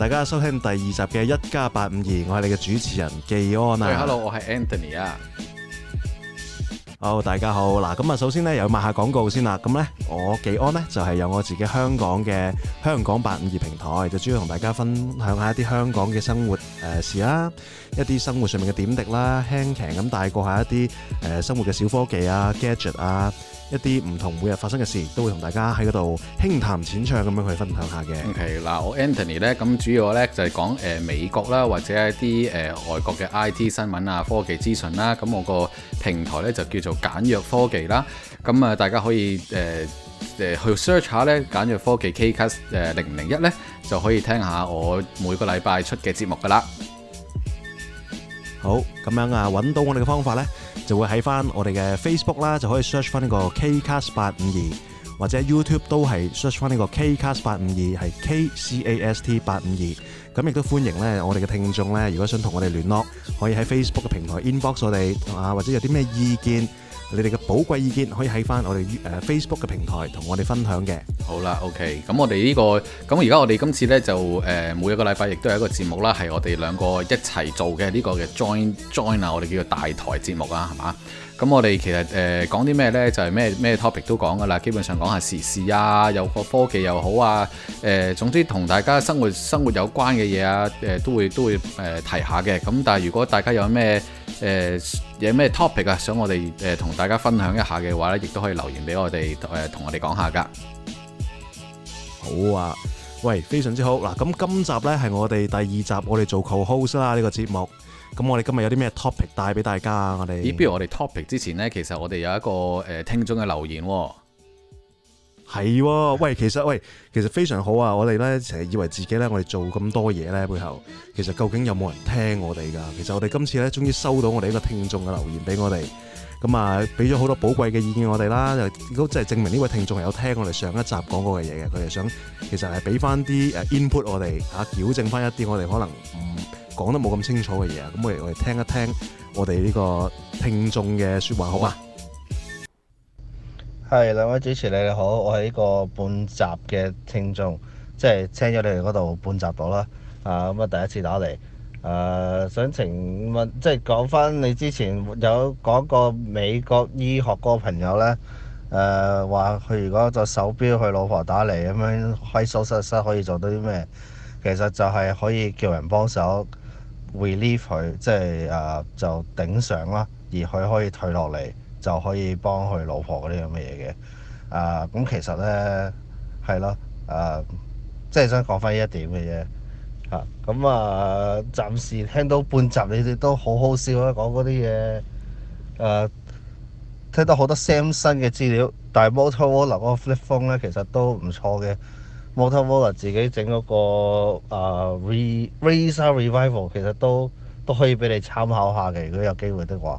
大家收聽第二集嘅《一家八五二》，我係你嘅主持人技安啊。Hello，我係 Anthony 啊。好，大家好嗱。咁啊，首先咧又賣下廣告先啦。咁咧，我技安咧就係有我自己香港嘅香講八五二平台，就主要同大家分享下一啲香港嘅生活誒事啦，一啲生活上面嘅點滴啦，輕輕咁帶過下一啲誒生活嘅小科技啊，gadget 啊。一啲唔同每日發生嘅事，都會同大家喺嗰度輕談淺唱咁樣去分享下嘅。OK，嗱我 Anthony 呢咁主要呢就係講誒美國啦，或者一啲誒外國嘅 IT 新聞啊、科技資訊啦。咁我個平台呢就叫做簡約科技啦。咁啊，大家可以誒誒去 search 下呢簡約科技 KCast 誒零零一呢，就可以聽下我每個禮拜出嘅節目㗎喇。好，咁樣啊，揾到我哋嘅方法呢，就會喺翻我哋嘅 Facebook 啦，就可以 search 翻呢個 Kcast 八五二，或者 YouTube 都係 search 翻呢個 Kcast 八五二，係 KCAST 八五二。咁亦都歡迎呢我哋嘅聽眾呢，如果想同我哋聯絡，可以喺 Facebook 嘅平台 inbox 我哋啊，或者有啲咩意見。你哋嘅寶貴意見可以喺返我哋誒 Facebook 嘅平台同我哋分享嘅。好啦，OK，咁我哋呢、這個咁而家我哋今次呢，就、呃、誒每一個禮拜亦都有一個節目啦，係我哋兩個一齊做嘅呢、這個嘅 join join 啊，我哋叫做大台節目啊，係嘛？咁我哋其實誒講啲咩呢？就係咩咩 topic 都講噶啦，基本上講下時事啊，有個科技又好啊，誒、呃、總之同大家生活生活有關嘅嘢啊，誒、呃、都會都會誒、呃、提下嘅。咁但係如果大家有咩誒？呃有咩 topic 啊？想我哋誒同大家分享一下嘅話咧，亦都可以留言俾我哋誒同我哋講下噶。好啊，喂，非常之好。嗱，咁今集咧係我哋第二集，我哋做 co-host 啦呢、呢個節目。咁我哋今日有啲咩 topic 帶俾大家啊？我哋咦，不如我哋 topic 之前呢，其實我哋有一個誒、呃、聽眾嘅留言喎、哦。係喎、哦，喂，其實喂，其實非常好啊！我哋咧成日以為自己咧，我哋做咁多嘢咧背後，其實究竟有冇人聽我哋噶？其實我哋今次咧，終於收到我哋呢個聽眾嘅留言俾我哋，咁啊，俾咗好多寶貴嘅意見我哋啦，亦都即係證明呢位聽眾係有聽我哋上一集講過嘅嘢嘅，佢哋想其實係俾翻啲 input 我哋啊，矯正翻一啲我哋可能唔講得冇咁清楚嘅嘢，咁我哋我哋聽一聽我哋呢個聽眾嘅説話，好嗎？係兩位主持，你哋好，我係呢個半集嘅聽眾，即係聽咗你哋嗰度半集到啦，啊咁啊第一次打嚟，誒、呃、想請問，即係講翻你之前有講過美國醫學嗰個朋友咧，誒話佢如果就手表佢老婆打嚟咁樣開手術室可以做到啲咩？其實就係可以叫人幫手 relieve 佢，即係啊就頂上啦，而佢可以退落嚟。就可以幫佢老婆嗰啲咁嘅嘢嘅，啊，咁其實咧係咯，啊，即係想講翻依一點嘅嘢，嚇、啊，咁啊，暫時聽到半集，你哋都好好笑啊，講嗰啲嘢，誒，聽到好多 Sam 新嘅資料，但係 Motorola 嗰個 Flip Phone 咧，其實都唔錯嘅，Motorola 自己整嗰、嗰個、啊、Re Razr Revival 其實都都可以俾你參考下嘅，如果有機會的話。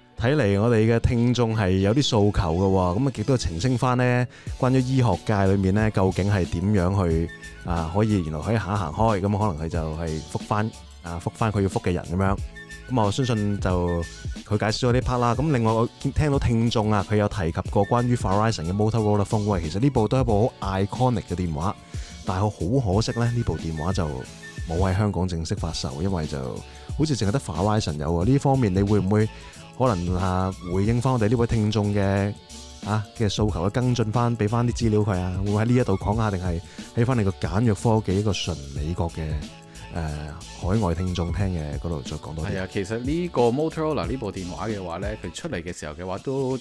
睇嚟，我哋嘅聽眾係有啲訴求嘅。咁啊，亦都澄清翻呢，關於醫學界裏面呢，究竟係點樣去啊？可以原來可以行一行開咁，可能佢就係復翻啊，復翻佢要復嘅人咁樣。咁我相信就佢解釋咗啲 part 啦。咁另外我聽到聽眾啊，佢有提及過關於 Verizon 嘅 Motorola phone 喂，其實呢部都係一部好 iconic 嘅電話，但係好可惜咧，呢部電話就冇喺香港正式發售，因為就好似淨係得 Verizon 有喎。呢方面你會唔會？可能啊，回應翻我哋呢位聽眾嘅啊嘅訴求，去跟進翻，俾翻啲資料佢啊，會喺呢一度講下，定係喺翻你個簡約科技一個純美國嘅海外聽眾聽嘅嗰度再講多啲？係啊，其實呢個 Motorola 呢部電話嘅話咧，佢出嚟嘅時候嘅話都誒，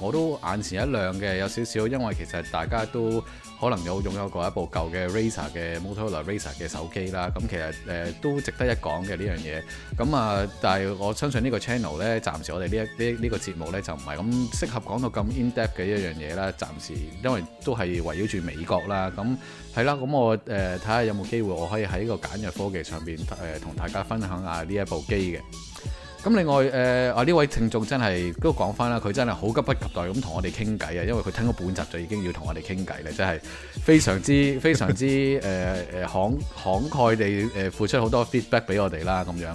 我都眼前一亮嘅，有少少，因為其實大家都。可能有擁有過一部舊嘅 Razr 嘅 Motorola Razr 嘅手機啦，咁其實誒、呃、都值得一講嘅呢樣嘢。咁啊，但係我相信呢個頻道呢個 channel 咧，暫時我哋呢一呢呢個節目呢，就唔係咁適合講到咁 in-depth 嘅一樣嘢啦。暫時因為都係圍繞住美國啦，咁係啦。咁我誒睇下有冇機會我可以喺個簡約科技上邊誒、呃、同大家分享下呢一部機嘅。咁另外誒啊呢位聽眾真係都講翻啦，佢真係好急不及待咁同我哋傾偈啊，因為佢聽咗半集就已經要同我哋傾偈啦，真係非常之 非常之誒誒慷慷慨地付出好多 feedback 俾我哋啦咁樣。誒、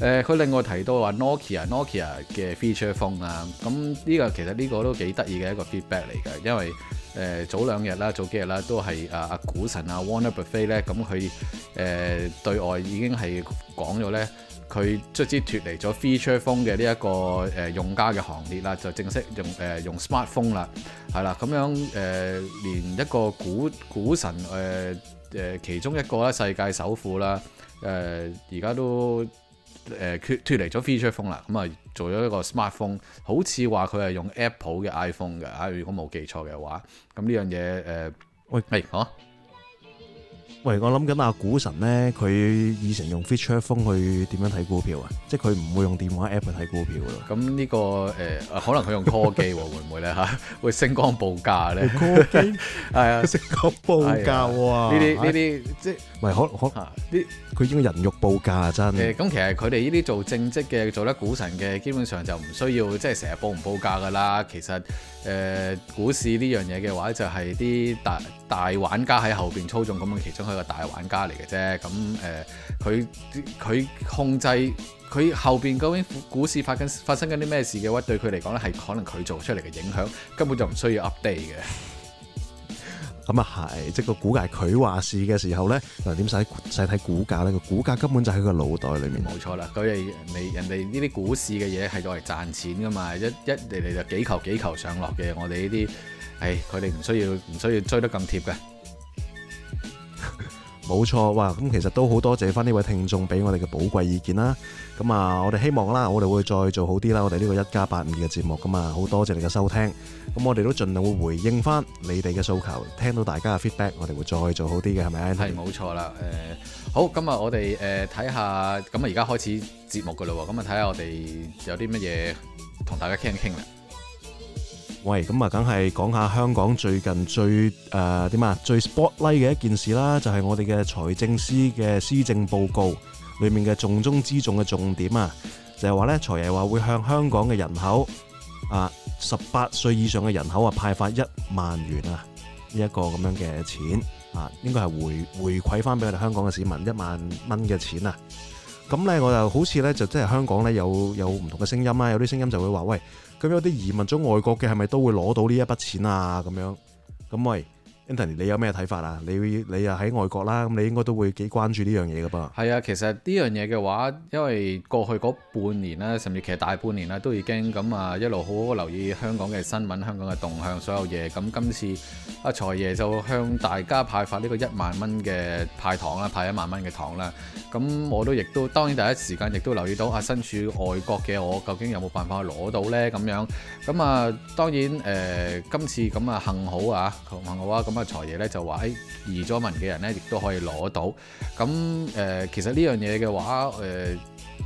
呃、佢另外提到話 Nokia Nokia 嘅 feature phone 啊，咁、嗯、呢、這個其實呢個都幾得意嘅一個 feedback 嚟㗎，因為誒、呃、早兩日啦，早幾日啦都係啊古啊股神啊 Warner Buffett 咧，咁佢誒對外已經係講咗咧。呢佢卒之脫離咗 feature phone 嘅呢一個用家嘅行列啦，就正式用、呃、用 smartphone 啦，係啦，咁樣、呃、連一個股股神、呃呃、其中一個咧世界首富啦，誒而家都誒脫脫離咗 feature phone 啦，咁啊做咗一個 smartphone，好似話佢係用 Apple 嘅 iPhone 嘅、呃哎，啊如果冇記錯嘅話，咁呢樣嘢誒喂，係啊。我諗緊阿股神咧，佢以前用 feature phone 去點樣睇股票啊？即係佢唔會用電話 app 去睇股票咯。咁呢個誒，可能佢用 call 機會唔會咧吓？會星光報價咧？call 機係啊，星光報價啊！呢啲、呢啲即係唔係可、可吓？呢佢用人肉報價真。誒，咁其實佢哋呢啲做正職嘅、做得股神嘅，基本上就唔需要即係成日報唔報價噶啦。其實。誒、呃、股市呢樣嘢嘅話，就係、是、啲大大玩家喺後面操縱，咁樣其中一個大玩家嚟嘅啫。咁誒，佢、呃、佢控制佢後面究竟股市發，發生緊啲咩事嘅話，對佢嚟講咧，係可能佢做出嚟嘅影響根本就唔需要 update 嘅。咁、嗯、啊，係即係個股價，佢話事嘅時候咧，嗱，點使使睇股價咧？個股價根本就喺佢個腦袋裏面。冇錯啦，佢哋人哋人哋呢啲股市嘅嘢係攞嚟賺錢噶嘛，一一嚟嚟就幾球幾球上落嘅。我哋呢啲，唉、哎，佢哋唔需要唔需要追得咁貼嘅。 冇錯，哇！咁其實都好多謝翻呢位聽眾俾我哋嘅寶貴意見啦。咁啊，我哋希望啦，我哋會再做好啲啦。我哋呢個一家852嘅節目咁啊，好多謝你嘅收聽。咁我哋都盡量會回應翻你哋嘅訴求，聽到大家嘅 feedback，我哋會再做好啲嘅，係咪？係冇錯啦。誒，好，咁啊我哋誒睇下，咁啊而家開始節目噶啦。咁啊睇下我哋有啲乜嘢同大家傾一傾啦。喂，咁啊，梗係講下香港最近最誒點啊，最 spotlight 嘅一件事啦，就係我哋嘅財政司嘅施政報告裏面嘅重中之重嘅重點啊，就係話咧財爺話會向香港嘅人口啊十八歲以上嘅人口啊派發一萬元啊呢一個咁樣嘅錢啊，應該係回回饋翻俾我哋香港嘅市民一萬蚊嘅錢啊。咁咧我就好似咧就即係香港咧有有唔同嘅聲音啦，有啲聲音就會話喂。咁有啲移民咗外國嘅，係咪都會攞到呢一筆錢啊？咁樣，咁喂。Anthony，你有咩睇法啊？你你又喺外國啦，咁你應該都會幾關注呢樣嘢噶噃。係啊，其實呢樣嘢嘅話，因為過去嗰半年啦，甚至其實大半年啦，都已經咁啊一路好好留意香港嘅新聞，香港嘅動向，所有嘢。咁今次阿財爺就向大家派發呢個一萬蚊嘅派糖啦，派一萬蚊嘅糖啦。咁我也都亦都當然第一時間亦都留意到，啊，身處外國嘅我，究竟有冇辦法攞到呢？咁樣咁啊，當然誒、呃，今次咁啊，幸好啊，幸好啊，咁。財爺咧就話：誒，移咗民嘅人咧，亦都可以攞到。咁誒、呃，其實呢樣嘢嘅話，誒、呃、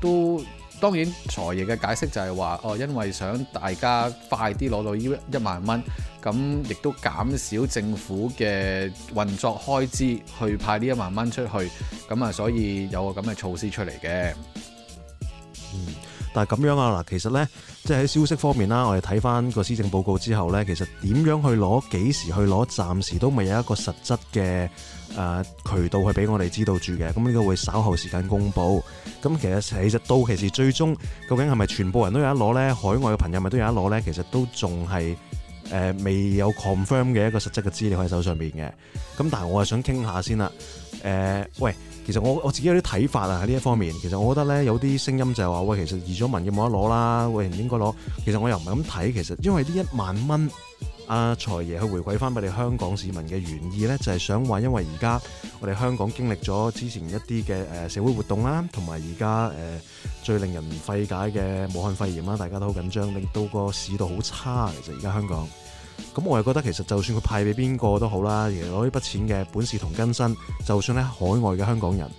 都當然財爺嘅解釋就係話：哦，因為想大家快啲攞到呢一，一萬蚊，咁亦都減少政府嘅運作開支，去派呢一萬蚊出去。咁啊，所以有個咁嘅措施出嚟嘅。嗯。但係咁樣啊，嗱，其實呢，即係喺消息方面啦，我哋睇翻個施政報告之後呢，其實點樣去攞，幾時去攞，暫時都未有一個實質嘅、呃、渠道去俾我哋知道住嘅。咁呢個會稍後時間公佈。咁其實其實到其時最終，究竟係咪全部人都有得攞呢？海外嘅朋友咪都有得攞呢？其實都仲係誒未有 confirm 嘅一個實質嘅資料喺手上邊嘅。咁但係我係想傾下先啦、呃。喂。其實我我自己有啲睇法啊，喺呢一方面，其實我覺得咧有啲聲音就係話喂，其實移咗民要冇得攞啦，喂，唔應該攞。其實我又唔係咁睇，其實因為呢一萬蚊，阿財爺去回饋翻俾你香港市民嘅原意咧，就係想話，因為而家我哋香港經歷咗之前一啲嘅誒社會活動啦，同埋而家誒最令人費解嘅武漢肺炎啦，大家都好緊張，令到個市道好差。其實而家香港。咁我又覺得其實就算佢派俾邊個都好啦，其實攞呢筆錢嘅本事同根身，就算咧海外嘅香港人，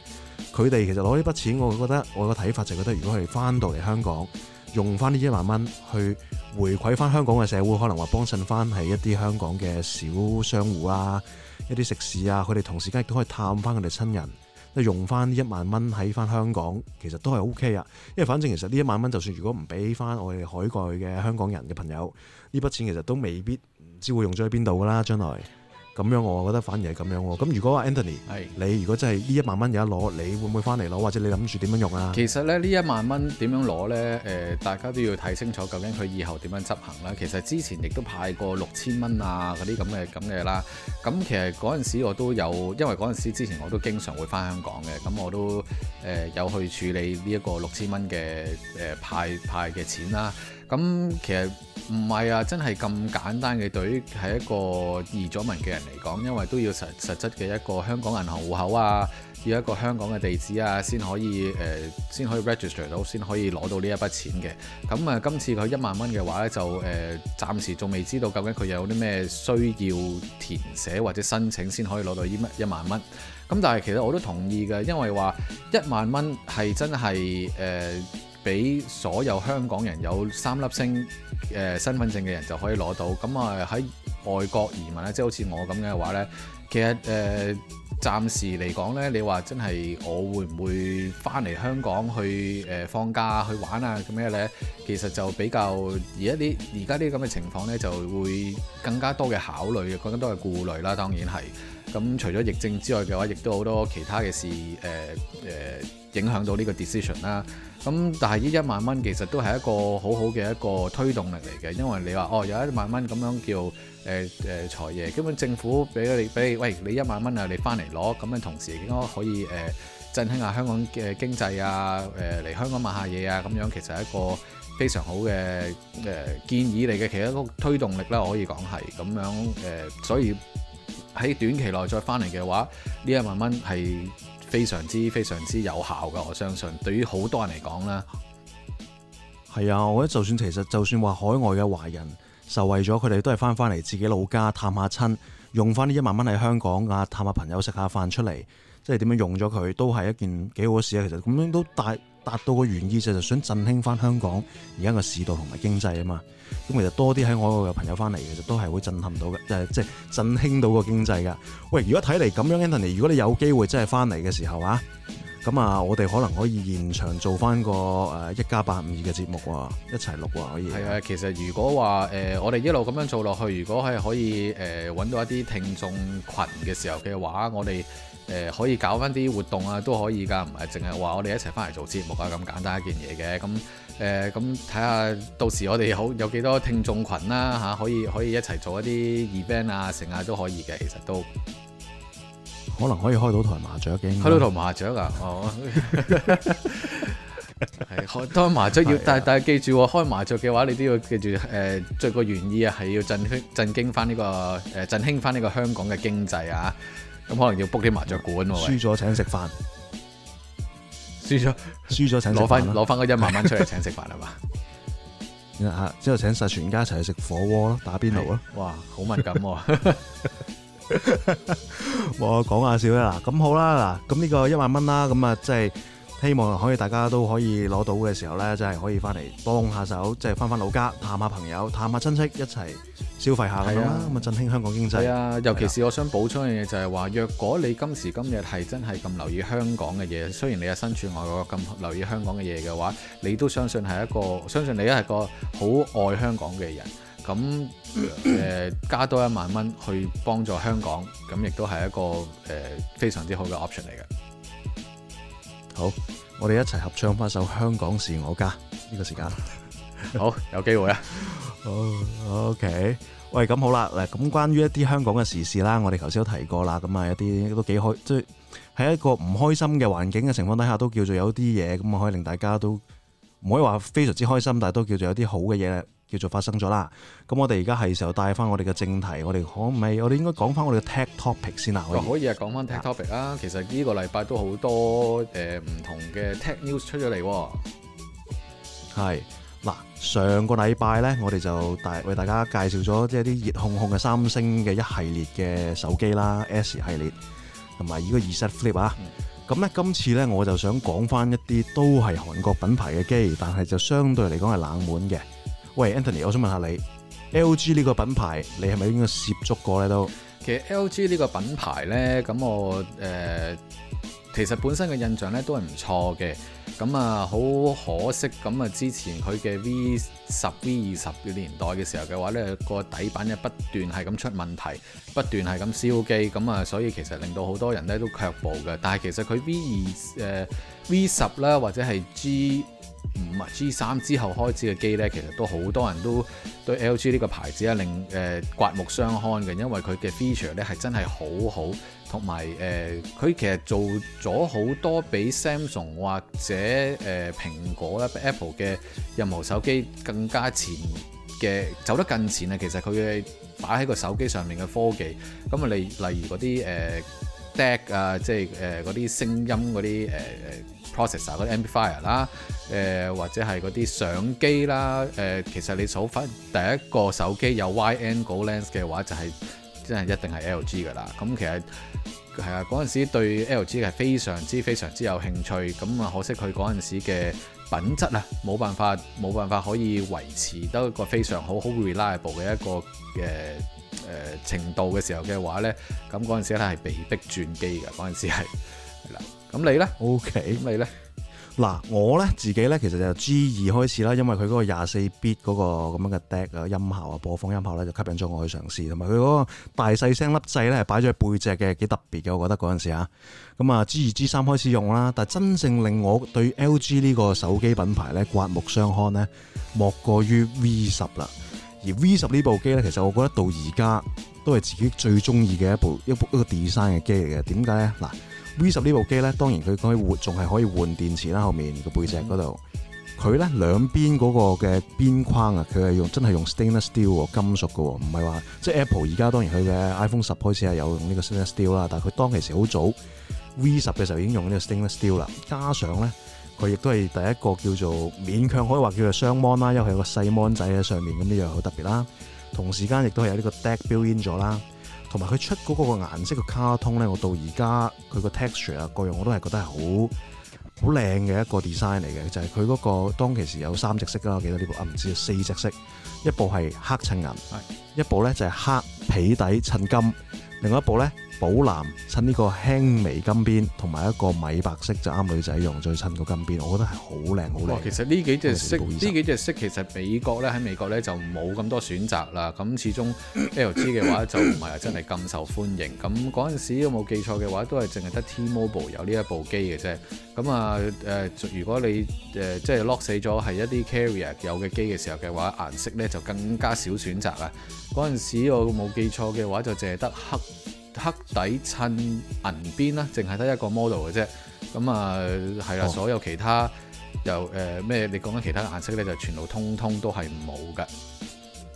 佢哋其實攞呢筆錢我，我覺得我個睇法就覺得如果佢哋翻到嚟香港，用翻呢一萬蚊去回饋翻香港嘅社會，可能話幫襯翻喺一啲香港嘅小商戶啊，一啲食肆啊，佢哋同時間亦都可以探翻佢哋親人，用翻呢一萬蚊喺翻香港，其實都係 O K 啊，因為反正其實呢一萬蚊就算如果唔俾翻我哋海外嘅香港人嘅朋友，呢筆錢其實都未必。知會用咗喺邊度噶啦，將來咁樣我覺得反而係咁樣喎。咁如果 Anthony，你如果真係呢一萬蚊有一攞，你會唔會翻嚟攞，或者你諗住點樣用啊？其實咧，呢一萬蚊點樣攞咧？誒、呃，大家都要睇清楚，究竟佢以後點樣執行啦。其實之前亦都派過六千蚊啊，嗰啲咁嘅咁嘅啦。咁其實嗰陣時我都有，因為嗰陣時之前我都經常會翻香港嘅，咁我都誒、呃、有去處理呢一個六千蚊嘅誒派派嘅錢啦。咁其實唔係啊，真係咁簡單嘅。對於係一個移咗民嘅人嚟講，因為都要實實質嘅一個香港銀行戶口啊，要一個香港嘅地址啊，先可以誒，先、呃、可以 register 到，先可以攞到呢一筆錢嘅。咁、嗯、啊，今次佢一萬蚊嘅話呢，就誒暫、呃、時仲未知道究竟佢有啲咩需要填寫或者申請先可以攞到呢一萬蚊。咁、嗯、但係其實我都同意嘅，因為話一萬蚊係真係誒。呃俾所有香港人有三粒星誒、呃、身份證嘅人就可以攞到，咁啊喺外國移民咧，即係好似我咁嘅話咧，其實誒暫、呃、時嚟講咧，你話真係我會唔會翻嚟香港去誒、呃、放假去玩啊？咁樣咧？其實就比較而家啲而家啲咁嘅情況咧，就會更加多嘅考慮，更加多嘅顧慮啦。當然係，咁除咗疫症之外嘅話，亦都好多其他嘅事誒誒、呃呃、影響到呢個 decision 啦。咁但係呢一萬蚊其實都係一個好好嘅一個推動力嚟嘅，因為你話哦有一萬蚊咁樣，叫誒誒財爺，根本政府俾你俾喂你一萬蚊啊，你翻嚟攞，咁樣同時應該可以誒、呃、振興下香港嘅經濟啊誒嚟、呃、香港買下嘢啊，咁樣其實係一個非常好嘅誒、呃、建議嚟嘅，其實一個推動力啦可以講係咁樣誒、呃，所以喺短期內再翻嚟嘅話，呢一萬蚊係。非常之非常之有效嘅，我相信對於好多人嚟講咧，係啊，我覺得就算其實就算話海外嘅華人，受惠咗佢哋都係翻翻嚟自己老家探下親，用翻呢一萬蚊喺香港啊，探下朋友食下飯出嚟，即係點樣用咗佢，都係一件幾好事啊！其實咁樣都大。達到個原意就係想振興翻香港而家個市道同埋經濟啊嘛，咁其實多啲喺我個朋友翻嚟其實都係會震撼到嘅，就係即係振興到個經濟噶。喂，如果睇嚟咁樣 Anthony，如果你有機會真係翻嚟嘅時候啊，咁啊，我哋可能可以現場做翻個一家八五二嘅節目啊，一齊錄喎可以。係啊，其實如果話、呃、我哋一路咁樣做落去，如果係可以搵、呃、到一啲聽眾群嘅時候嘅話，我哋。誒、呃、可以搞翻啲活動啊，都可以㗎，唔係淨係話我哋一齊翻嚟做節目啊咁簡單一件嘢嘅。咁、誒、咁睇下到時我哋有有幾多聽眾群啦、啊、嚇、啊，可以可以一齊做一啲 event 啊，成啊，都可以嘅。其實都可能可以開到台麻雀嘅，開到台麻雀啊哦！係開，當麻雀要，但但係記住開麻雀嘅話，你都要記住誒、呃，最個原意啊係要振興振興翻呢個誒，振興翻呢、這個、個香港嘅經濟啊！咁可能要 book 啲麻雀館，輸咗請食飯，輸咗輸咗請，攞翻攞翻嗰一萬蚊出嚟請食飯係嘛？啊之 後請晒全家一齊去食火鍋咯，打邊爐咯，哇好敏感、啊 ，我講下笑啦嗱，咁好啦嗱，咁呢個一萬蚊啦，咁啊即係。希望可以大家都可以攞到嘅時候呢，即、就、係、是、可以翻嚟幫下手、嗯，即係翻翻老家探下朋友、探下親戚，一齊消費下咁啦，咁啊就振興香港經濟。啊，尤其是我想補充一樣嘢，就係話，若果你今時今日係真係咁留意香港嘅嘢，雖然你係身處外國咁留意香港嘅嘢嘅話，你都相信係一個相信你係一個好愛香港嘅人，咁誒、 呃、加多一萬蚊去幫助香港，咁亦都係一個誒、呃、非常之好嘅 option 嚟嘅。好，我哋一齊合唱翻首《香港是我家》呢個時間。 好，有機會啊。哦，OK。喂，咁好啦。嗱，咁關於一啲香港嘅時事啦，我哋頭先都提過啦。咁啊，一啲都幾開，即係喺一個唔開心嘅環境嘅情況底下，都叫做有啲嘢咁啊，可以令大家都唔可以話非常之開心，但係都叫做有啲好嘅嘢。叫做發生咗啦。咁我哋而家係時候帶翻我哋嘅正題，我哋可唔可以？我哋應該講翻我哋嘅 tech topic 先啦。可以，可以啊，講翻 tech topic 啦。其實呢個禮拜都好多誒、呃、唔同嘅 tech news 出咗嚟喎。係嗱，上個禮拜咧，我哋就大為大家介紹咗即係啲熱烘烘嘅三星嘅一系列嘅手機啦，S 系列同埋、嗯、呢個 Z Flip 啊。咁咧，今次咧我就想講翻一啲都係韓國品牌嘅機，但係就相對嚟講係冷門嘅。喂，Anthony，我想問下你，LG 呢個品牌，你係咪應該涉足過呢都？其實 LG 呢個品牌呢，咁我誒、呃、其實本身嘅印象呢都係唔錯嘅。咁啊，好可惜，咁啊之前佢嘅 V 十、V 二十嘅年代嘅時候嘅話呢，個底板嘅不斷係咁出問題，不斷係咁燒機，咁啊所以其實令到好多人呢都卻步嘅。但係其實佢 V 二誒 V 十啦，V10，或者係 G 五啊，G3 之後開始嘅機呢，其實都好多人都對 LG 呢個牌子啊，令、呃、刮目相看嘅，因為佢嘅 feature 呢係真係好好，同埋誒佢其實做咗好多比 Samsung 或者誒、呃、蘋果啦、啊、Apple 嘅任何手機更加前嘅走得更前啊，其實佢嘅擺喺個手機上面嘅科技，咁啊例例如嗰啲誒 DAC 啊，即係誒嗰啲聲音嗰啲誒誒 processor 嗰啲 amplifier 啦，誒或者係嗰啲相機啦，誒其實你數返第一個手機有 wide angle lens 嘅話，就係、是、真係一定係 LG 㗎喇。咁其實係啊，嗰陣時對 LG 係非常之非常之有興趣。咁啊，可惜佢嗰陣時嘅品質啊，冇辦法冇辦法可以維持得一個非常好好 reliable 嘅一個嘅。呃誒程度嘅時候嘅話呢，咁嗰陣時咧係被逼轉機嘅，嗰陣時係啦。咁你呢？OK，咁你呢？嗱，okay，我呢自己呢，其實就由 G 二開始啦，因為佢嗰個廿四 bit 嗰個咁樣嘅 DAC 音效啊，播放音效呢，就吸引咗我去嘗試，同埋佢嗰個大細聲粒掣呢，擺咗喺背脊嘅，幾特別嘅，我覺得嗰陣時啊，咁啊，G 二、G 三開始用啦，但真正令我對 LG 呢個手機品牌呢刮目相看呢，莫過於 V 十啦。而 V 十呢部機咧，其實我覺得到而家都係自己最中意嘅一部一部一個 design 嘅機嚟嘅。點解咧？嗱，V 十呢部機咧，當然佢可以換，仲係可以換電池啦。後面個背脊嗰度，佢咧兩邊嗰個嘅邊框啊，佢係用真係用 stainless steel 喎，金屬㗎喎，唔係話即係 Apple 而家當然佢嘅 iPhone 十開始係有用呢個 stainless steel 啦，但係佢當其時好早 V 十嘅時候已經用呢個 stainless steel 啦，加上咧。佢亦都係第一個叫做勉強可以話叫做雙芒啦，因為佢有個細芒仔喺上面，咁呢樣好特別啦。同時間亦都係有呢個 deck build in 咗啦，同埋佢出嗰個顏色嘅卡通咧，我到而家佢個 texture 啊各樣我都係覺得係好好靚嘅一個 design 嚟嘅，就係佢嗰個當其時有三隻色啦，我記得呢部啊唔知四隻色，一部係黑襯銀，一部咧就係黑皮底襯金，另外一部咧。寶藍襯呢個輕微金邊，同埋一個米白色就啱女仔用，最襯個金邊，我覺得係好靚，好靚。其實呢幾隻色，呢幾隻色其實美國咧，喺美國咧就冇咁多選擇啦。咁始終 LG 嘅話就唔係真係咁受歡迎。咁嗰陣時，如果冇記錯嘅話，都係淨係得 T-Mobile 有呢一部機嘅啫。咁啊誒，如果你誒、呃、即係 lock 死咗係一啲 carrier 有嘅機嘅時候嘅話，顏色咧就更加少選擇啦。嗰陣時我冇記錯嘅話，就淨係得黑。黑底襯銀邊啦，淨係得一個 model 嘅啫。咁、嗯、啊，係啦、哦，所有其他又誒咩？你講緊其他顏色咧，就全部通通都係冇㗎。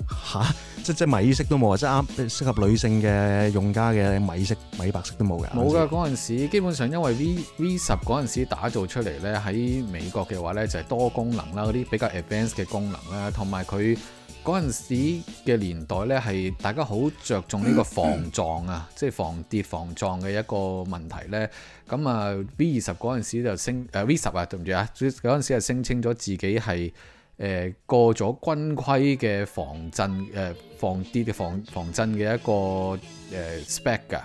吓？即即米色都冇啊！即啱適合女性嘅用家嘅米色、米白色都冇㗎。冇㗎，嗰、嗯、陣時基本上因為 V V10 嗰陣時打造出嚟咧，喺美國嘅話咧就係多功能啦，嗰啲比較 advanced 嘅功能啦，同埋佢。嗰陣時嘅年代咧，係大家好着重呢個防撞啊，即係防跌、防撞嘅一個問題咧。咁啊 V 二十嗰陣時就聲，誒 V 十啊，對唔住啊，嗰陣時係聲稱咗自己係誒、呃、過咗軍規嘅防震誒、呃、防跌嘅防防震嘅一個誒 spec 㗎。呃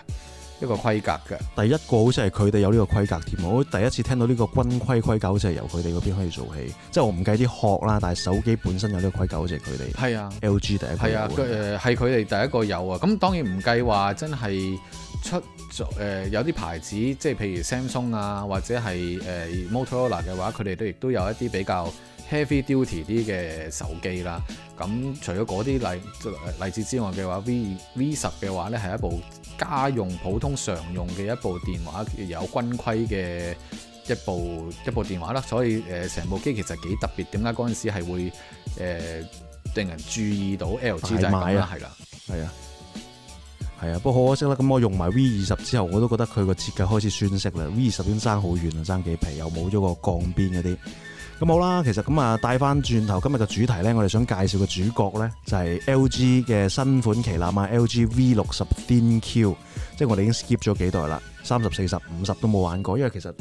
一個規格嘅，第一個好似係佢哋有呢個規格添，我第一次聽到呢個軍規規格好似係由佢哋嗰邊可以做起，即係我唔計啲殼啦，但係手機本身有呢個規格好是他們，好似係佢哋。係啊，LG 第一個係啊，誒係佢哋第一個有啊。咁當然唔計話真係出咗誒、呃、有啲牌子，即係譬如 Samsung 啊，或者係誒、呃、Motorola 嘅話，佢哋都亦都有一啲比較 heavy duty 啲嘅手機啦。咁除咗嗰啲例例子之外嘅話，V V 十嘅話咧係一部。家用普通常用嘅一部電話，有軍規嘅一部一部電話啦，所以誒成、呃、部機其實幾特別。點解嗰陣時係會、呃、令人注意到 LG 仔品係啦，係啊，係啊，不過可惜啦，咁我用埋 V 二十之後，我都覺得佢個設計開始遜色啦。V 二十已經爭好遠啦，爭幾皮，又冇咗個鋼邊嗰啲。咁好啦，其實咁啊，帶翻轉頭今日嘅主題咧，我哋想介紹嘅主角咧就係 LG 嘅新款旗艦啊，LG V 六十 Thin Q，即係我哋已經 skip 咗幾代啦，三十四十、五十都冇玩過，因為其實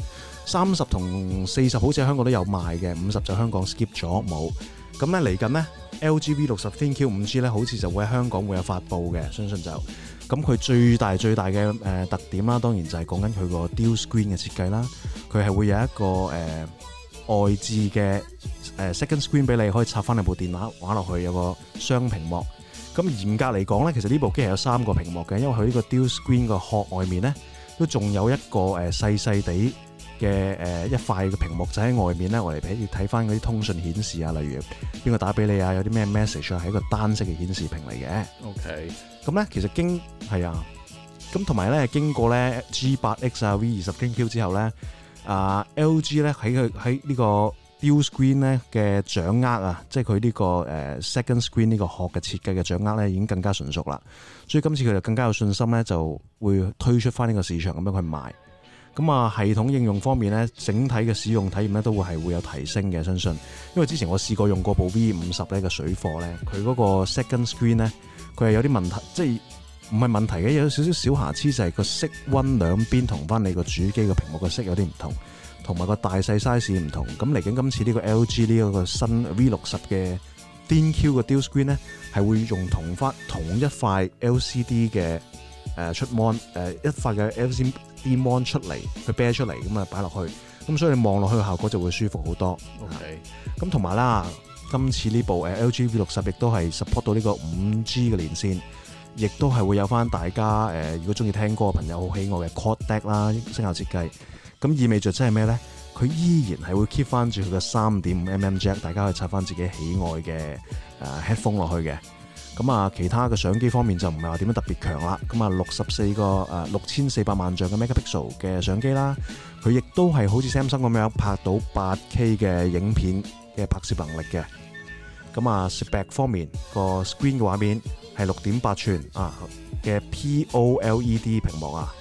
三十同四十好似喺香港都有賣嘅，五十就香港 skip 咗冇。咁咧嚟緊咧，LG V 六十 Thin Q 五 G 咧，好似就會喺香港會有發布嘅，相信就咁。佢最大最大嘅誒特點啦，當然就係講緊佢個 Dual Screen 嘅設計啦，佢係會有一個誒。外置嘅 second screen 俾你，可以插翻你部電話玩落去，有個雙屏幕。咁嚴格嚟講咧，其實呢部機係有三個屏幕嘅，因為佢呢個 Dual screen 個殼外面咧，都仲有一個誒細細地嘅一塊嘅屏幕就喺外面咧，我哋睇睇翻嗰啲通訊顯示啊，例如邊個打俾你啊，有啲咩 message 啊，係一個單色嘅顯示屏嚟嘅。OK。咁咧，其實經係啊，咁同埋咧經過咧 G 八 X 啊 V 二十 ThinQ 之後咧。啊、uh,，LG 咧喺佢喺呢個 Dual Screen 咧嘅掌握啊，即係佢呢個誒、uh, Second Screen 呢個殼嘅設計嘅掌握咧已經更加純熟啦。所以今次佢就更加有信心咧，就會推出翻呢個市場咁樣去賣。咁啊，系統應用方面咧，整體嘅使用體驗咧都會係會有提升嘅，相信。因為之前我試過用過部 V 五十咧嘅水貨咧，佢嗰個 Second Screen 咧，佢係有啲問題，即係。唔係問題嘅，有少少小瑕疵就係個色溫兩邊同翻你個主機個屏幕個色有啲唔同，同埋個大細 size 唔同。咁嚟緊今次呢個 LG 呢一個新 V 六十嘅 ThinQ 嘅 Dual Screen 咧，係會用同翻同一塊 LCD 嘅誒出 mon 誒一塊嘅 LCD mon 出嚟去啤出嚟咁，啊擺落去。咁所以望落去嘅效果就會舒服好多。OK，咁同埋啦，今次呢部誒 LG V 六十亦都係 support 到呢個五 G 嘅連線。亦都係會有翻大家、呃、如果中意聽歌嘅朋友好喜愛嘅 Quad DAC 啦，聲效設計。咁意味着即係咩咧？佢依然係會 keep 翻住佢嘅三點五 mm jack，大家可以插翻自己喜愛嘅 headphone 落去嘅。咁啊，其他嘅相機方面就唔係話點樣特別強啦。咁啊，六十四個誒六千四百萬像嘅 megapixel 嘅相機啦，佢亦都係好似 Samsung 咁樣拍到八 K 嘅影片嘅拍攝能力嘅。咁啊，spec 方面，個 screen 嘅畫面。係六點八寸啊嘅 P O L E D 屏幕啊，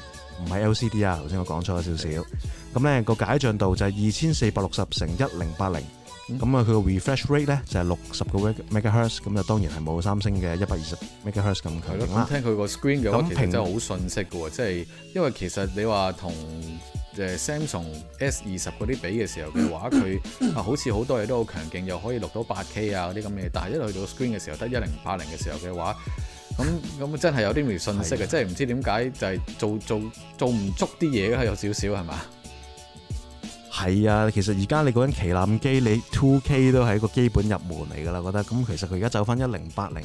唔係 L C D 啊，頭先我講錯咗少少。咁咧，個解像度就係二千四百六十乘一零八零。咁啊，佢個 refresh rate 咧就係六十個 mega hertz。咁就當然係冇三星嘅一百二十 mega hertz 咁強勁啦。我聽佢個 screen 嘅話，其實真係好遜色嘅喎。即係因為其實你話同。Samsung S 二十嗰啲比嘅時候嘅話，佢 好似好多嘢都好強勁， 又可以錄到八 K 啊嗰啲咁嘅嘢。但係一去到 screen 嘅時候得一零八零嘅時候嘅話，咁咁真係有啲微信息嘅，即係唔知、就是、點解就係做做做唔足啲嘢嘅，係有少少係嘛？係啊，其實而家你講緊旗艦機，你 Two K 都係一個基本入門嚟噶啦，我覺得咁其實佢而家走翻一零八零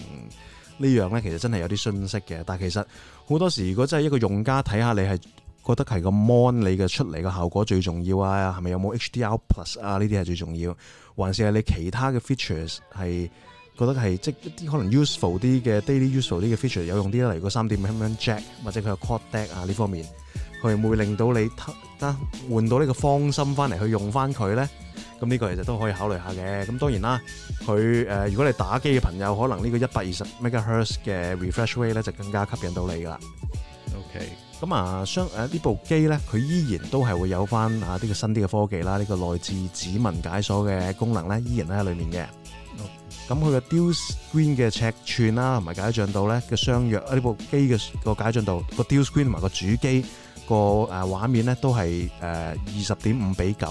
呢樣咧，其實真係有啲信息嘅，但係其實好多時候如果真係一個用家睇下你係。覺得係個 mon 你嘅出嚟嘅效果最重要啊，係咪有冇 HDR Plus 啊？呢啲係最重要，還是係你其他嘅 features 係覺得係即一啲可能 useful 啲嘅 daily useful 啲嘅 feature 有用啲啊？例如個三點五米 jack 或者佢嘅 quad DAC 啊呢方面，佢會令到你得換到呢個芳心翻嚟去用翻佢咧？咁呢個其實都可以考慮下嘅。咁當然啦，佢誒、呃、如果你打機嘅朋友，可能個呢個一百二十 megahertz 嘅 refresh rate 咧就更加吸引到你㗎啦。OK。咁啊，相呢、啊、部機咧，佢依然都係會有翻啊呢、呢個新啲嘅科技啦，呢、呢個內置指紋解鎖嘅功能咧，依然喺裏面嘅。咁佢嘅 Dual Screen 嘅尺寸啦、啊，同埋解像度咧嘅相約啊，呢部機嘅個解像度、啊個 Dual Screen 同埋個主機個、啊、畫面咧，都係誒二十點五比九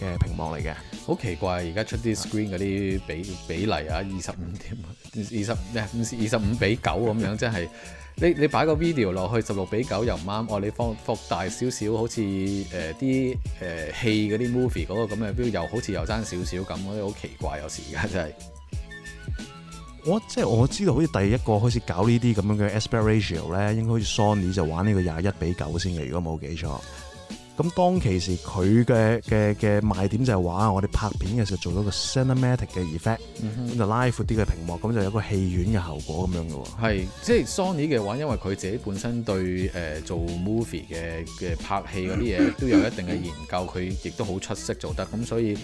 嘅屏幕嚟嘅。好奇怪，而家出啲 Screen 嗰啲比、啊、比例啊，二十五點二十二十五比九咁樣，真係～你你擺個 video 落去十六比九又唔啱，哦你放擴大少少，好似誒啲誒戲嗰啲 movie 嗰個咁嘅標，又好似又爭少少咁，好奇怪，有時而家真係。 我即係我知道，好似第一個開始搞呢啲 ratio 呢啲咁樣嘅 aspect ratio 咧，應該好似 Sony 就玩呢個廿一比九先嘅，如果冇記錯。咁當其時佢嘅嘅嘅賣點就係話我哋拍片嘅時候做到個 cinematic 嘅 effect，咁、mm-hmm. 就拉闊啲嘅屏幕，咁就有一個戲院嘅效果咁樣嘅喎。係，即係 Sony 嘅話，因為佢自己本身對誒、呃、做 movie 嘅嘅拍戲嗰啲嘢都有一定嘅研究，佢亦都好出色做得，咁所以誒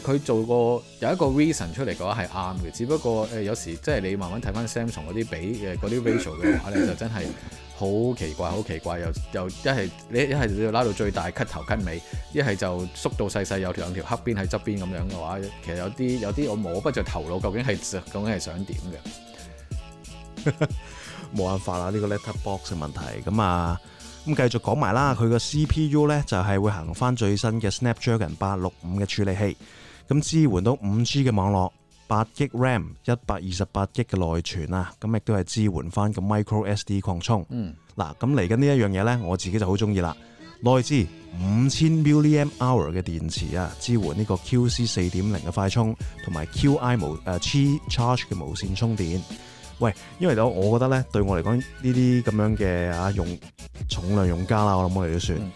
佢、呃、做個有一個 reason 出嚟嘅話係啱嘅。只不過誒、呃、有時即係你慢慢睇翻 Samsung 嗰啲比嘅嗰啲 ratio 嘅話咧，你就真係。好奇怪，好奇怪，又又一係你一係你要拉到最大，cut 頭 cut 尾，一係就縮到細細，有條兩條黑邊喺側邊咁樣嘅話，其實有啲有啲我摸不着頭腦，究竟係究竟係想點嘅？冇 辦法啦，呢個 letter box 嘅問題咁啊，咁繼續講埋啦，佢個 CPU 呢，就係會行翻最新嘅 Snapdragon 八六五嘅處理器，咁支援到五 G 嘅網絡。八 G RAM，一百二十八 G 嘅內存啊，咁亦都係支援翻個 micro SD 擴充。嗯，嗱咁嚟緊呢一樣嘢咧，我自己就好中意啦。內置五千 milliamp hour 嘅電池啊，支援呢個 QC 四點零嘅快充，同埋 Qi 模誒，Charge 嘅無線充電。喂，因為就我覺得咧，對我嚟講呢啲咁樣嘅啊用重量用家啦，我諗我哋都算。嗯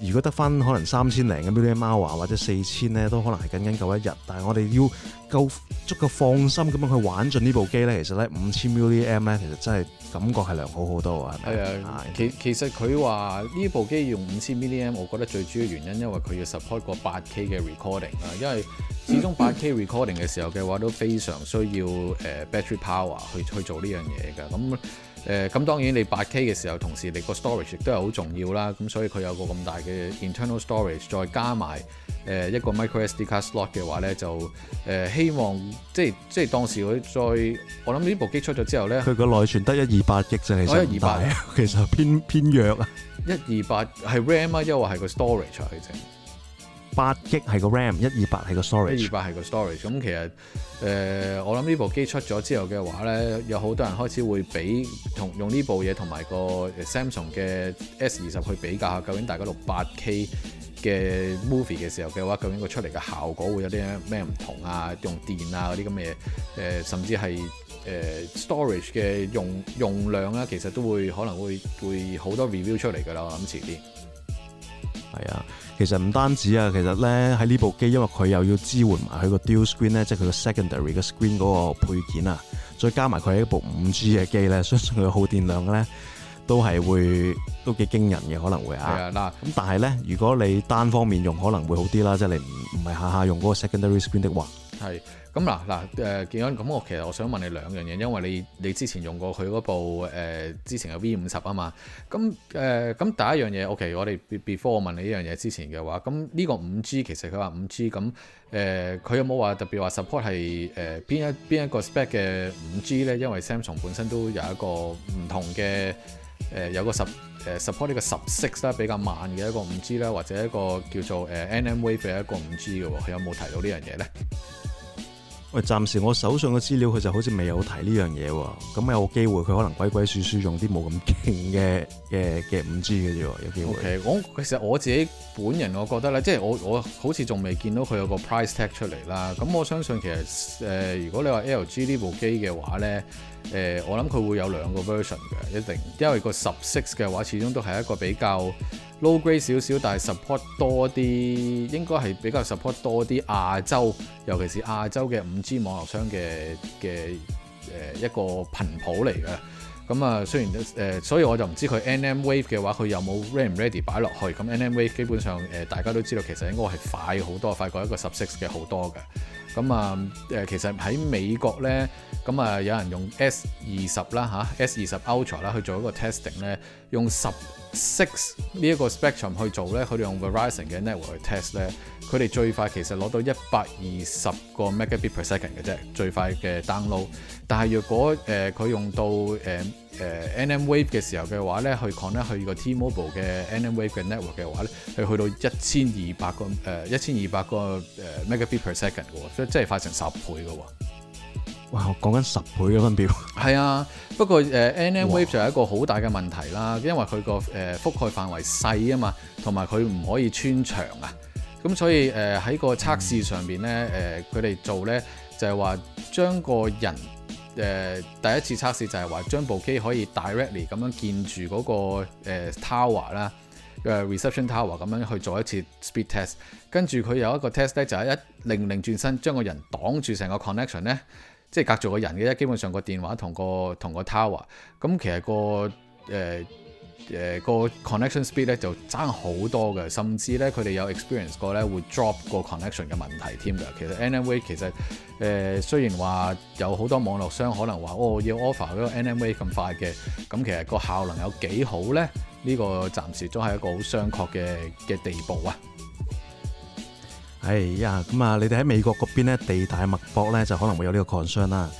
如果得翻可能三千零嘅 mAh 啊，或者四千咧，都可能係僅僅夠一日。但係我哋要夠足夠放心咁樣去玩盡呢部機咧，其實咧五千 mAh 咧，其實真係感覺係良好好多啊。係咪？係啊，其其實佢話呢部機用五千 mAh，我覺得最主要原因因為佢要 support 個八 K 嘅 recording 啊，因為始終八 K recording 嘅時候嘅話都非常需要、呃、battery power 去去做呢樣嘢㗎咁。誒、呃、咁當然你八 K 嘅時候，同時你個 storage 亦都係好重要啦。咁所以佢有個咁大嘅 internal storage，再加埋誒、呃、一個 microSD card slot 嘅話咧，就誒、呃、希望即係即係當時佢再我諗呢部機出咗之後咧，佢個內存得一二八 G 正係先，一二八其實偏偏弱啊，一二八係 RAM 啊，又話係個 storage 去、啊、啫。八億係個 RAM，一二八係個 storage，一二八係個 storage。咁其實誒、呃，我諗呢部機出咗之後嘅話咧，有好多人開始會比同用呢部嘢同埋個 Samsung 嘅 S 二十去比較下，究竟大家六八 K 嘅 movie 嘅時候嘅話，究竟佢出嚟嘅效果會有啲咩唔同啊？用電啊嗰啲咁嘅嘢，甚至係誒、呃、storage 嘅用用量啊，其實都會可能會會好多 review 出嚟噶啦。我諗遲啲係啊。其實唔單止啊，其實咧喺呢部機，因為佢又要支援埋佢個 Dual Screen 咧，即係佢個 Secondary 個 Screen 嗰個配件啊，再加埋佢係一部 5G 嘅機咧，相信佢耗電量咧都係會都幾驚人嘅，可能會嚇。係啊，嗱，咁但係咧，如果你單方面用可能會好啲啦，即係你唔唔係下下用嗰個 Secondary Screen 的話。係。咁嗱嗱誒，技安咁，我、呃、其實我想問你兩樣嘢，因為你你之前用過佢嗰部、呃、之前嘅 V 五十啊嘛。咁咁、呃、第一樣嘢，OK，我哋 before 我問你呢樣嘢之前嘅話，咁呢個五 G 其實佢話五 G 咁佢有冇話特別話 support 係誒邊一邊一個 spec 嘅五 G 咧？因為 Samsung 本身都有一個唔同嘅、呃、有個十 support 呢個十 six 啦，比較慢嘅一個五 G 啦或者一個叫做 mmWave 嘅一個五 G 嘅，佢有冇提到呢樣嘢咧？喂，暫時我手上嘅資料佢就好似未有提呢樣嘢喎，咁有機會佢可能鬼鬼祟祟用啲冇咁勁嘅嘅嘅五 G 嘅啫，有機會。O、okay, K，我其實我自己本人我覺得咧，即係我我好似仲未見到佢有個 price tag 出嚟啦，咁我相信其實誒、呃，如果你話 L G 呢部機嘅話咧。呃、我諗佢會有兩個 version 嘅，一定，因為個十 six 嘅話，始終都係一個比較 low grade 少少，但係 support 多啲，應該係比較 support 多啲亞洲，尤其是亞洲嘅五 G 網絡商嘅嘅、呃、一個頻譜嚟嘅。咁、嗯、啊，雖然、呃、所以我就唔知佢 nm wave 嘅話，佢有冇 ready 唔 ready 擺落去。咁 nm wave 基本上、呃、大家都知道，其實應該係快好多，快過一個十 six 嘅好多嘅。咁啊，誒其實喺美國咧，咁啊有人用 S 二十啦，吓 S 二十 Ultra 啦去做一個 testing 咧，用十 six 呢一個 spectrum 去做咧，佢哋用 Verizon 嘅 network 去 test 咧，佢哋最快其實攞到一百二十個 megabit per second 嘅啫，最快嘅 download 但。但係若果誒佢用到誒。呃誒、uh, nm wave 嘅時候嘅話咧，去 connect 去個 T-Mobile 嘅 nm wave 嘅 network 嘅話咧，係去到一千二百個誒一千二百個誒 megabit per second 嘅喎，即即係快成十倍嘅喎。哇！我講緊十倍嘅分別。係啊，不過誒、uh, nm wave 就係一個好大嘅問題啦，因為佢個誒覆蓋範圍細啊嘛，同埋佢唔可以穿牆啊。咁所以誒喺、uh, 個測試上邊咧，誒佢哋做咧就係、是、話將個人。呃、第一次測試就係話將部機可以 directly 咁樣見住嗰、嗰個、呃、tower 啦、呃、reception tower 咁樣去做一次 speed test，跟住佢有一個 test 咧，就係一零零轉身將個人擋住成個 connection 咧，即係隔住個人嘅，啫基本上個電話同個同個 tower，咁、嗯、其實個、呃誒、呃那個 connection speed 咧就爭好多嘅，甚至咧佢哋有 experience 過咧會 drop 個 connection 嘅問題添嘅。其實 N M A 其實誒、呃、雖然話有好多網絡商可能話哦，要 offer 嗰 N M A 咁快嘅，咁其實個效能有幾好咧？呢、呢個暫時都係一個好商榷嘅嘅地步啊。哎呀，咁啊，你哋喺美國嗰邊咧地大物博咧就可能會有呢個 concern 啦。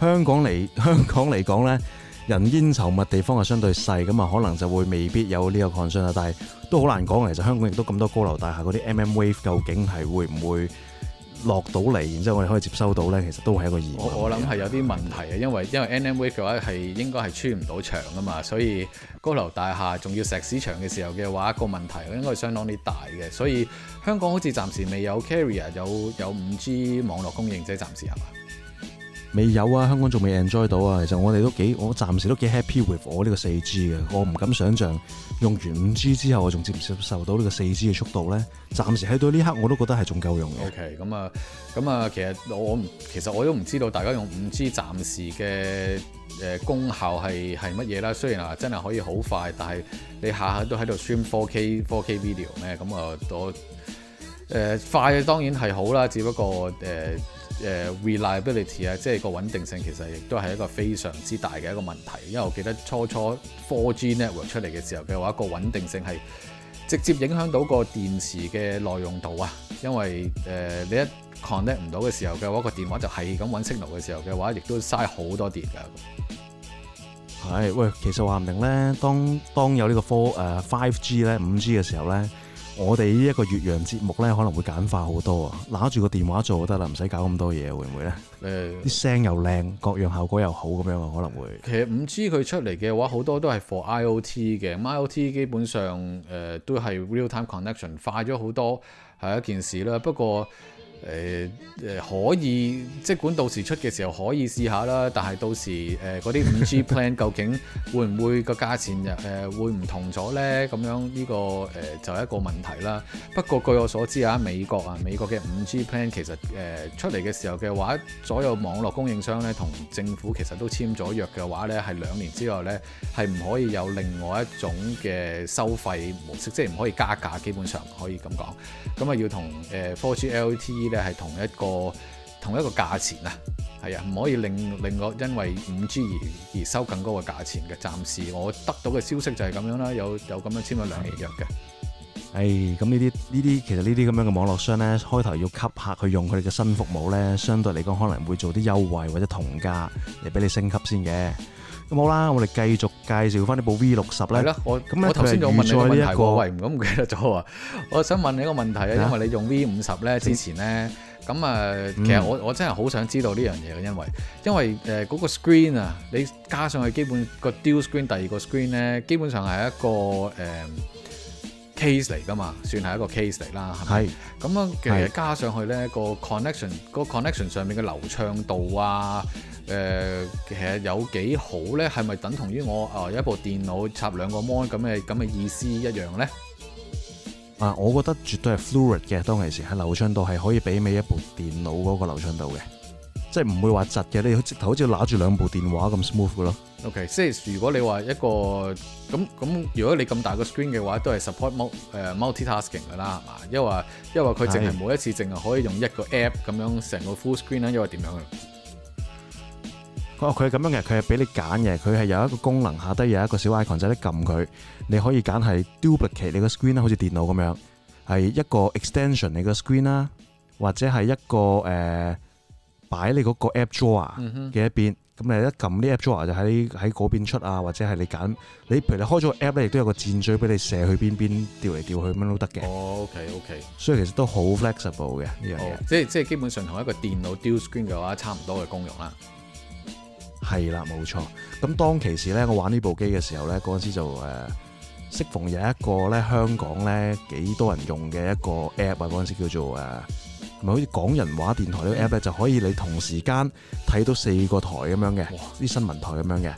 香港嚟香港嚟講咧。人煙稠密，地方係相對細，咁啊可能就會未必有呢個 concern 啦。但係都好難講，其實香港亦都咁多高樓大廈，嗰啲 M M wave 究竟係會唔會落到嚟，然之後我哋可以接收到呢，其實都係一個疑問。我我諗係有啲問題啊、嗯，因為因為 M、MM、M wave 嘅話係應該係穿唔到牆啊嘛，所以高樓大廈仲要石屎牆嘅時候嘅話，個問題應該係相當啲大嘅。所以香港好似暫時未有 carrier 有有 5G 網絡供應，即係暫時係嘛？未有啊，香港仲未 enjoy 到啊。其實我哋都幾，我暫時都幾 happy with 我呢個四 G 嘅。我唔敢想象用完五 G 之後，我仲接唔接受到呢個四 G 嘅速度咧。暫時喺到呢刻，我都覺得係仲夠用嘅。OK，咁、嗯、啊，咁、嗯、啊，其實我唔，其實我都唔知道大家用五 G 暫時嘅呃功效係係乜嘢啦。雖然啊，真係可以好快，但係你下下都喺度 stream four K four K video 咧、嗯啊，咁啊多、呃、快當然係好啦，只不過、呃誒、uh, reliability 啊，即係個穩定性其實亦都係一個非常之大嘅一個問題，因為我記得初初 4G network 出嚟嘅時候嘅話，個穩定性係直接影響到個電池嘅耐用度啊，因為誒、uh, 你一 connect 唔到嘅時候嘅話，個電話就係咁揾 signal 嘅時候嘅話，亦都嘥好多電㗎。係，喂，其實話唔定咧，當當有呢個 four 誒 five G 咧、五 G 嘅時候咧。我哋呢一個粵陽節目可能會簡化好多啊！拿住個電話做就得啦，唔使搞咁多嘢，會唔會咧？啲、呃、聲又靚，各樣效果又好咁樣啊，可能會。其實 5G 佢出嚟嘅話，好多都係 for IoT 嘅，IoT 基本上、呃、都係 real time connection，快咗好多係一件事啦。不過誒、呃、誒可以，即管到時出嘅時候可以試下啦，但係到時誒嗰啲 5G plan 究竟會唔會、這個價錢誒、呃、會唔同咗咧？咁樣呢、這個誒、呃、就係一個問題啦。不過據我所知啊，美國啊，美國嘅 5G plan 其實誒、呃、出嚟嘅時候嘅話，所有網絡供應商咧同政府其實都簽咗約嘅話咧，係兩年之後咧係唔可以有另外一種嘅收費模式，即係唔可以加價，基本上可以咁講。咁啊要同誒、呃、4G LTE。即係同一個同一個價錢啊，係啊，唔可以令令我因為五 G 而而收更高嘅價錢嘅。暫時我得到嘅消息就係咁樣啦，有有咁樣簽咗兩期約嘅。哎，咁呢啲呢啲，其實呢啲咁樣嘅網絡商咧，開頭要吸客去用佢哋嘅新服務咧，相對嚟講可能會做啲優惠或者同價嚟俾你升級先嘅。咁好啦，我哋繼續介紹翻呢部 V 六十咧。係我我頭先仲問你個問題喎、這個，喂，唔咁唔記得咗啊？我想問你一個問題啊，因為你用 V 五十咧之前咧，咁啊，其實我、嗯、我真係好想知道呢樣嘢嘅，因為因為嗰個 screen 啊，你加上去基本個 Dual screen，第二個 screen 咧，基本上係一個、呃 case 嚟噶嘛，算係一個 case 嚟啦，係咪？咁啊，其實加上去咧，個 connection、個 connection 上面嘅流暢度啊，誒、呃，其實有幾好咧？係咪等同於我啊一部電腦插兩個 mon 咁嘅咁嘅意思一樣咧？啊，我覺得絕對係 fluid 嘅，當其時係流暢度係可以媲美一部電腦嗰個流暢度嘅，即係唔會話窒嘅，你直頭好似攞住兩部電話咁 smooth 咯。O.K. 即係如果你話一個咁咁，如果你咁大個 screen 嘅話，都係 support multi-tasking 噶啦，係嘛？因為因為佢淨係每一次淨係可以用一個 app 咁樣成個 full screen 啦，因為點樣啊？哦，佢係咁樣嘅，佢係俾你揀嘅，佢係有一個功能下低有一個小 icon 仔咧，撳佢，你可以揀係 duplicate 你個 screen 啦，好似電腦咁樣，係一個 extension 你個 screen 啦，或者係一個誒擺、呃、你嗰個 app drawer 嘅一邊。嗯咁你一撳啲 app drawer 就喺喺嗰邊出啊，或者係你揀你，譬如你開咗個 app 咧，亦都有個箭嘴俾你射去邊邊，掉嚟掉去咁樣都得嘅。哦，OK，OK。所以其實都好 flexible 嘅呢樣嘢。哦，即係即係基本上同一個電腦 screen 嘅話，差唔多嘅功用啦。係啦，冇錯。咁當其時咧，我玩呢部機嘅時候咧，嗰陣時就誒適逢有一個咧香港咧幾多人用嘅一個 app 啊，嗰陣時叫做誒。咪好似港人話電台呢個 app 咧，就可以你同時間睇到四個台咁樣嘅，哇！啲新聞台咁樣嘅，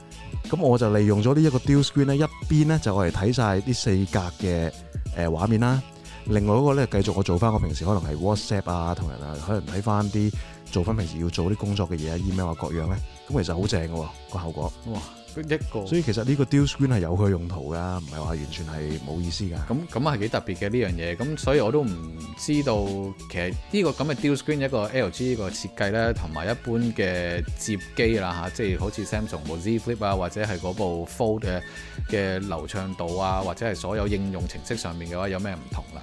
咁我就利用咗呢一個 Dual Screen 咧，一邊咧就我嚟睇晒啲四格嘅誒畫面啦，另外嗰個咧繼續我做翻我平時可能係 WhatsApp 啊同人啊，可能睇翻啲做翻平時要做啲工作嘅嘢啊 email 啊各樣咧，咁其實好正嘅喎個效果，啊，哇！一個所以其實呢個 display screen 係有佢用途㗎，唔係話完全係冇意思㗎。咁咁係幾特別嘅呢樣嘢，咁所以我都唔知道其實呢個咁嘅 display screen 一個 LG 個設計咧，同埋一般嘅摺機啦嚇、啊，即係好似 Samsung 部 Z Flip 啊，或者係嗰部 Fold 嘅嘅流暢度啊，或者係所有應用程式上面嘅話，有咩唔同啦？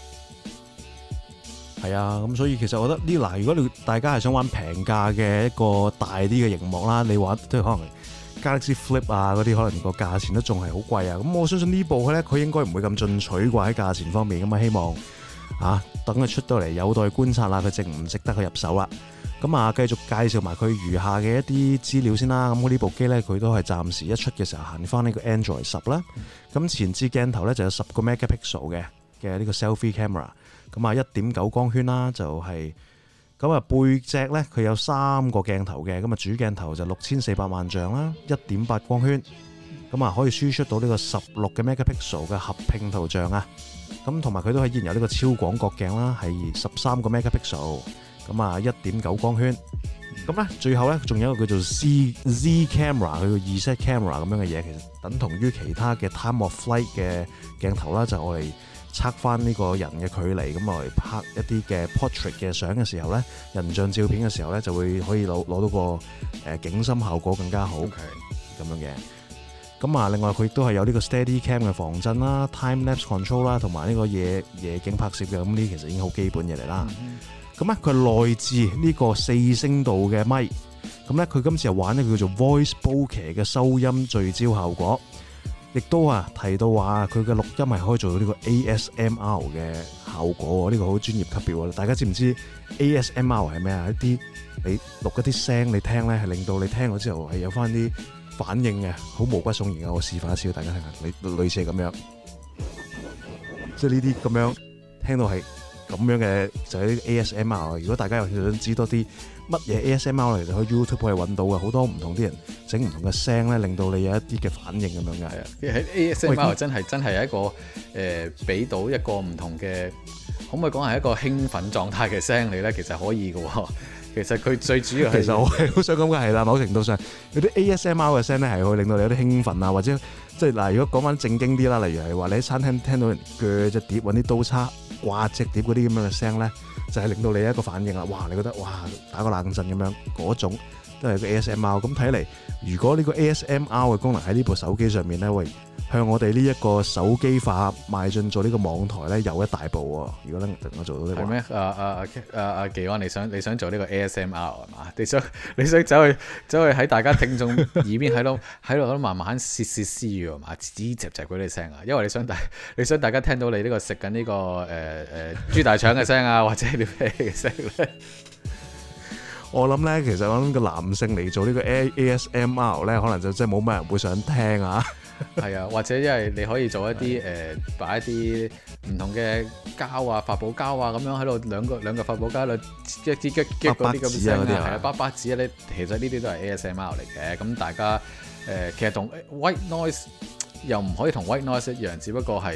係啊，咁所以其實我覺得呢嗱，如果你大家係想玩平價嘅一個大啲嘅熒幕啦，你話即係可能 Galaxy Flip 啊嗰啲，可能個價錢都仲係好貴啊。咁我相信呢部呢部咧，佢應該唔會咁進取啩喺價錢方面。咁啊，希望啊等佢出到嚟有待觀察啦，佢值唔值得去入手啦。咁啊，繼續介紹埋佢餘下嘅一啲資料先啦。咁我呢部機咧，佢都係暫時一出嘅時候行翻呢個 Android 十啦。咁前置鏡頭咧就有十個 megapixel 嘅嘅呢個 selfie camera。咁啊，一點九光圈啦，就係咁啊背脊咧，佢有三個鏡頭嘅，咁啊主鏡頭就六千四百萬像啦，一點八光圈，咁啊可以輸出到呢個十六個 megapixel 嘅合併圖像啊，咁同埋佢都係依然有呢個超廣角鏡啦，係十三個 megapixel，咁啊一點九光圈，咁咧最後咧仲有一個叫做 CZ Camera，佢叫 ZC camera 咁樣嘅嘢，其實等同於其他嘅 time of flight 嘅鏡頭啦，就我哋，測翻呢個人嘅距離，咁嚟拍一啲嘅 portrait 嘅相嘅時候咧，人像照片嘅時候咧，就會可以攞攞到個誒、呃、景深效果更加好，咁、okay. 樣嘅。咁啊，另外佢亦都係有呢個 steady cam 嘅防震啦，time lapse control 啦，同埋呢個夜夜景拍攝嘅。咁呢其實已經好基本嘅嚟啦。咁咧，佢內置呢個四聲道嘅咪。咁咧，佢今次又玩呢個叫做 voice bokeh 嘅收音聚焦效果。亦都啊提到話佢嘅錄音係可以做到呢個 ASMR 嘅效果，呢個好專業級別。大家知唔知 ASMR 係咩啊？一啲你錄一啲聲，你聽咧係令到你聽咗之後係有翻啲反應嘅，好毛骨悚然呀。我示範一次，畀大家聽下類似係咁樣，即係呢啲咁樣聽到係咁樣嘅就係 ASMR。如果大家有想知多啲乜嘢 ASMR 嚟嘅？喺 YouTube 可以揾到嘅，好多唔同啲人整唔同嘅聲咧，令到你有一啲嘅反應咁樣嘅。喺 ASMR 真係真係一個誒，俾到一個唔同嘅，可唔可以講係一個興奮狀態嘅聲你咧？其實可以㗎。其實佢最主要係其實我係好想講嘅係啦，某程度上有啲 ASMR 嘅聲咧，係會令到你有啲興奮啊，或者即係嗱，如果講翻正經啲啦，例如係話你喺餐廳聽到人鋸隻碟、揾啲刀叉刮隻碟嗰啲咁樣嘅聲咧。就係、是、令到你一個反應啦，哇！你覺得哇，打個冷震咁樣嗰種，都係個 ASMR。咁睇嚟，如果呢個 ASMR 嘅功能喺呢部手機上面咧，喂？向我哋呢一個手機化邁進咗呢個網台咧，有一大步喎、哦！如果能夠做到呢個，咩？阿阿阿阿阿技安，你想你想做呢個 ASMR 係嘛？你想你想走去走去喺大家聽眾耳邊喺度喺度慢慢竊竊私語係嘛？吱吱雜嗰啲聲啊！因為你想大你想大家聽到你呢個食緊呢個誒誒豬大腸嘅聲啊， 或者係啲咩嘅聲咧？我諗咧，其實我諗個男性嚟做呢個 ASMR 咧，可能就真係冇咩人會想聽啊！係 啊，或者因為你可以做一啲誒，擺、呃、一啲唔同嘅膠啊、發泡膠啊咁樣喺度，兩個兩個發泡膠喺度一節腳腳嗰啲咁聲，係啊，巴巴啊。八八你其實呢啲都係 ASMR 嚟嘅。咁大家誒，其實同、嗯呃、White Noise 又唔可以同 White Noise 一樣，只不過係誒、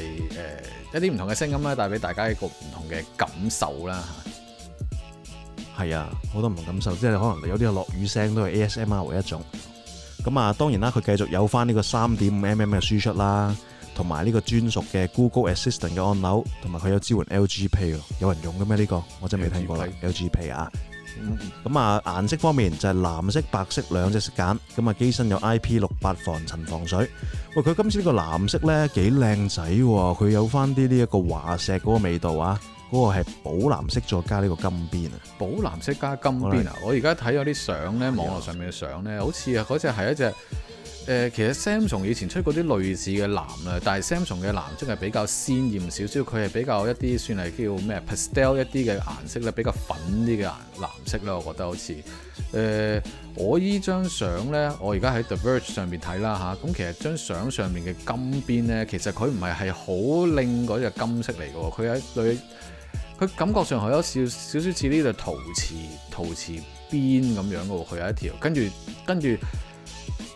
呃、一啲唔同嘅聲音咧，帶俾大家一個唔同嘅感受啦嚇。係啊，好多唔同感受，即係可能有啲落雨聲都係 ASMR 為一種。咁啊，當然啦，佢繼續有翻呢個 3.5mm 嘅輸出啦，同埋呢個專屬嘅 Google Assistant 嘅按鈕，同埋佢有支援 LG Pay 喎。有人用嘅咩呢個？我真係未聽過啦。LG Pay 啊，咁、嗯、啊、嗯，顏色方面就係、是、藍色、白色兩隻色揀。咁啊，機身有 IP68 防塵防水。喂，佢今次呢個藍色呢幾靚仔喎，佢有翻啲呢一個華碩嗰個味道啊！嗰個係寶藍色再加呢個金邊啊！寶藍色加金邊啊！我而家睇有啲相咧，網絡上面嘅相咧，好似啊嗰隻係一隻誒、呃，其實 Samsung 以前出過啲類似嘅藍啊，但係 Samsung 嘅藍即係比較鮮豔少少，佢係比較一啲算係叫咩 pastel 一啲嘅顏色咧，比較粉啲嘅藍藍色咧，我覺得好似誒、呃，我依張相咧，我而家喺 The Verge 上面睇啦吓，咁其實張相上面嘅金邊咧，其實佢唔係係好拎嗰隻金色嚟嘅喎，佢喺對。佢感覺上係有少少少似呢度陶瓷陶瓷邊咁樣嘅喎，佢有一條，跟住跟住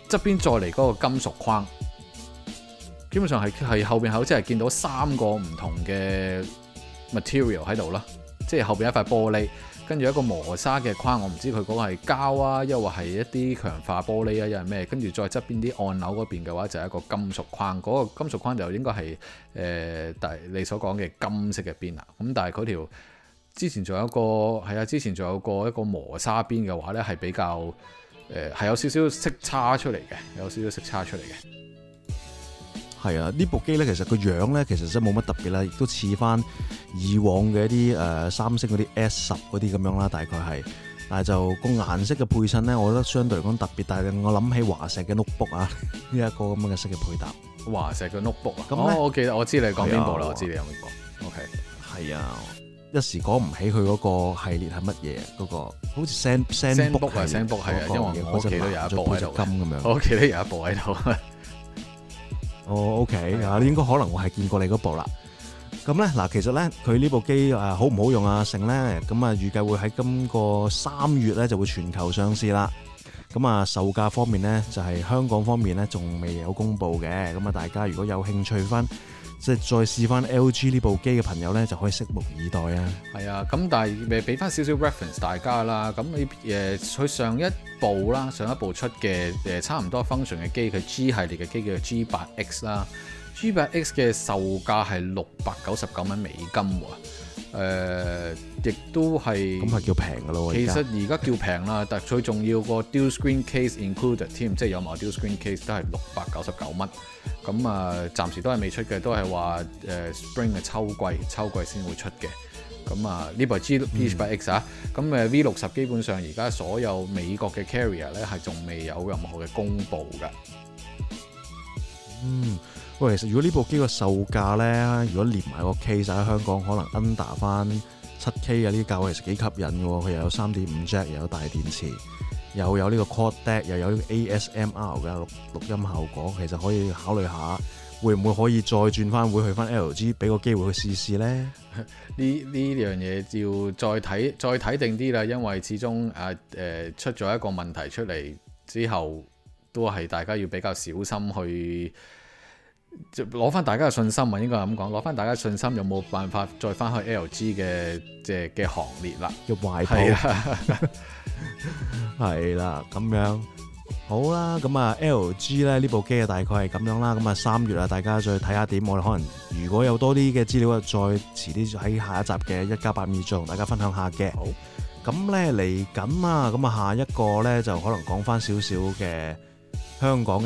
側邊再嚟嗰個金屬框，基本上係係後邊好似係見到三個唔同嘅 material 喺度啦，即係後邊一塊玻璃。跟住一個磨砂嘅框，我唔知佢嗰個係膠啊，又或係一啲強化玻璃啊，又係咩？跟住再側邊啲按鈕嗰邊嘅話，就係一個金屬框，嗰、嗰個金屬框就應該係誒第你所講嘅金色嘅邊啦。咁、嗯、但係嗰條之前仲有個係啊，之前仲有個一個磨砂邊嘅話呢係比較誒係、呃、有少少色差出嚟嘅，有少少色差出嚟嘅。係啊，這部機呢部機咧，其實個樣咧，其實真係冇乜特別啦，亦都似翻以往嘅一啲誒、呃、三星嗰啲 S10 嗰啲咁樣啦，大概係，但係就個顏色嘅配襯咧，我覺得相對嚟講特別，但係我諗起華碩嘅 notebook 啊，呢一、這個咁嘅色嘅配搭。華碩嘅 notebook 啊？咁、哦、咧，我記得我知你講邊部啦，我知,道你,講、啊、我知道你有邊個。O K，係啊，一時講唔起佢嗰個系列是什麼、那個、Sand, 係乜嘢，嗰個好似 ZenBook 啊，ZenBook 係，因為我屋企都有一部喺度金咁樣，我屋企都有一部喺度。 哦，OK，啊，應該可能會係見過你嗰部啦。咁咧，嗱，其實咧，佢呢部機啊，好唔好用啊，成咧，咁啊，預計會喺今個三月咧就會全球上市啦。咁啊，售價方面咧，就係香港方面咧，仲未有公布嘅。咁啊，大家如果有興趣翻，即係再試翻 LG 呢部機嘅朋友呢，就可以拭目以待啊！係啊，咁但係俾翻少少 reference 大家啦。咁你誒佢上一部啦，上一部出嘅誒差唔多 function 嘅機，佢 G 系列嘅機叫 G8X 啦，G8X 嘅售價係六百九十九蚊美金喎。誒、呃，亦都係，咁係叫平嘅咯，其實而家叫平啦， 但係最重要個 Dual Screen Case Included 添，即係有埋 Dual Screen Case 都係六百九十九蚊。咁啊，暫時都係未出嘅，都係話誒 Spring 嘅秋季，秋季先會出嘅。咁啊，呢部 G8X 啊，咁誒 V 六十基本上而家所有美國嘅 Carrier 咧係仲未有任何嘅公布㗎。嗯。喂，其實如果呢部機個售價呢，如果連埋個 case 喺香港，可能 under 翻七 K 啊，呢啲價位其實幾吸引嘅喎。佢又有三點五 Jack，又有大電池，又有呢個 Quad DAC，又有呢個 ASMR 嘅錄錄音效果，其實可以考慮下，會唔會可以再轉翻會去翻 LG，俾個機會去試試咧？呢呢樣嘢要再睇，再睇定啲啦。因為始終啊誒出咗一個問題出嚟之後，都係大家要比較小心去。攞翻大家嘅信心啊，應該係咁講，攞翻大家嘅信心有冇辦法再翻去 LG 嘅即係嘅行列啦？又懷抱係啦、啊 啊，咁樣好啦，咁啊 LG 咧呢部機啊大概係咁樣啦，咁啊三月啊大家再睇下點，我哋可能如果有多啲嘅資料啊，再遲啲喺下一集嘅一家852再同大家分享下嘅。好，咁咧嚟緊啊，咁啊下，下一個咧就可能講翻少少嘅。香港嘅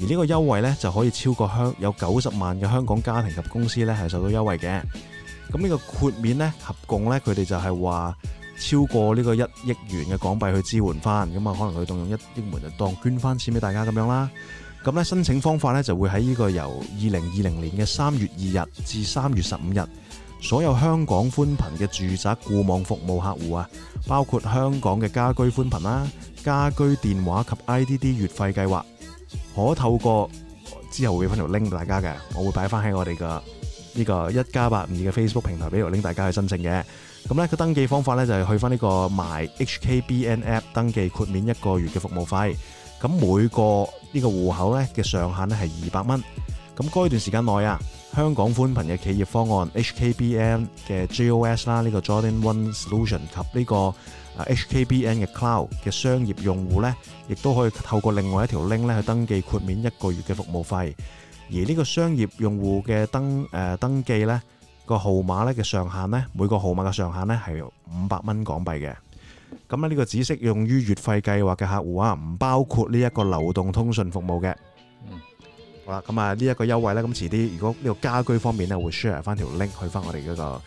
而呢個優惠呢就可以超過香有九十萬嘅香港家庭及公司呢係受到優惠嘅。咁呢個豁免呢合共呢佢哋就係話超過呢個一億元嘅港幣去支援翻。咁啊，可能佢仲用一億蚊嚟當捐翻錢俾大家咁樣啦。咁呢申請方法呢就會喺呢個由二零二零年嘅三月二日至三月十五日，所有香港寬頻嘅住宅固網服務客戶啊，包括香港嘅家居寬頻啦、家居電話及 I D D 月費計劃。可透過之後會分度拎大家嘅，我會擺翻喺我哋嘅呢個一加八五二嘅 Facebook 平台俾度拎大家去申請嘅。咁呢個登記方法呢，就係去翻呢個買 HKBN App 登記，豁免一個月嘅服務費。咁每個呢個戶口呢嘅上限咧係二百蚊。咁該段時間內啊，香港寬頻嘅企業方案 HKBN 嘅 GOS 啦，呢個 Jordan One Solution 及呢個。HKBN 嘅 Cloud 嘅商業用戶咧，亦都可以透過另外一條 link 咧去登記豁免一個月嘅服務費。而呢個商業用戶嘅登誒登記咧，個號碼咧嘅上限咧，每個號碼嘅上限咧係五百蚊港幣嘅。咁咧呢個只適用於月費計劃嘅客戶啊，唔包括呢一個流動通訊服務嘅。嗯。好啦，咁啊呢一個優惠咧，咁遲啲如果呢個家居方面咧會 share 翻條 link 去翻我哋嗰個。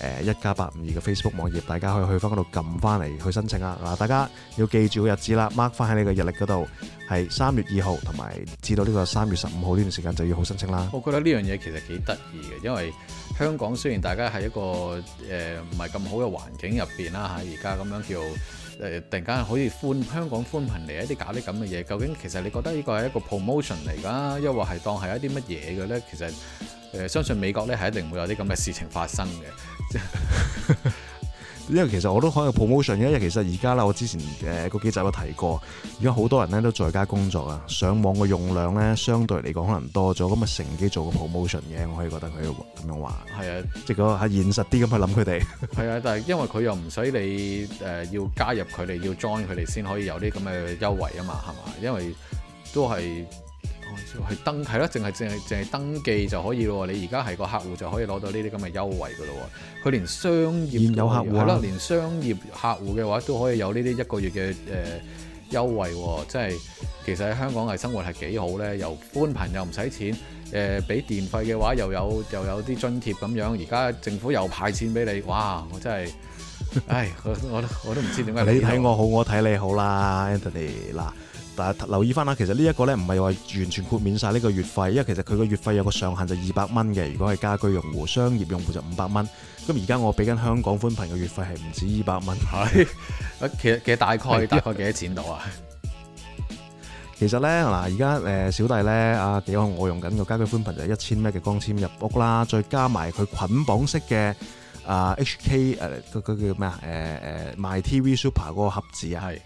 誒一家八五二嘅 Facebook 網頁，大家可以去翻嗰度撳翻嚟去申請啦。嗱，大家要記住個日子啦，mark 翻喺你個日曆嗰度，係三月二號同埋至到呢個三月十五號呢段時間就要好申請啦。我覺得呢樣嘢其實幾得意嘅，因為香港雖然大家喺一個誒唔係咁好嘅環境入邊啦嚇，而家咁樣叫。誒突然間可以寬香港寬頻嚟一啲搞啲咁嘅嘢，究竟其實你覺得呢個係一個 promotion 嚟㗎，抑或係當係一啲乜嘢嘅呢？其實誒、呃、相信美國呢係一定會有啲咁嘅事情發生嘅。 因為其實我都可以 promotion 嘅，因為其實而家啦，我之前誒個幾集都提過，而家好多人咧都在家工作啊，上網嘅用量咧相對嚟講可能多咗，咁啊乘機做個 promotion 嘅，我可以覺得佢咁樣話。係啊，即係個係現實啲咁去諗佢哋。係啊，但係因為佢又唔使你誒、呃、要加入佢哋要 join 佢哋先可以有啲咁嘅優惠啊嘛，係嘛？因為都係。去登係咯，淨係淨係淨係登記就可以咯。你而家係個客戶就可以攞到呢啲咁嘅優惠噶咯。佢連商業現有客戶啦，連商業客戶嘅話都可以有呢啲一個月嘅誒優惠。即係其實喺香港嘅生活係幾好咧，又寬頻又唔使錢，誒、呃、俾電費嘅話又有又有啲津貼咁樣。而家政府又派錢俾你，哇！我真係， 唉，我我，我都唔知點解。你睇我好，我睇你好啦，Anthony 嗱。留意翻啦，其實呢一個咧唔係話完全豁免晒呢個月費，因為其實佢個月費有個上限就二百蚊嘅。如果係家居用戶、商業用戶就五百蚊。咁而家我俾緊香港寬頻嘅月費係唔止二百蚊。係，其實其實大概 大概幾多錢到啊？其實咧嗱，而家誒小弟咧啊，如我用緊個家居寬頻就一千蚊嘅光纖入屋啦，再加埋佢捆綁式嘅啊 HK 誒，佢叫咩啊？誒誒 My TV Super 嗰個盒子啊，係。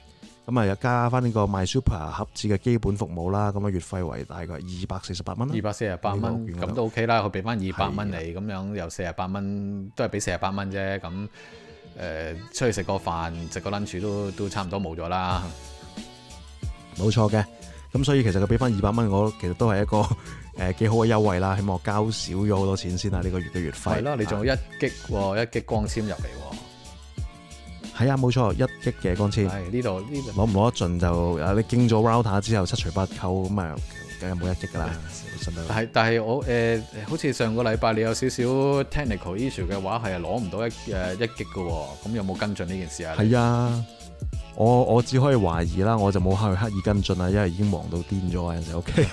咁啊，又加翻呢個 My Super 盒子嘅基本服務啦，咁啊月費為大概二百四十八蚊啦。二百四十八蚊，咁都 OK 啦，佢俾翻二百蚊你，咁樣由四十八蚊都係俾四十八蚊啫，咁誒出去食個飯、食個 lunch 都都差唔多冇咗啦。冇錯嘅，咁所以其實佢俾翻二百蚊，我其實都係一個誒幾好嘅優惠啦，希望我交少咗好多錢先啦呢個月嘅月費。係啦，你仲有 1G 1G 光纖入嚟喎。係啊，冇錯，一億嘅光纖，係呢度呢度攞唔攞得盡就啊、嗯，你經咗 router 之後，七除八扣咁啊，梗係冇一億㗎啦。但係我誒、呃、好似上個禮拜你有少少 technical issue 嘅話，係攞唔到一誒一億㗎喎，咁有冇跟進呢件事啊？係啊。我我只可以懷疑啦，我就冇去刻意跟進啦，因為已經忙到癲咗嗰陣時。O.K.、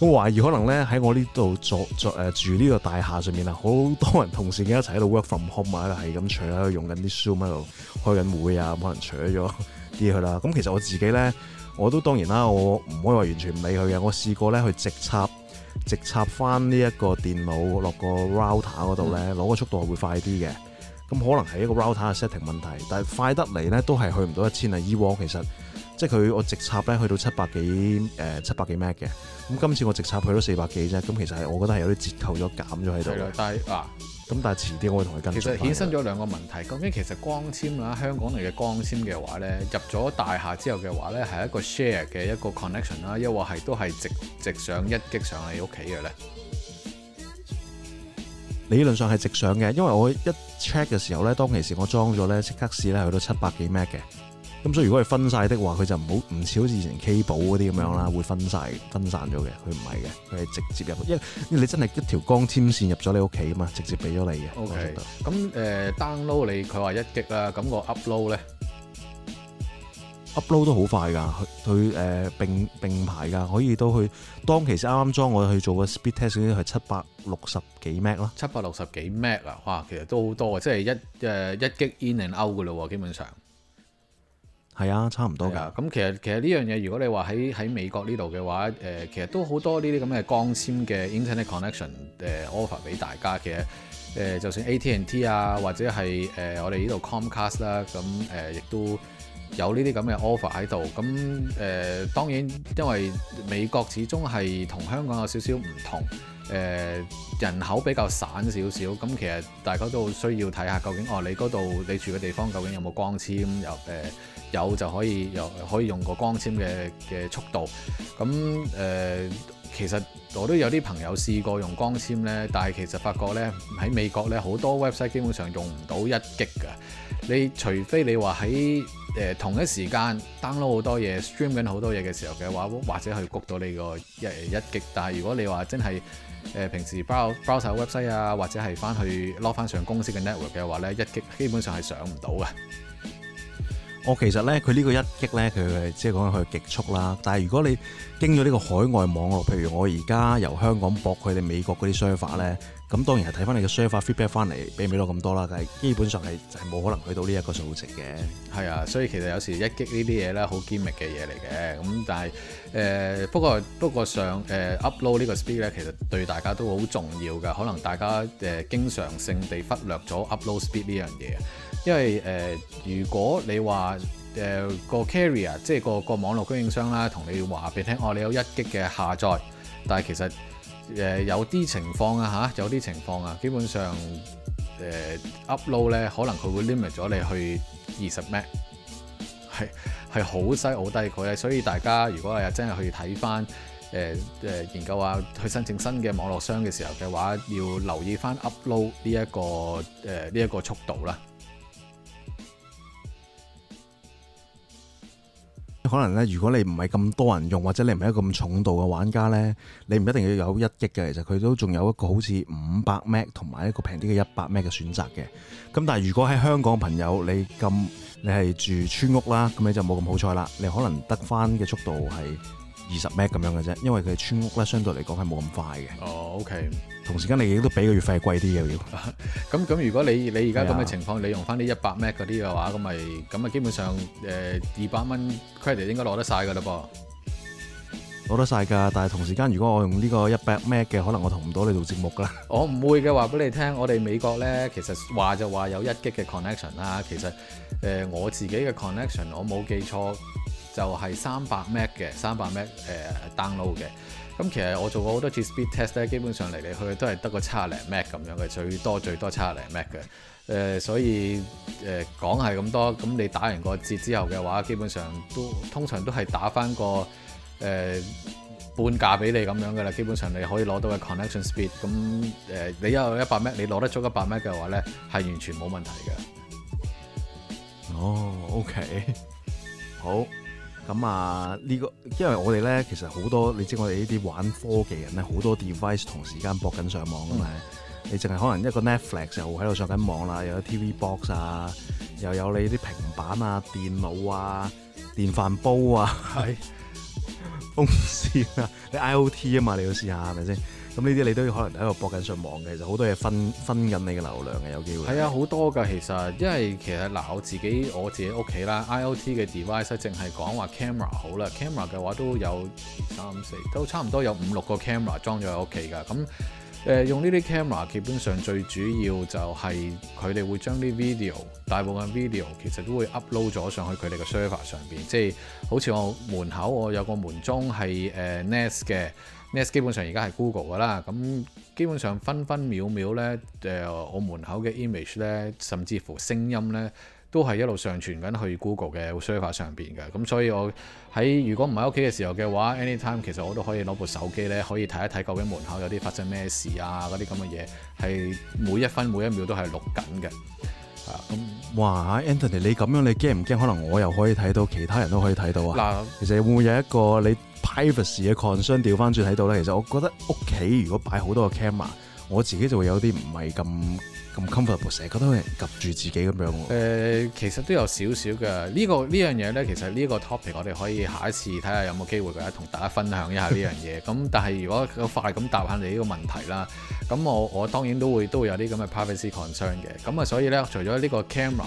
嗯、 我懷疑可能咧喺我呢度坐坐住呢個大廈上面啦，好多人同事嘅一齊喺度 work from home 啊，係咁除喺度用緊啲 Zoom 喺度開緊會啊，可能除咗啲佢啦。咁其實我自己咧，我都當然啦，我唔可以話完全唔理佢嘅。我試過咧去直插直插翻呢一個電腦落個 router 嗰度咧，攞個速度係會快啲嘅。咁可能係一個 router setting 問題，但係快得嚟咧都係去唔到一千啊 e 其實即係佢我直插咧去到七百幾誒七百幾 Mbps 嘅，咁、呃、今次我直插去到四百幾啫，咁其實係我覺得係有啲折扣咗減咗喺度但係嗱，咁、啊、但係遲啲我會同佢跟,跟住其實衍生咗兩個問題，究竟其實光纖啦，香港嚟嘅光纖嘅話咧，入咗大廈之後嘅話咧，係一個 share 嘅一個 connection 啦，抑或係都係直直上一擊上你屋企嘅咧？理論上係直上嘅，因為我一 check 嘅時候咧，當其時我裝咗咧，即刻試咧去到七百幾 Mbps 嘅。咁所以如果係分曬的話，佢就唔好唔似好似以前 K 寶嗰啲咁樣啦，會分曬分散咗嘅，佢唔係嘅，佢係直接入，因為你真係一條光纖線入咗你屋企嘛，直接俾咗你嘅，OK。咁 download 你佢話一擊啦，咁、我 upload 咧？upload 都好快㗎，佢佢誒並並排㗎，可以到去。當其實啱啱裝我去做個 speed test 嗰陣係七百六十幾 Mbps 啦，七百六十幾 Mbps 啊，哇，其實都好多嘅，即係一誒一擊 in and out 㗎咯，基本上係啊，差唔多㗎。咁、啊、其實其實呢樣嘢，如果你話喺喺美國呢度嘅話，誒、呃、其實都好多呢啲咁嘅光纖嘅 internet connection 誒、呃、offer 俾大家。其實、呃、就算 AT&T 啊，或者係誒、呃、我哋呢度 Comcast 啦、啊，咁誒亦都。有呢啲咁嘅 offer 喺度，咁誒、呃、當然，因為美國始終係同香港有少少唔同、呃，人口比較散少少，咁其實大家都需要睇下究竟哦，你嗰度你住嘅地方究竟有冇光纖、呃呃？有就可以又可以用個光纖嘅嘅速度。咁、呃、其實我都有啲朋友試過用光纖呢，但係其實發覺呢，喺美國呢，好多 website 基本上用唔到 1Gb 㗎，你除非你話喺。同一時間 download 好多嘢，stream 緊好多嘢嘅時候嘅話，或者去谷到你個一,一擊。但係如果你話真係平時 brow, browse 個 website 啊，或者係翻去 log 返上公司嘅 network 嘅話咧，一擊基本上係上唔到嘅。我其實咧，佢呢個一擊咧，佢係即係講佢極速啦。但係如果你經咗呢個海外網絡，譬如我而家由香港駁佢哋美國嗰啲 server 咧，咁當然係睇翻你嘅 serverfeedback 翻嚟，比唔到咁多啦。但係基本上係係冇可能去到呢一個數值嘅。係啊，所以其實有時一擊呢啲嘢咧，好 gimmick 嘅嘢嚟嘅。咁但係誒，不過不過上誒 upload 呢個 speed 咧，其實對大家都好重要㗎。可能大家誒經常性地忽略咗 upload speed 呢樣嘢。因為誒、呃，如果你話誒、呃、個 carrier 即係個個網絡供應商啦，同你話俾你聽，哦，你有 1G 嘅下載，但係其實誒、呃、有啲情況啊，嚇有啲情況啊，基本上誒、呃、upload 咧，可能佢會 limit 咗你去二十 Mbps，係係好犀好低嘅，所以大家如果係真係去睇翻誒誒研究啊，去申請新嘅網絡商嘅時候嘅話，要留意翻 upload 呢、這、一個誒呢一個速度啦。可能咧，如果你唔係咁多人用，或者你唔係一個咁重度嘅玩家咧，你唔一定要有一 G 嘅，其實佢都仲有一個好似五百 Mbps 同埋一個平啲嘅一百 Mbps 嘅選擇嘅。咁但係如果喺香港朋友，你咁你係住村屋啦，咁你就冇咁好彩啦，你可能得翻嘅速度係二十 Mbps 咁樣嘅啫，因為佢村屋咧相對嚟講係冇咁快嘅。哦，oh，OK。同時間你亦都俾個月費係貴啲嘅要。咁 咁如果你你而家咁嘅情況，的你用翻呢一百 Mbps 嗰啲嘅話，咁咪咁咪基本上誒二百蚊 credit 應該攞得晒嘅嘞噃。攞得晒㗎，但係同時間如果我用呢個一百 Mbps 嘅，可能我同唔到你做節目㗎。我唔會嘅，話俾你聽，我哋美國咧其實話就話有一吉嘅 connection 啦。其實誒我自己嘅 connection，我冇記錯就係三百 Mbps 嘅三百 Mbps 誒 download 嘅。咁其實我做過好多次 speed test 咧，基本上嚟嚟去去都係得個差零 Mac 咁樣嘅，最多最多差零 Mac 嘅。誒、呃，所以誒講係咁多，咁你打完個折之後嘅話，基本上都通常都係打翻個誒、呃、半價俾你咁樣嘅啦。基本上你可以攞到嘅 connection speed，咁誒、呃、你有一百 Mac 你攞得咗一百 Mac 嘅話咧，係完全冇問題嘅。哦、oh，OK， 好。咁啊，呢、呢個因為我哋咧，其實好多你知我哋呢啲玩科技人咧，好多 device 同時間搏緊上網㗎嘛、嗯。你淨係可能一個 Netflix 就喺度上緊網啦，又有 TV box 啊，又有你啲平板啊、電腦啊、電飯煲啊，係風扇啊，你 IOT 啊嘛，你要試下係咪先？是咁呢啲你都可能喺度博緊上網嘅，其實好多嘢分分緊你嘅流量嘅，有機會。係啊，好多噶，其實，因為其實嗱，我自己我自己屋企啦，IOT 嘅 device 淨係講話 camera 好啦，camera 嘅話都有三四，3, 4, 都差唔多有五六個 camera 裝咗喺屋企㗎。咁、呃、用呢啲 camera，基本上最主要就係佢哋會將啲 video，大部分 video 其實都會 upload 咗上去佢哋嘅 server 上面，即係好似我門口我有個門鐘係 Nest 嘅。呢啲基本上而家係 Google 㗎啦，咁基本上分分秒秒咧，誒、呃、我門口嘅 image 咧，甚至乎聲音咧，都係一路上傳緊去 Google 嘅伺服器上邊嘅，咁所以我喺如果唔喺屋企嘅時候嘅話，anytime 其實我都可以攞部手機咧，可以睇一睇究竟門口有啲發生咩事啊，嗰啲咁嘅嘢係每一分每一秒都係錄緊嘅。咁、嗯，哇 Anthony 你咁樣你驚唔驚？可能我又可以睇到，其他人都可以睇到啊。嗱，其實會唔會有一個你 privacy 嘅 concern 調翻轉睇到咧？其實我覺得屋企如果擺好多個 camera，我自己就會有啲唔係咁咁 comfortable，成日覺得會夾住自己咁樣喎、呃。其實都有少少嘅。這個、呢個呢樣嘢咧，其實呢個 topic 我哋可以下一次睇下有冇機會大家同 大家分享一下呢樣嘢。咁 但係如果快咁答下你呢個問題啦，咁我我當然都會都會有啲咁嘅 privacy concern 嘅。咁啊，所以咧，除咗呢個 camera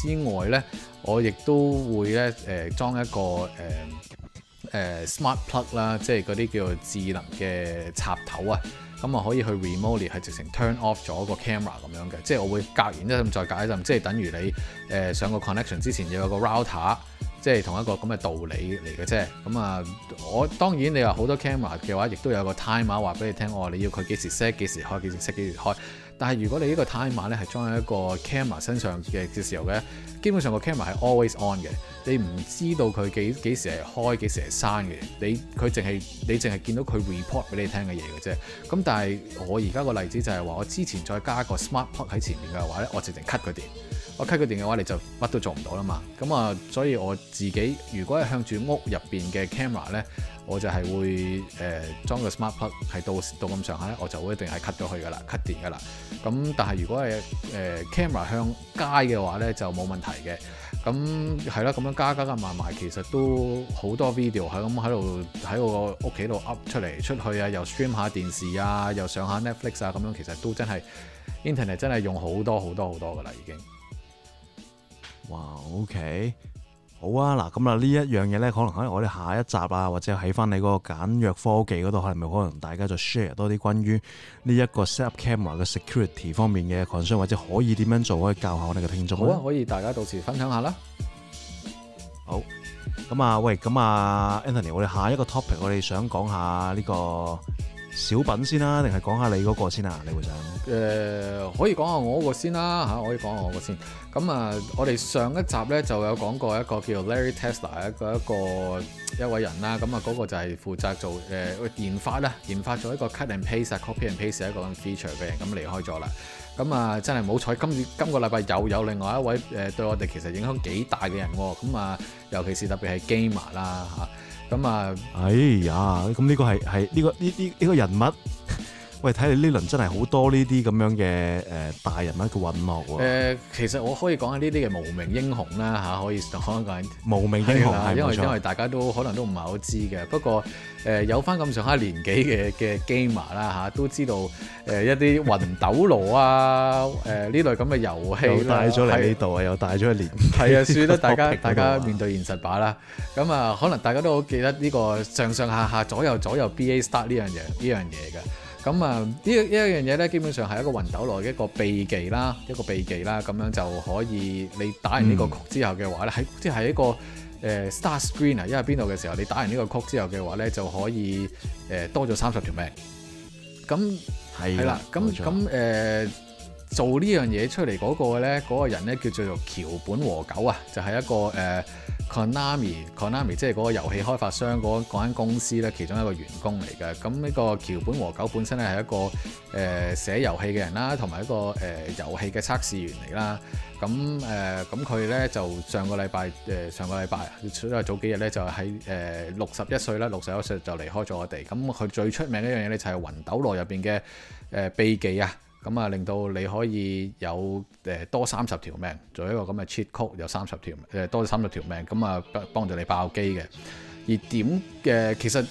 之外咧，我亦都會咧誒裝一個、呃呃、smart plug 啦，即係嗰啲叫做智能嘅插頭啊。咁啊，可以去 remote 係直情 turn off 咗個 camera 咁樣嘅，即係我會隔完一陣再隔一陣，即係等於你、呃、上個 connection 之前要有個 router，即係同一個咁嘅道理嚟嘅啫。咁啊，我當然你話好多 camera 嘅話，亦都有個 timer 話俾你聽，哦，你要佢幾時 set，幾時開，幾時 set，幾時開。但係如果你個呢個 timer 咧係裝喺一個 camera 身上嘅時候嘅，基本上個 camera 係 always on 嘅。你唔知道佢幾幾時係開幾時係閂嘅？你佢淨係你淨係見到佢 report 俾你聽嘅嘢嘅啫。咁但係我而家個例子就係話，我之前再加個 smart plug 喺前面嘅話咧，我直情 cut 佢電，我 cut 佢電嘅話，你就乜都做唔到啦嘛。咁啊，所以我自己如果係向住屋入面嘅 camera 咧，我就係會、呃、裝個 smart plug 係到到咁上下咧，我就會一定係 cut 咗去㗎啦，cut 電㗎啦。咁但係如果係、呃、camera 向街嘅話咧，就冇問題嘅。咁係啦，咁樣加加加埋埋，其實都好多 video 喺咁喺度喺我個屋企度 up 出嚟出去啊，又 stream 下電視啊，又上下 Netflix 啊，咁樣其實都真係 internet 真係用好多好多好多㗎啦，已經。哇，OK。好啊，嗱，咁啊呢一樣嘢咧，可能可能我哋下一集啊，或者喺翻你嗰個簡約科技嗰度，係咪可能大家就 share 多啲關於呢一個 set up camera 嘅 security 方面嘅 concern，或者可以點樣做可以教下我哋嘅聽眾。好啊，可以大家到時分享下啦。好，咁啊，喂，咁啊 Anthony，我哋下一個 topic 我哋想講下呢個。小品先啦、啊，定係講下你嗰個先啊？李會長。誒、呃，可以講下我嗰個先啦、啊、嚇，可以講下我嗰個先。咁啊，我哋、啊、上一集咧就有講過一個叫 Larry Tesler 一個一個一位人啦。咁啊，嗰、那個就係負責做誒研、呃、發啦、啊，研發咗一個 cut and paste、啊啊、copy and paste 一個咁 feature 嘅人，咁離開咗啦。咁啊，真係冇彩今今個禮拜又有另外一位誒、呃、對我哋其實影響幾大嘅人喎、啊。咁啊，尤其是特別係 gamer 啦、啊、嚇。啊。咁啊！哎呀，咁呢個係係呢個呢呢呢個人物。喂，睇嚟呢輪真係好多呢啲咁樣嘅大人物嘅隕落喎。其實我可以講下呢啲嘅無名英雄啦、啊、可以講一講無名英雄、啊、因為因為大家都可能都唔係好知嘅。不過、呃、有翻咁上下年紀嘅嘅 gamer 啦都知道、呃、一啲魂斗羅啊呢、 呃、類咁嘅遊戲啦，帶咗嚟呢度啊，又帶咗一年，係啊，算啦，大家大家面對現實把啦。咁啊、嗯，可能大家都好記得呢個上上下下左右左右 B A start 呢樣嘢呢樣嘢嘅。咁啊，呢呢一樣嘢咧，基本上係一個魂斗羅嘅一個秘技啦，一個秘技啦，咁樣就可以你打完呢個曲之後嘅話咧，喺即係一個誒 star screen 啊，一喺邊度嘅時候，你打完呢個曲之後嘅話咧，就可以誒、呃、多咗三十條命。咁係啦，咁咁誒做呢樣嘢出嚟嗰、那個咧，嗰、那個人咧叫做橋本和久啊，就係、是、一個誒。呃 Konami，Konami Konami 即係嗰個遊戲開發商嗰間公司咧，其中一個員工嚟嘅。咁呢個橋本和久本身咧係一個誒寫遊戲嘅人啦，同埋一個誒遊戲嘅測試員嚟啦。咁誒咁佢咧就上個禮拜誒、呃、上個禮拜，除咗早幾日咧就喺誒六十一歲啦，六十一歲就離開咗我哋。咁佢最出名一樣嘢咧就係《魂斗羅》入邊嘅誒秘技啊！咁啊，令到你可以有誒、呃、多三十條命，做一個咁嘅 cheat code，有三十條誒多三十條命，咁啊幫助你爆機嘅。而點嘅、呃、其實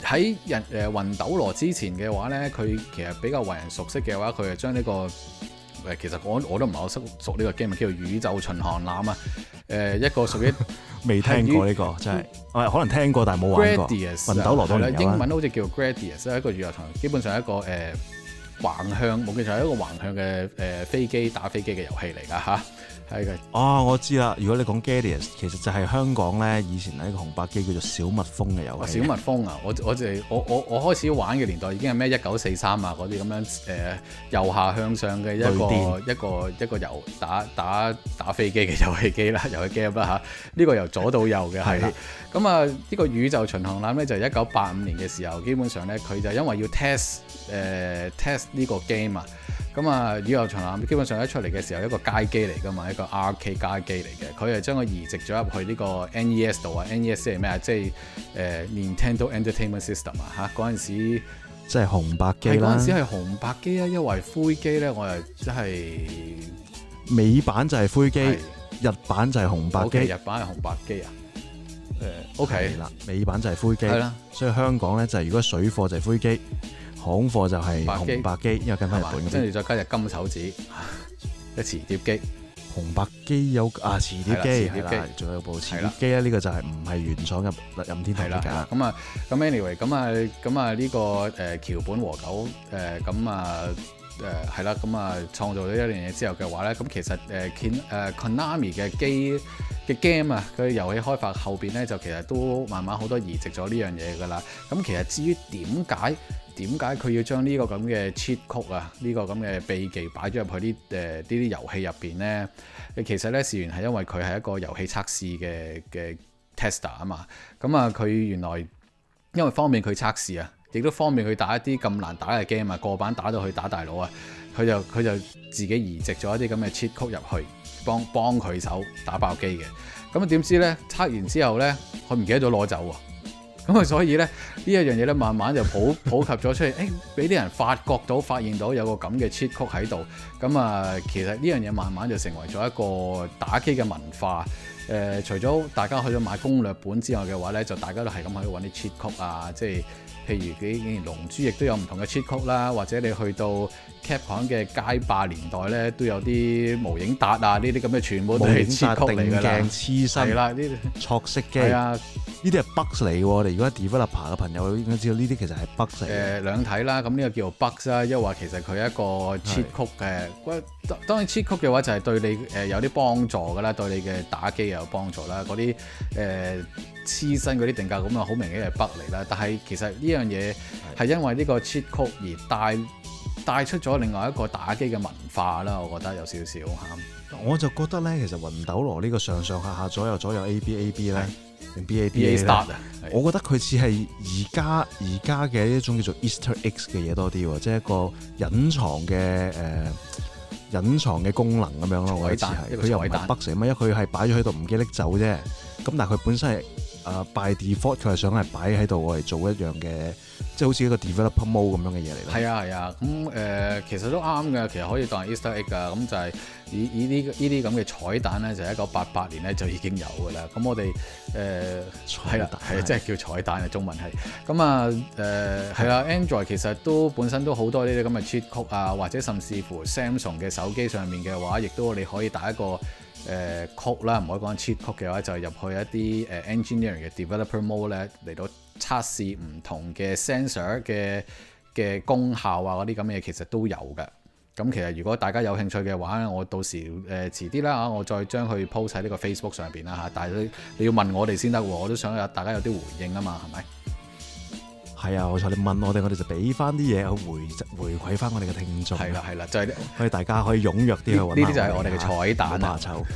喺人誒魂、呃、斗羅之前嘅話咧，佢其實比較為人熟悉嘅話，佢係將呢、這個誒、呃、其實我我都唔係好熟熟呢個 game，叫做宇宙巡航艦啊。誒、呃、一個屬於未聽過呢、這個真係，可能聽過但係冇玩過。魂斗羅都有啦，英文好似叫做 Gradius 啊，一個宇宙巡基本上一個誒。呃橫向冇記錯係一個橫向嘅誒、呃、飛機打飛機嘅遊戲嚟㗎吓。哦，我知啦。如果你講 Galaga 其實就係香港咧以前一個紅白機叫做小蜜蜂嘅遊戲。小蜜蜂啊，我我哋我我我開始玩嘅年代已經係咩一九四三啊嗰啲咁樣誒右下向上嘅一個一個一個遊打打打飛機嘅遊戲機啦，遊戲 game 啦嚇。呢、這個由左到右嘅係咁啊，呢 個宇宙巡航艦咧就係一九八五年嘅時候，基本上咧佢就因為要 test 誒 test 呢個 game 啊。咁啊，宇宙巡航艦基本上一出嚟嘅時候，一個街機嚟噶嘛，一個 R K 街機嚟嘅。佢係將佢移植咗入去呢個 N E S 度啊，N E S 係咩啊？即係誒 Nintendo Entertainment System 啊嚇。嗰陣時即係、就是、紅白機啦。係嗰陣時係紅白機啊，因為灰機咧，我又即、就、係、是、美版就係灰機，日版就係紅白機。Okay，日版係紅白機啊？誒，O K 啦。美版就係灰機，所以香港咧就係、是、如果水貨就係灰機。行貨就係紅白機，機因為跟翻日本嘅，跟住再加隻金手指，一 磁碟機。紅白機有啊，磁碟機係啦，仲有部磁碟機咧。呢個就係唔係原廠任任天堂嘅。咁啊，咁 anyway 咁啊，咁啊呢個誒、呃、橋本和久誒咁啊誒係啦，咁、呃、啊、呃、創造咗一樣嘢之後嘅話咧，咁其實誒鉛誒 Konami 嘅機嘅 game 啊，佢遊，遊戲開發後邊咧就其實都慢慢好多移植咗呢樣嘢㗎啦。咁其實至於點解？點解佢要將呢個咁嘅 cheat code 啊？呢、呢個咁嘅秘技擺咗入去啲誒、呃、呢啲遊戲入邊咧？其實咧，事源係因為佢係一個遊戲測試嘅嘅 tester 啊嘛。咁啊，佢原來因為方便佢測試啊，亦都方便佢打一啲咁難打嘅 game 啊嘛。個版打到去打大佬啊，佢就佢就自己移植咗一啲咁嘅 cheat code 入去，幫幫佢手打爆機嘅。咁啊，點知咧，測完之後咧，佢唔記得咗攞走喎、啊。咁啊，所以咧呢一樣嘢咧，慢慢就普普及咗出嚟，誒、 欸，俾啲人發覺到、發現到有個咁嘅切曲喺度。咁啊，其實呢樣嘢慢慢就成為咗一個打機嘅文化。誒、呃，除咗大家去咗買攻略本之外嘅話咧，就大家都係咁喺度揾啲切曲啊。即係譬如佢以前《龍珠》亦都有唔同嘅切曲啦，或者你去到 Capcom 嘅街霸年代咧，都有啲無影達啊呢啲咁嘅全部都係切曲嚟嘅。啦。無影殺、定鏡啦，呢啲錯色嘅。啊。呢啲係 bugs 嚟喎，你如果係 developer 嘅朋友，應該知道呢啲其實係 bugs 嚟。誒、呃、兩睇啦，咁呢個叫做 bugs 啦，一話其實佢係一個 cheat code 嘅，當當然 cheat code 嘅話就係對你誒、呃、有啲幫助噶啦，對你嘅打機又有幫助啦，嗰啲誒黐身嗰啲定格咁啊，好明顯係 bugs 嚟啦。但係其實呢樣嘢係因為呢個 cheat code 而帶帶出咗另外一個打機嘅文化啦，我覺得有少少嚇。我就覺得咧，其實魂斗羅呢個上上下下、左右左右 A B A B 咧。B A Start 啊，我覺得佢似係而家而家嘅一種叫做 Easter Egg 嘅嘢多啲喎，即係一個隱藏嘅誒、呃、隱藏嘅功能咁樣咯。我覺得係佢又唔係 bug 咩？因為佢係擺咗喺度唔記得拎走啫。咁但係佢本身係啊、uh, By default 佢係想係擺喺度，我嚟做一樣嘅，即係好似一個 developer mode 咁樣嘅嘢嚟咯。係啊係啊，咁誒、啊呃、其實都啱嘅，其實可以當 Easter Egg 噶，咁就係。以呢呢啲咁嘅彩蛋咧，就係一九八八年咧就已經有噶啦。咁我哋誒係啦，係、呃、啊，即係叫彩蛋啊，中文係。咁啊誒係啊，Android 其實都本身都好多呢啲咁嘅切曲啊，或者甚至乎 Samsung 嘅手機上面嘅話，亦都你可以打一個誒、呃、code 啦，唔可以講切曲嘅話，就係、是、入去一啲誒、呃、engineering 嘅 developer mode 咧，嚟到測試唔同嘅 sensor 嘅嘅功效啊，嗰啲咁嘅嘢其實都有嘅。咁其實如果大家有興趣嘅話我到時誒、呃、遲啲啦啊，我再將佢鋪晒呢個 Facebook 上邊啦嚇，但係你要問我哋先得喎，我都想大家有啲回應啊嘛，係咪？係啊，冇錯，你問我哋，我哋就俾翻啲嘢去回回饋翻我哋嘅聽眾。係啦、啊，係啦、啊，就係可以大家可以踴躍啲去揾。呢啲就係我哋嘅彩蛋啊！麻臭，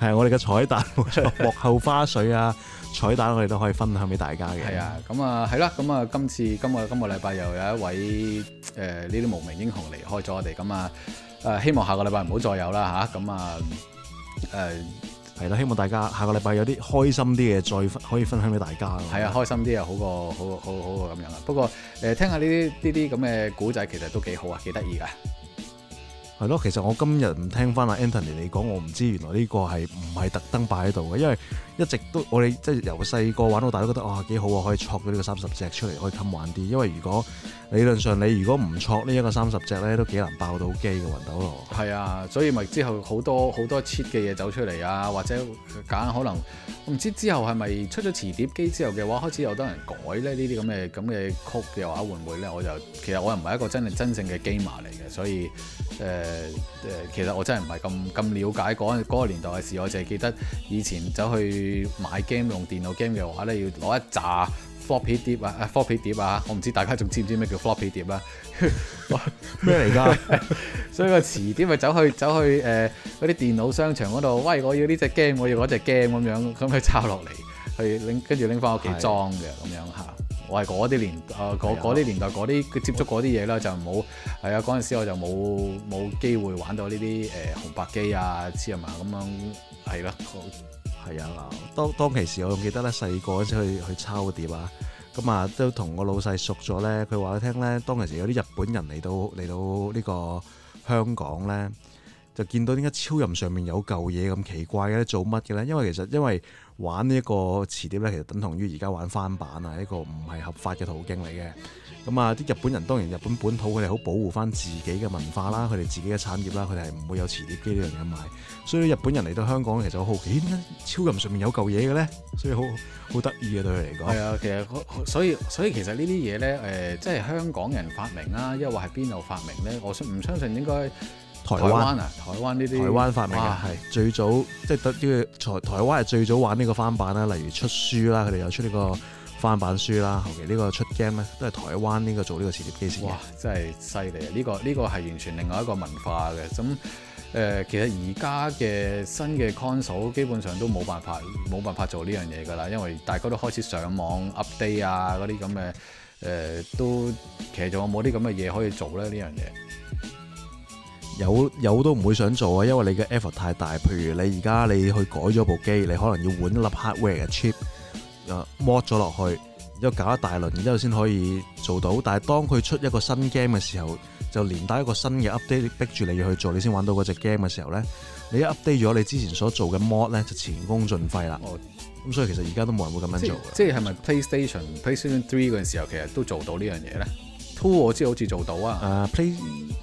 係、啊、我哋嘅彩蛋， 幕後花絮啊！彩蛋我哋都可以分享俾大家嘅。係啊，咁、嗯、啊係啦，咁、嗯、啊今次今個今個禮拜又有一位誒呢啲無名英雄離開咗我哋，咁啊誒希望下個禮拜唔好再有啦吓，咁啊誒係啦，希望大家下個禮拜有啲開心啲嘅再分可以分享俾大家。係、嗯、啊，開心啲啊，好過好好好過咁樣啊。不過誒、呃、聽下呢啲呢啲咁嘅古仔，這這故其實都幾好啊，幾得意噶。係咯，其實我今日唔聽翻阿 Anthony 你講，我唔知原來呢個係唔係特登擺喺度嘅，因為。一直都我哋即係由細個玩到大都覺得啊，幾好啊，可以捉咗呢個三十隻出嚟可以襟玩啲，因為如果理論上你如果唔捉呢一個三十隻咧，都幾難爆到機嘅魂斗羅。係啊，所以咪之後好多好多 cheat 嘅嘢走出嚟啊，或者揀可能唔知之後係咪出咗磁碟機之後嘅話，開始有得人改咧呢啲咁嘅咁嘅 code 嘅話，會唔會咧？我就其實我又唔係一個真係真正嘅 gamer 嚟嘅，所以、呃呃、其實我真係唔係咁咁了解嗰嗰個年代嘅事，我就係記得以前走去。去買 game 用電腦 game 嘅話咧，要攞一紮 floppy 碟啊，floppy 碟啊，我唔知大家仲知唔知咩叫 floppy 碟 什麼來 啊？咩嚟噶？所以個遲啲咪走去走去誒嗰啲電腦商場嗰度，喂，我要呢隻 game，我要嗰隻 game 咁樣，咁佢抄落嚟去拎，跟住拎翻屋企裝嘅咁樣吓。我係嗰啲年誒，嗰、啊、啲年代嗰啲接觸嗰啲嘢啦，就唔好。係啊。嗰陣時我就冇冇機會玩到呢啲誒紅白機啊，知啊嘛咁樣係啦。係啊，當當其時我仲記得咧，細個嗰陣時去去抄碟啊，咁啊都同我老細熟咗咧。佢話我聽咧，當其時有啲日本人嚟到嚟到呢個香港咧，就見到點解超人上面有嚿嘢咁奇怪嘅咧，做乜嘅咧？因為其實因為。玩呢一個磁碟咧，其實等同於而家玩翻版啊，一個唔係合法嘅途徑嚟嘅。咁啊，啲日本人當然日本本土佢哋好保護翻自己嘅文化啦，佢哋自己嘅產業啦，佢哋係唔會有磁碟機呢樣嘢賣。所以日本人嚟到香港其實好，咦？超人上面有嚿嘢嘅咧，所以好好得意啊對佢嚟講。係啊，其實所以所以其實呢啲嘢咧，誒、呃，即係香港人發明啦、啊，亦或係邊度發明咧？我唔相信應該。台灣啊，台灣呢、啊、啲台，台灣發明嘅係最早，即係得呢個台台灣係最早玩呢個翻版啦。例如出書啦，佢哋又出呢個翻版書啦。後期呢個出 game 咧，都係台灣呢個做呢個磁碟機先哇！真係犀利啊！呢、這個呢、這個係完全另外一個文化嘅。咁誒、呃，其實而家嘅新嘅 console 基本上都冇辦法冇辦法做呢樣嘢㗎啦，因為大家都開始上網 update 啊嗰啲咁嘅誒，都其實仲有冇啲咁嘅嘢可以做咧呢這樣嘢。有有都唔會想做啊，因為你嘅 effort 太大。譬如你而家你去改咗部機，你可能要換一粒 hardware 嘅 chip，誒 mod 咗落去，然之後搞一大輪，然之後先可以做到。但係當佢出一個新 game 嘅時候，就連帶一個新嘅 update 逼住你要去做，你先玩到嗰隻 game 嘅時候咧，你一 update 咗你之前所做嘅 mod 咧，就前功盡廢啦。咁所以其實而家都冇人會咁樣做的。即係係咪 PlayStation PlayStation Three 嗰陣時候，其實都做到這件事呢樣嘢咧？Two 我知好似做到啊、uh，Play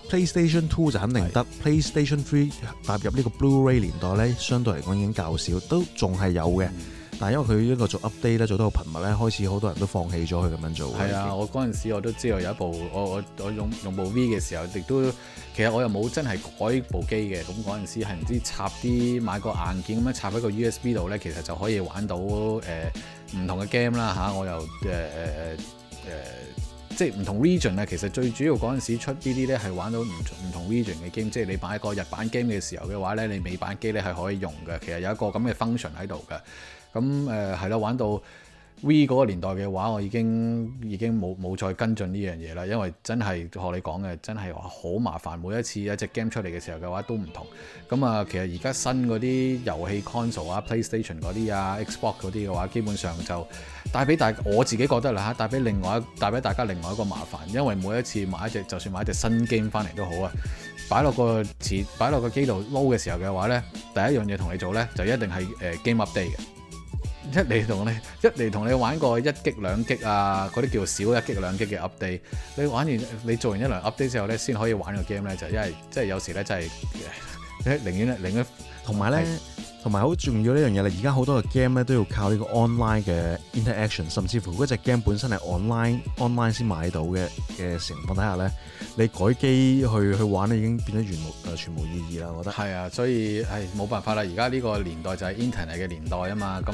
PlayStation Two 就肯定得，PlayStation Three 踏入呢個 Blu-ray 年代咧，相對嚟講已經較少，都仲係有嘅、嗯。但因為佢一個做 update 咧，做得好頻密咧，開始好多人都放棄咗佢咁樣做。係啊，我嗰陣時我都知道有一部我我我用我用部 V 嘅時候，亦都其實我又冇真係改部機嘅。咁嗰陣時係唔知插啲買個硬件咁樣插喺個 USB 度咧，其實就可以玩到唔、呃、同嘅 game 啦嚇、啊。我又即係唔同 region 啊，其實最主要嗰陣時出呢啲咧係玩到唔唔同 region 嘅 game，即係你擺個日版 game 嘅時候嘅話咧，你美版機咧係可以用嘅，其實有一個咁嘅 function 喺度嘅，咁誒係啦，玩到。V 嗰個年代嘅話，我已經已經冇冇再跟進呢樣嘢啦，因為真係學你講嘅，真係話好麻煩。每一次一隻 game 出嚟嘅時候嘅話都唔同。咁啊，其實而家新嗰啲遊戲 console 啊，PlayStation 嗰啲啊，Xbox 嗰啲嘅話，基本上就帶俾大，我自己覺得啦嚇，帶俾另外一，帶俾大家另外一個麻煩，因為每一次買一隻，就算買一隻新 game 翻嚟都好啊，擺落個擺落個機度 load 嘅時候嘅話呢，第一樣嘢同你做呢，就一定係 game update 嘅。呃一嚟同你，一嚟同你玩個一擊兩擊啊！嗰啲叫少一擊兩擊嘅 update。你玩完，你做完一兩 update 之後咧，先可以玩個 game 咧，就係、因為即係、就係、有時咧，真、就、係、係、 寧願咧，寧願同埋咧。同埋好重要呢樣嘢咧，而家好多嘅 game 咧都要靠呢個 online 嘅 interaction，甚至乎嗰隻 game 本身係 online online 先買到嘅嘅情況底下咧，你改機去去玩咧已經變得全無全冇意義啦，我覺得。係啊，所以係冇、哎、辦法啦，而家呢個年代就係 internet 嘅年代啊嘛，咁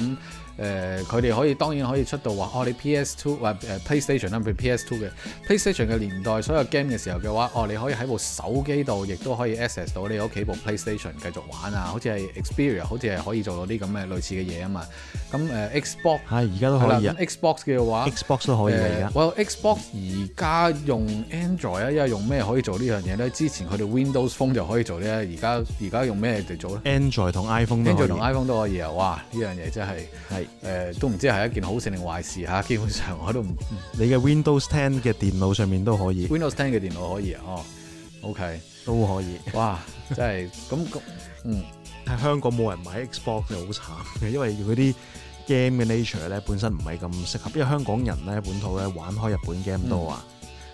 誒佢哋可以當然可以出到話哦你 PS Two、呃、或 PlayStation 啦、啊、，PS Two 嘅 PlayStation 嘅年代，所有 game 嘅時候嘅話哦你可以喺部手機度亦都可以 access 到你屋企部 PlayStation 繼續玩啊，好似係 Xperia 好。即係可以做到啲咁嘅類似嘅嘢啊嘛，咁誒 Xbox 係而家都可以是 Xbox 嘅話，Xbox 都可以而家。我、呃 well, Xbox 而家用 Android 啊，因為用咩可以做呢樣嘢咧？之前佢哋 Windows Phone 就可以做，做呢，而家而家用咩嚟做咧？Android 同 iPhone 都可以。Android 同 iPhone 都可以啊！哇，呢樣嘢真係係誒，都唔知係一件好事定壞事嚇。基本上我都唔、嗯、你嘅 Windows Ten 嘅電腦上面都可以。Windows Ten 嘅電腦可以啊，哦，OK 都可以。哇，哇真係咁咁嗯。喺香港冇人買 Xbox 就好慘嘅，因為佢啲 game 嘅 nature 咧本身唔係咁適合，因為香港人咧本土咧玩開日本 game 多啊，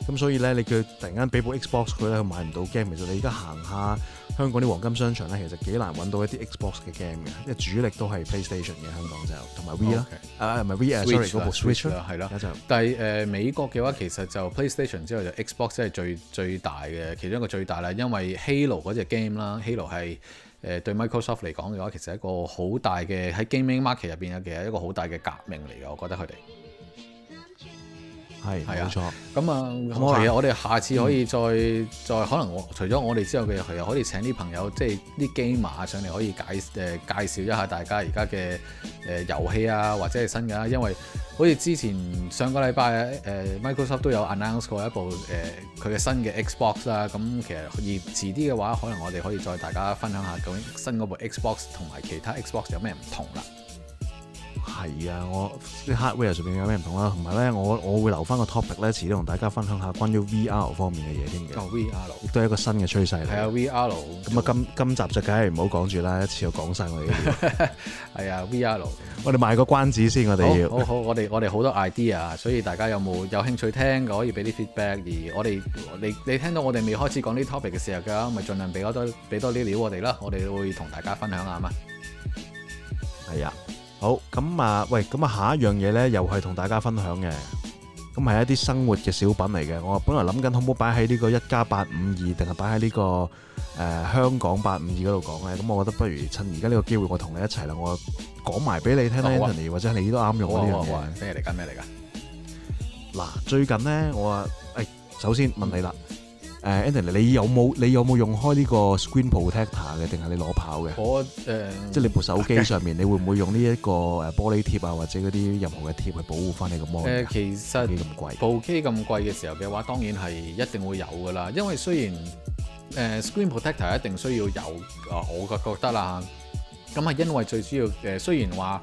咁、嗯、所以咧你叫突然間俾部 Xbox 佢咧，佢買唔到 game 其實。你而家行下香港啲黃金商場咧，其實幾難揾到一啲 Xbox 嘅 game 嘅，因為主力都係 PlayStation 嘅香港就同埋 VR 啊，唔係嗰部 Switch 啦係啦，但係美國嘅話其實就 PlayStation 之後就 Xbox 即係最最大嘅其中一個最大啦，因為 Halo 嗰隻 game 啦，Halo 係。誒、呃、對 Microsoft 嚟講嘅話，其實係一個好大嘅喺 gaming market 入邊嘅，一個好大嘅革命嚟嘅，我覺得佢哋。係，係啊，冇錯。咁、嗯、啊，我哋下次可以再、嗯、再可能，我除咗我哋之外嘅，佢又可以請啲朋友，即係啲 Gamer 上嚟可以介誒、呃、介紹一下大家而家嘅誒遊戲啊，或者係新噶。因為好似之前上個禮拜誒 Microsoft 都有 announce 過一部誒佢嘅新嘅 Xbox 啊。咁其實而遲啲嘅話，可能我哋可以再大家分享下究竟新嗰部 Xbox 同埋其他 Xbox 有咩唔同啦。係啊，我啲 hardware 上面有咩唔同啦，啊，同埋咧，我我會留翻個 topic 咧，遲啲同大家分享下關於 VR 方面嘅嘢添嘅。哦，oh，VR，亦都係一個新嘅趨勢。係啊，VR。咁啊，今今集就梗係唔好講住啦，一次又講晒我哋。係 啊，VR。我哋賣個關子先，我哋要。好，好，好，我哋我哋好多 idea，所以大家有冇有，有興趣聽嘅，可以俾啲 feedback。而我哋，你你聽到我哋未開始講呢 topic 嘅時候，嘅咪盡量俾多啲，俾多啲料我哋啦，我哋會同大家分享下嘛。係啊。好，咁啊，喂，咁啊下一樣嘢咧，又係同大家分享嘅，咁係一啲生活嘅小品嚟嘅。我本來諗緊好唔好擺喺呢個一家八五二，定係擺喺呢個誒香講八五二嗰度講咧。咁我覺得不如趁而家呢個機會，我同你一齊啦，我講埋俾你聽咧，Anthony 或者你都啱用嘅。咩嚟㗎？咩嚟㗎？嗱，最近咧，我誒首先問你啦。誒、uh，Anthony，你有冇你有冇用開呢個 screen protector 嘅，定係你攞跑嘅？我誒、呃，即係你部手機上面，你會唔會用呢一個誒玻璃貼啊，或者嗰啲任何嘅貼去保護翻你個 mon？誒，其實咁貴，部機咁貴嘅時候嘅話，當然係一定會有噶啦。因為雖然誒、呃、screen protector 一定需要有啊，我嘅覺得啦。咁係因為最主要誒、呃，雖然話。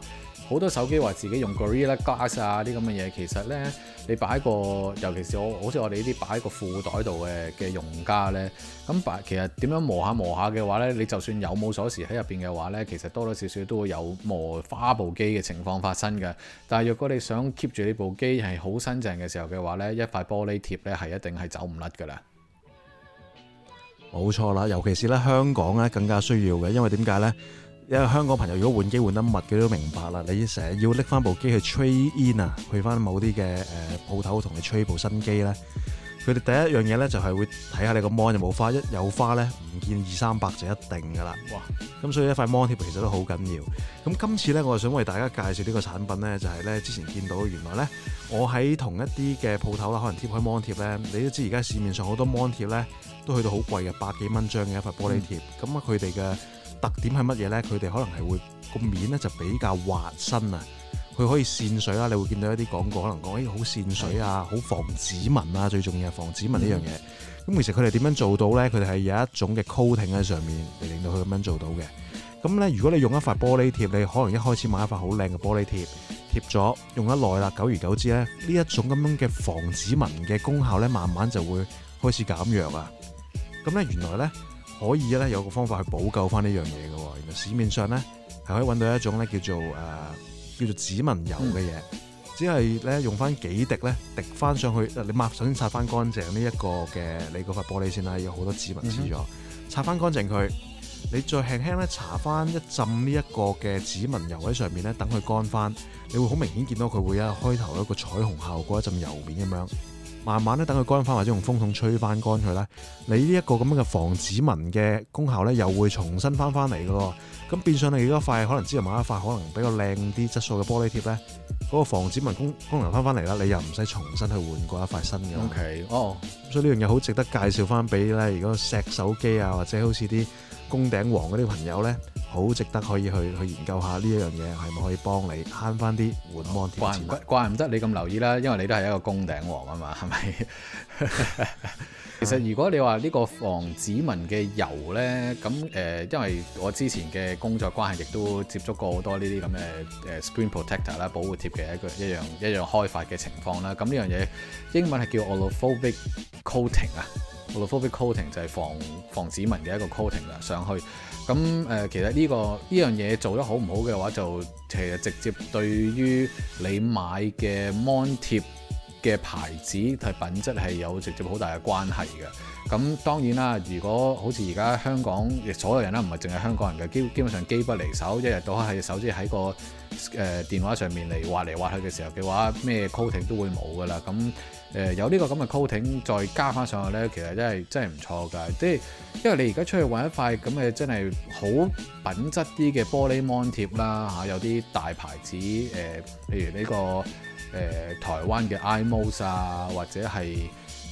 好多手機話自己用 Gorilla Glass 啊啲咁嘅嘢，其實呢，你擺個，尤其是我好似我哋呢啲擺個褲袋度嘅嘅用家呢。咁白其實點樣磨下磨下嘅話呢？你就算有冇鎖匙喺入邊嘅話呢，其實多多少少都會有磨花部機嘅情況發生嘅。但係若果你想 keep 住呢部機係好新淨嘅時候嘅話呢，一塊玻璃貼呢係一定係走唔甩噶啦。冇錯啦，尤其是咧香港咧更加需要嘅，因為點解呢？因為香港朋友如果換機換得密，佢都明白啦。你成日要拎翻部機去 trade in 啊，去翻某啲嘅誒鋪頭同你吹部新機咧，佢哋第一樣嘢咧就係會睇下你個 mon 有冇花，一有花咧唔見二三百就一定噶啦。哇！咁所以一塊 mon 貼其實都好緊要。咁今次咧，我就想為大家介紹呢個產品咧，就係咧之前見到原來咧，我喺同一啲嘅鋪頭啦，可能貼開 mon 貼咧，你都知而家市面上好多 mon 貼咧都去到好貴嘅，百幾蚊張嘅一塊玻璃貼。咁啊，佢哋嘅特點係乜嘢呢？佢哋可能係會個面咧就比較滑身啊，佢可以扇水啦。你會見到一啲廣告可能講，誒好扇水啊，好防指紋啊，最重要係防指紋呢樣嘢。咁、嗯、其實佢哋點樣做到呢？佢哋係有一種嘅 coating 喺上面嚟令到佢咁樣做到嘅。咁呢，如果你用一塊玻璃貼，你可能一開始買一塊好靚嘅玻璃貼，貼咗用得耐啦，久而久之呢，呢一種咁樣嘅防指紋嘅功效呢，慢慢就會開始減弱啊。咁呢，原來呢，可以咧有個方法去補救翻呢樣嘢嘅，原來市面上咧係可以揾到一種咧叫做誒、呃、叫做指紋油嘅嘢、嗯，只係咧用翻幾滴咧滴翻上去，你抹，首先擦翻乾淨呢一個嘅你嗰塊玻璃先啦，有好多指紋黐咗、嗯，擦翻乾淨佢，你再輕輕咧搽翻一浸呢一個嘅指紋油喺上面咧，等佢乾翻，你會好明顯見到佢會一開頭一個彩虹效果一陣油面咁樣。慢慢咧，等佢乾翻，或者用風筒吹翻乾佢啦，你呢一個咁樣嘅防指紋嘅功效咧，又會重新翻翻嚟嘅喎。咁變相你而家塊可能之前買一塊可能比較靚啲質素嘅玻璃貼咧，嗰個防指紋功功能翻翻嚟啦，你又唔使重新去換過一塊新嘅。O K，哦，所以呢樣嘢好值得介紹翻俾咧，如果錫手機啊，或者好似啲，攻頂王嗰啲朋友咧，好值得可以去去研究下呢一樣嘢，係咪可以幫你慳翻啲換芒貼錢。怪唔怪？怪唔得你咁留意啦，因為你都係一個攻頂王啊嘛，係咪？ 其實如果你話呢個防指紋嘅油咧，咁誒、呃，因為我之前嘅工作關係，亦都接觸過好多呢啲咁嘅誒 screen protector 啦、保護貼嘅一個一樣一樣開發嘅情況啦。咁呢樣嘢英文係叫 oleophobic coating 啊。oleophobic coating 就係防防指紋嘅一個 coating 啦，上去咁誒、呃，其實呢、這個呢樣嘢做得好唔好嘅話，就其實直接對於你買嘅芒貼嘅牌子係品質係有直接好大嘅關係嘅。咁當然啦，如果好似而家香港所有人啦、啊，唔係淨係香港人嘅，基基本上機不離手，一日到黑喺手指喺個誒、呃、電話上面嚟滑嚟滑去嘅時候嘅話，咩 coating 都會冇噶啦，咁。誒、呃、有呢個咁嘅 coating 再加翻上去咧，其實真係真係唔錯㗎。即係因為你而家出去揾一塊咁嘅真係好品質啲嘅玻璃 mon 貼啦嚇、啊，有啲大牌子誒，譬、呃、如呢、這個誒、呃、台灣嘅 i-mos 啊，或者係誒、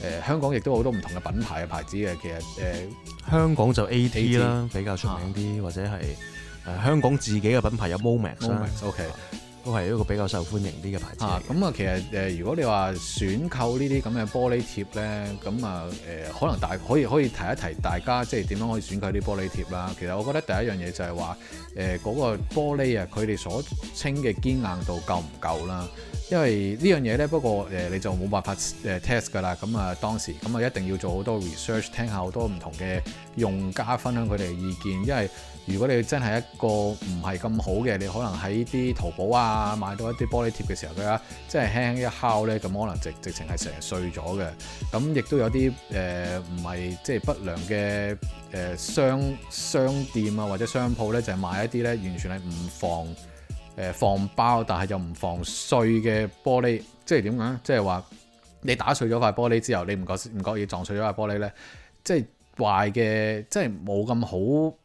呃、香港亦都好多唔同嘅品牌嘅牌子嘅。其實誒、呃、香港就 at 啦、AD? 比較出名啲、啊，或者係誒、呃、香港自己嘅品牌有 Momax。Momax, okay. 啊都係一個比較受歡迎啲嘅牌子。咁啊，其實誒、呃，如果你話選購呢啲咁嘅玻璃貼咧，咁啊誒，可能大可以可以提一提大家，即係點樣可以選購啲玻璃貼啦。其實我覺得第一樣嘢就係話誒嗰個玻璃啊，佢哋所稱嘅堅硬度夠唔夠啦。因為這呢樣嘢咧，不過誒、呃、你就冇辦法誒 test 㗎啦。咁啊當時，咁啊一定要做好多 research，聽下好多唔同嘅用家分享佢哋嘅意見，因為，如果你真係一個唔係咁好嘅，你可能喺啲淘寶啊買到一啲玻璃貼嘅時候，佢啊即係輕輕一敲咧，咁可能直直情係成日碎咗嘅。咁亦都有啲誒唔係即係不良嘅誒、呃、商商店啊或者商鋪咧，就係、是、賣一啲咧完全係唔防誒、呃、防爆但係又唔防碎嘅玻璃。即係點講？即係話你打碎咗塊玻璃之後，你唔覺唔覺意撞碎咗塊玻璃咧？即係壞嘅，即係冇咁好。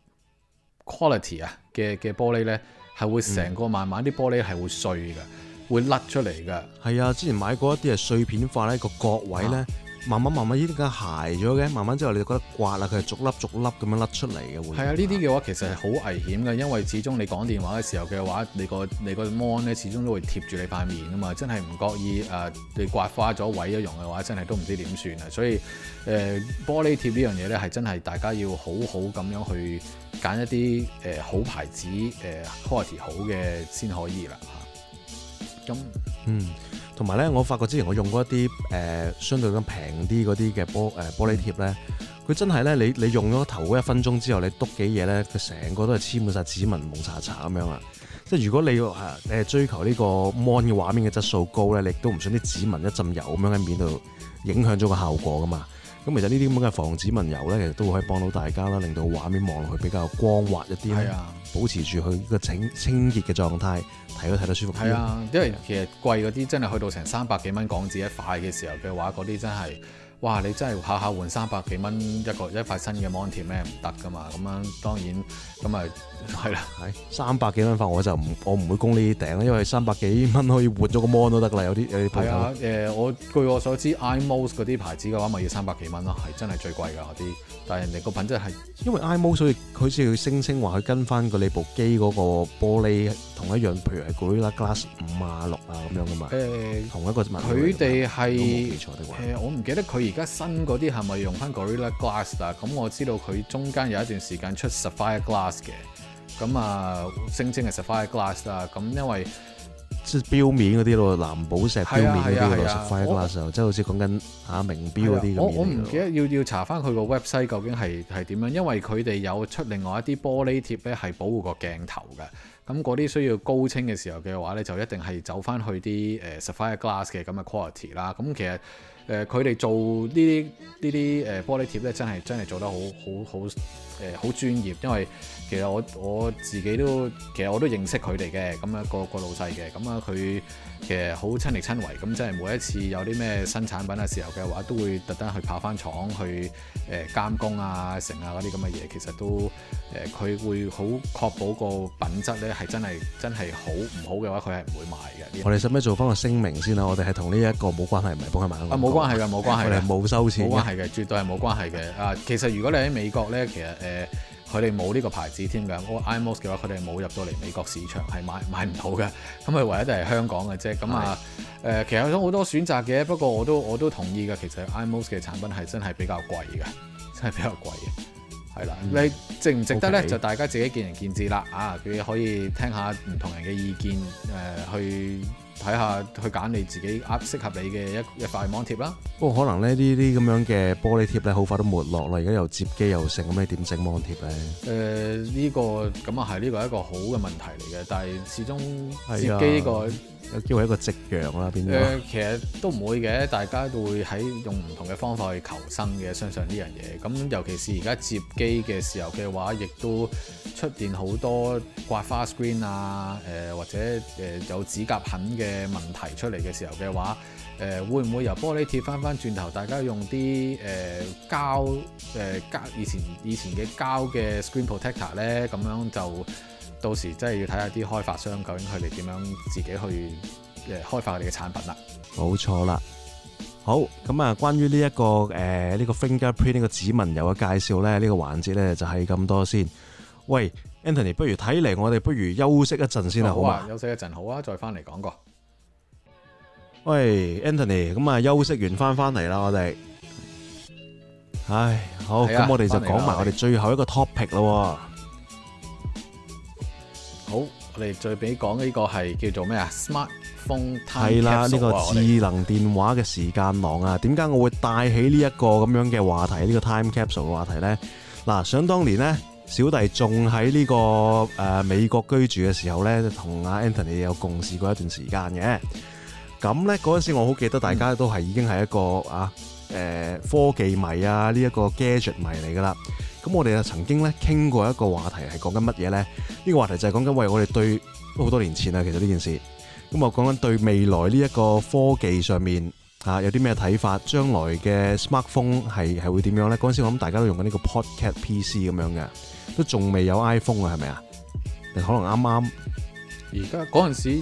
quality 啊嘅嘅玻璃呢，係會成個慢慢啲玻璃係會碎嘅，嗯、會甩出嚟嘅。係啊，之前買過一啲係碎片化呢個角位呢、啊。慢慢慢慢呢啲梗鞋咗嘅，慢慢，慢，慢，慢之後你就覺得刮啦，佢係逐粒逐粒咁樣甩出嚟嘅。會係啊，呢啲嘅話其實係好危險嘅，因為始終你講電話嘅時候嘅話，你個你個芒咧始終都會貼住你塊面啊嘛，真係唔覺意誒，你刮花咗毀咗容嘅話，真係都唔知點算啊。所以誒、呃，玻璃貼這呢樣嘢咧，係真係大家要好好咁樣去揀一啲誒、呃、好牌子誒、呃、quality 好嘅先可以啦嚇。咁、啊、嗯。同埋咧，我發覺之前我用過一啲誒相對咁平啲嗰啲嘅玻誒玻璃貼咧，佢真係咧你你用咗頭嗰一分鐘之後，你篤幾嘢咧，佢成個都係黐滿晒指紋，蒙查查咁樣啊！即係如果你要誒追求呢個 mon 嘅畫面嘅質素高咧，你亦都唔想啲指紋一浸油咁樣喺面度影響咗個效果噶嘛。咁其實呢啲咁嘅防指紋油咧，其實,其實都會可以幫到大家啦，令到畫面望落去比較光滑一啲、啊、保持住佢個個清清潔嘅狀態。睇都睇到舒服啲。係啊，因為其實貴嗰啲真係去到成三百幾蚊港紙一塊嘅時候嘅話，嗰啲真係，哇！你真係下下換三百幾蚊一個一塊新嘅 mon 貼，咩？唔得噶嘛。咁樣當然咁啊。係啦、啊，係三百幾蚊塊，我就唔我唔會供呢啲頂啦，因為三百幾蚊可以換咗個 mon 都得啦。有啲有啲牌子，係啊，誒、呃，我據我所知，i most 嗰啲牌子嘅話，咪要三百幾蚊咯，係真係最貴噶啲。但係人哋個品質係，因為 i most 所以佢先要聲稱話佢跟翻個你部機嗰個玻璃同一樣，譬如係 gorilla glass 五啊、六啊咁樣噶嘛。誒、嗯呃，同一個佢哋係，我唔記得佢而家新嗰啲係咪用翻 gorilla glass 啊？咁、嗯、我知道佢中間有一段時間出 sapphire glass 嘅。咁啊，聲稱係 sapphire glass 啦，咁因為即係表面嗰啲咯，藍寶石表面嗰啲咯，sapphire glass，即係好似講緊嚇名錶嗰啲咁樣。我我唔記得要要查翻佢個 website 究竟係係點樣，因為佢哋有出另外一啲玻璃貼咧，係保護個鏡頭嘅。咁嗰啲需要高清嘅時候嘅話咧，就一定係走翻去啲誒 sapphire glass 嘅咁嘅 quality 啦。咁其實～誒佢哋做呢啲呢啲誒玻璃貼咧，真係真係做得好好好誒好專業，因為其實我我自己都其實我都認識佢哋嘅，咁樣個個老細嘅，咁啊佢。其實好親力親為咁，即係每一次有啲咩新產品嘅時候嘅話，都會特登去跑翻廠去誒監工啊、成啊嗰啲咁嘅嘢。其實都誒，佢、呃、會好確保個品質咧，係真係真係好唔好嘅話，佢係唔會賣嘅。我哋使唔使做翻個聲明先啦？我哋係同呢一個冇關係，唔係幫佢賣冇關係嘅，冇關係，我哋冇、啊、收錢冇關係嘅、啊，絕對係冇關係嘅啊。其實如果你喺美國咧，其實誒。啊佢哋冇呢個牌子添㗎，我 iMos 嘅話佢哋冇入到嚟美國市場係買買唔到嘅，咁佢唯一都係香港嘅啫。咁啊，誒、呃、其實有好多選擇嘅，不過我都我都同意㗎，其實 iMos 嘅產品係真係比較貴嘅，真係比較貴嘅，係啦、嗯，你值唔值得咧？Okay. 就大家自己見仁見智啦。啊，佢可以聽下唔同人嘅意見，誒、呃、去。睇下去揀你自己啱，適合你嘅一一塊芒貼啦、哦。不過可能咧呢啲咁樣嘅玻璃貼咧，好快都沒落啦。而家又摺機又成，咁你點整芒貼咧？誒、呃、呢、這個咁啊係呢個一個好嘅問題嚟嘅，但係始終摺機個。啊有機會係一個夕陽啦，變咗。誒、呃，其實都唔會嘅，大家都會喺用唔同嘅方法去求生嘅。相信呢樣嘢。咁尤其是而家接機嘅時候嘅話，亦都出現好多刮花 screen 啊，誒、呃、或者誒、呃、有指甲痕嘅問題出嚟嘅時候嘅話，誒、呃、會唔會由玻璃貼返返轉頭？大家用啲誒、呃、膠誒膠、呃、以前以前嘅膠嘅 screen protector 咧，咁樣就～到時真係要睇下啲開發商究竟佢哋點樣自己去誒開發佢哋嘅產品啦。冇錯啦。好咁啊，關於呢、這、一個誒呢、呃這個 finger print 呢個指紋油嘅介紹咧，呢、這個環節咧就係、是、咁多先。喂，Anthony，不如睇嚟我哋不如休息一陣先啦、哦，好嘛？休息一陣好啊，再翻嚟講過。喂，Anthony，咁啊休息完翻翻嚟啦，我哋。唉，好，咁、啊、我哋就講埋我哋最後一個 topic 咯。好，我哋最尾講呢個係叫做咩啊？Smartphone 係啦，呢、這個智能電話嘅時間囊啊！點解我會帶起呢一個咁樣嘅話題？呢、這個 time capsule 嘅話題咧，嗱，想當年咧，小弟仲喺呢個誒、呃、美國居住嘅時候咧，同阿 Anthony 有共事過一段時間嘅。咁咧嗰陣時，我好記得大家都係已經係一個、嗯、啊誒、呃、科技迷啊呢一、這個 gadget 迷嚟㗎喇。咁我哋啊曾經咧傾過一個話題，係講緊乜嘢咧？呢個話題就係講緊喂，我哋對都好多年前啊，其實呢件事，咁啊講緊對未來呢一個科技上面啊有啲咩睇法？將來嘅 smartphone 係係會點樣咧？嗰陣時我諗大家都用緊呢個 podcast PC 咁樣嘅，都仲未有 iPhone 啊，係咪啊？可能啱啱而家嗰陣時。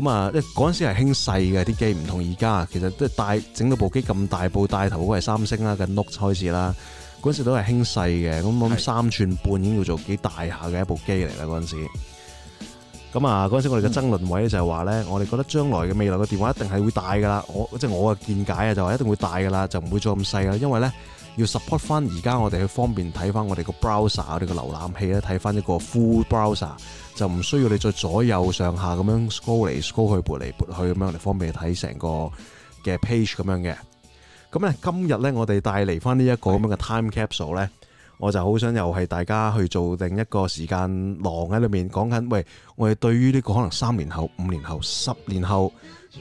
咁、嗯、啊，即係嗰陣時係興細嘅啲機，唔同而家啊。其實即係帶整到部機咁大部，帶頭嗰個係三星啦，跟 Note 開始啦。嗰陣時都係興細嘅，咁咁三吋半已經叫做幾大下嘅一部機嚟啦。嗰陣時，咁啊嗰陣時我哋嘅爭論位就係話呢，我哋覺得將來嘅未來嘅電話一定係會大噶啦。我即係、就是、我嘅見解啊，就話一定會大噶啦，就唔會再咁細啦。因為呢要 support 翻而家我哋去方便睇翻我哋個 browser，我哋個瀏覽器咧睇翻一個 full browser。就唔需要你再左右上下咁樣 scroll 嚟 scroll 去撥嚟撥去咁樣嚟方便睇成個嘅 page 咁樣嘅。咁咧今日咧我哋帶嚟翻呢一個咁樣嘅 time capsule 咧，我就好想又係大家去做定一個時間廊喺裏面講緊，說說喂，我哋對於呢個可能三年後、五年後、十年後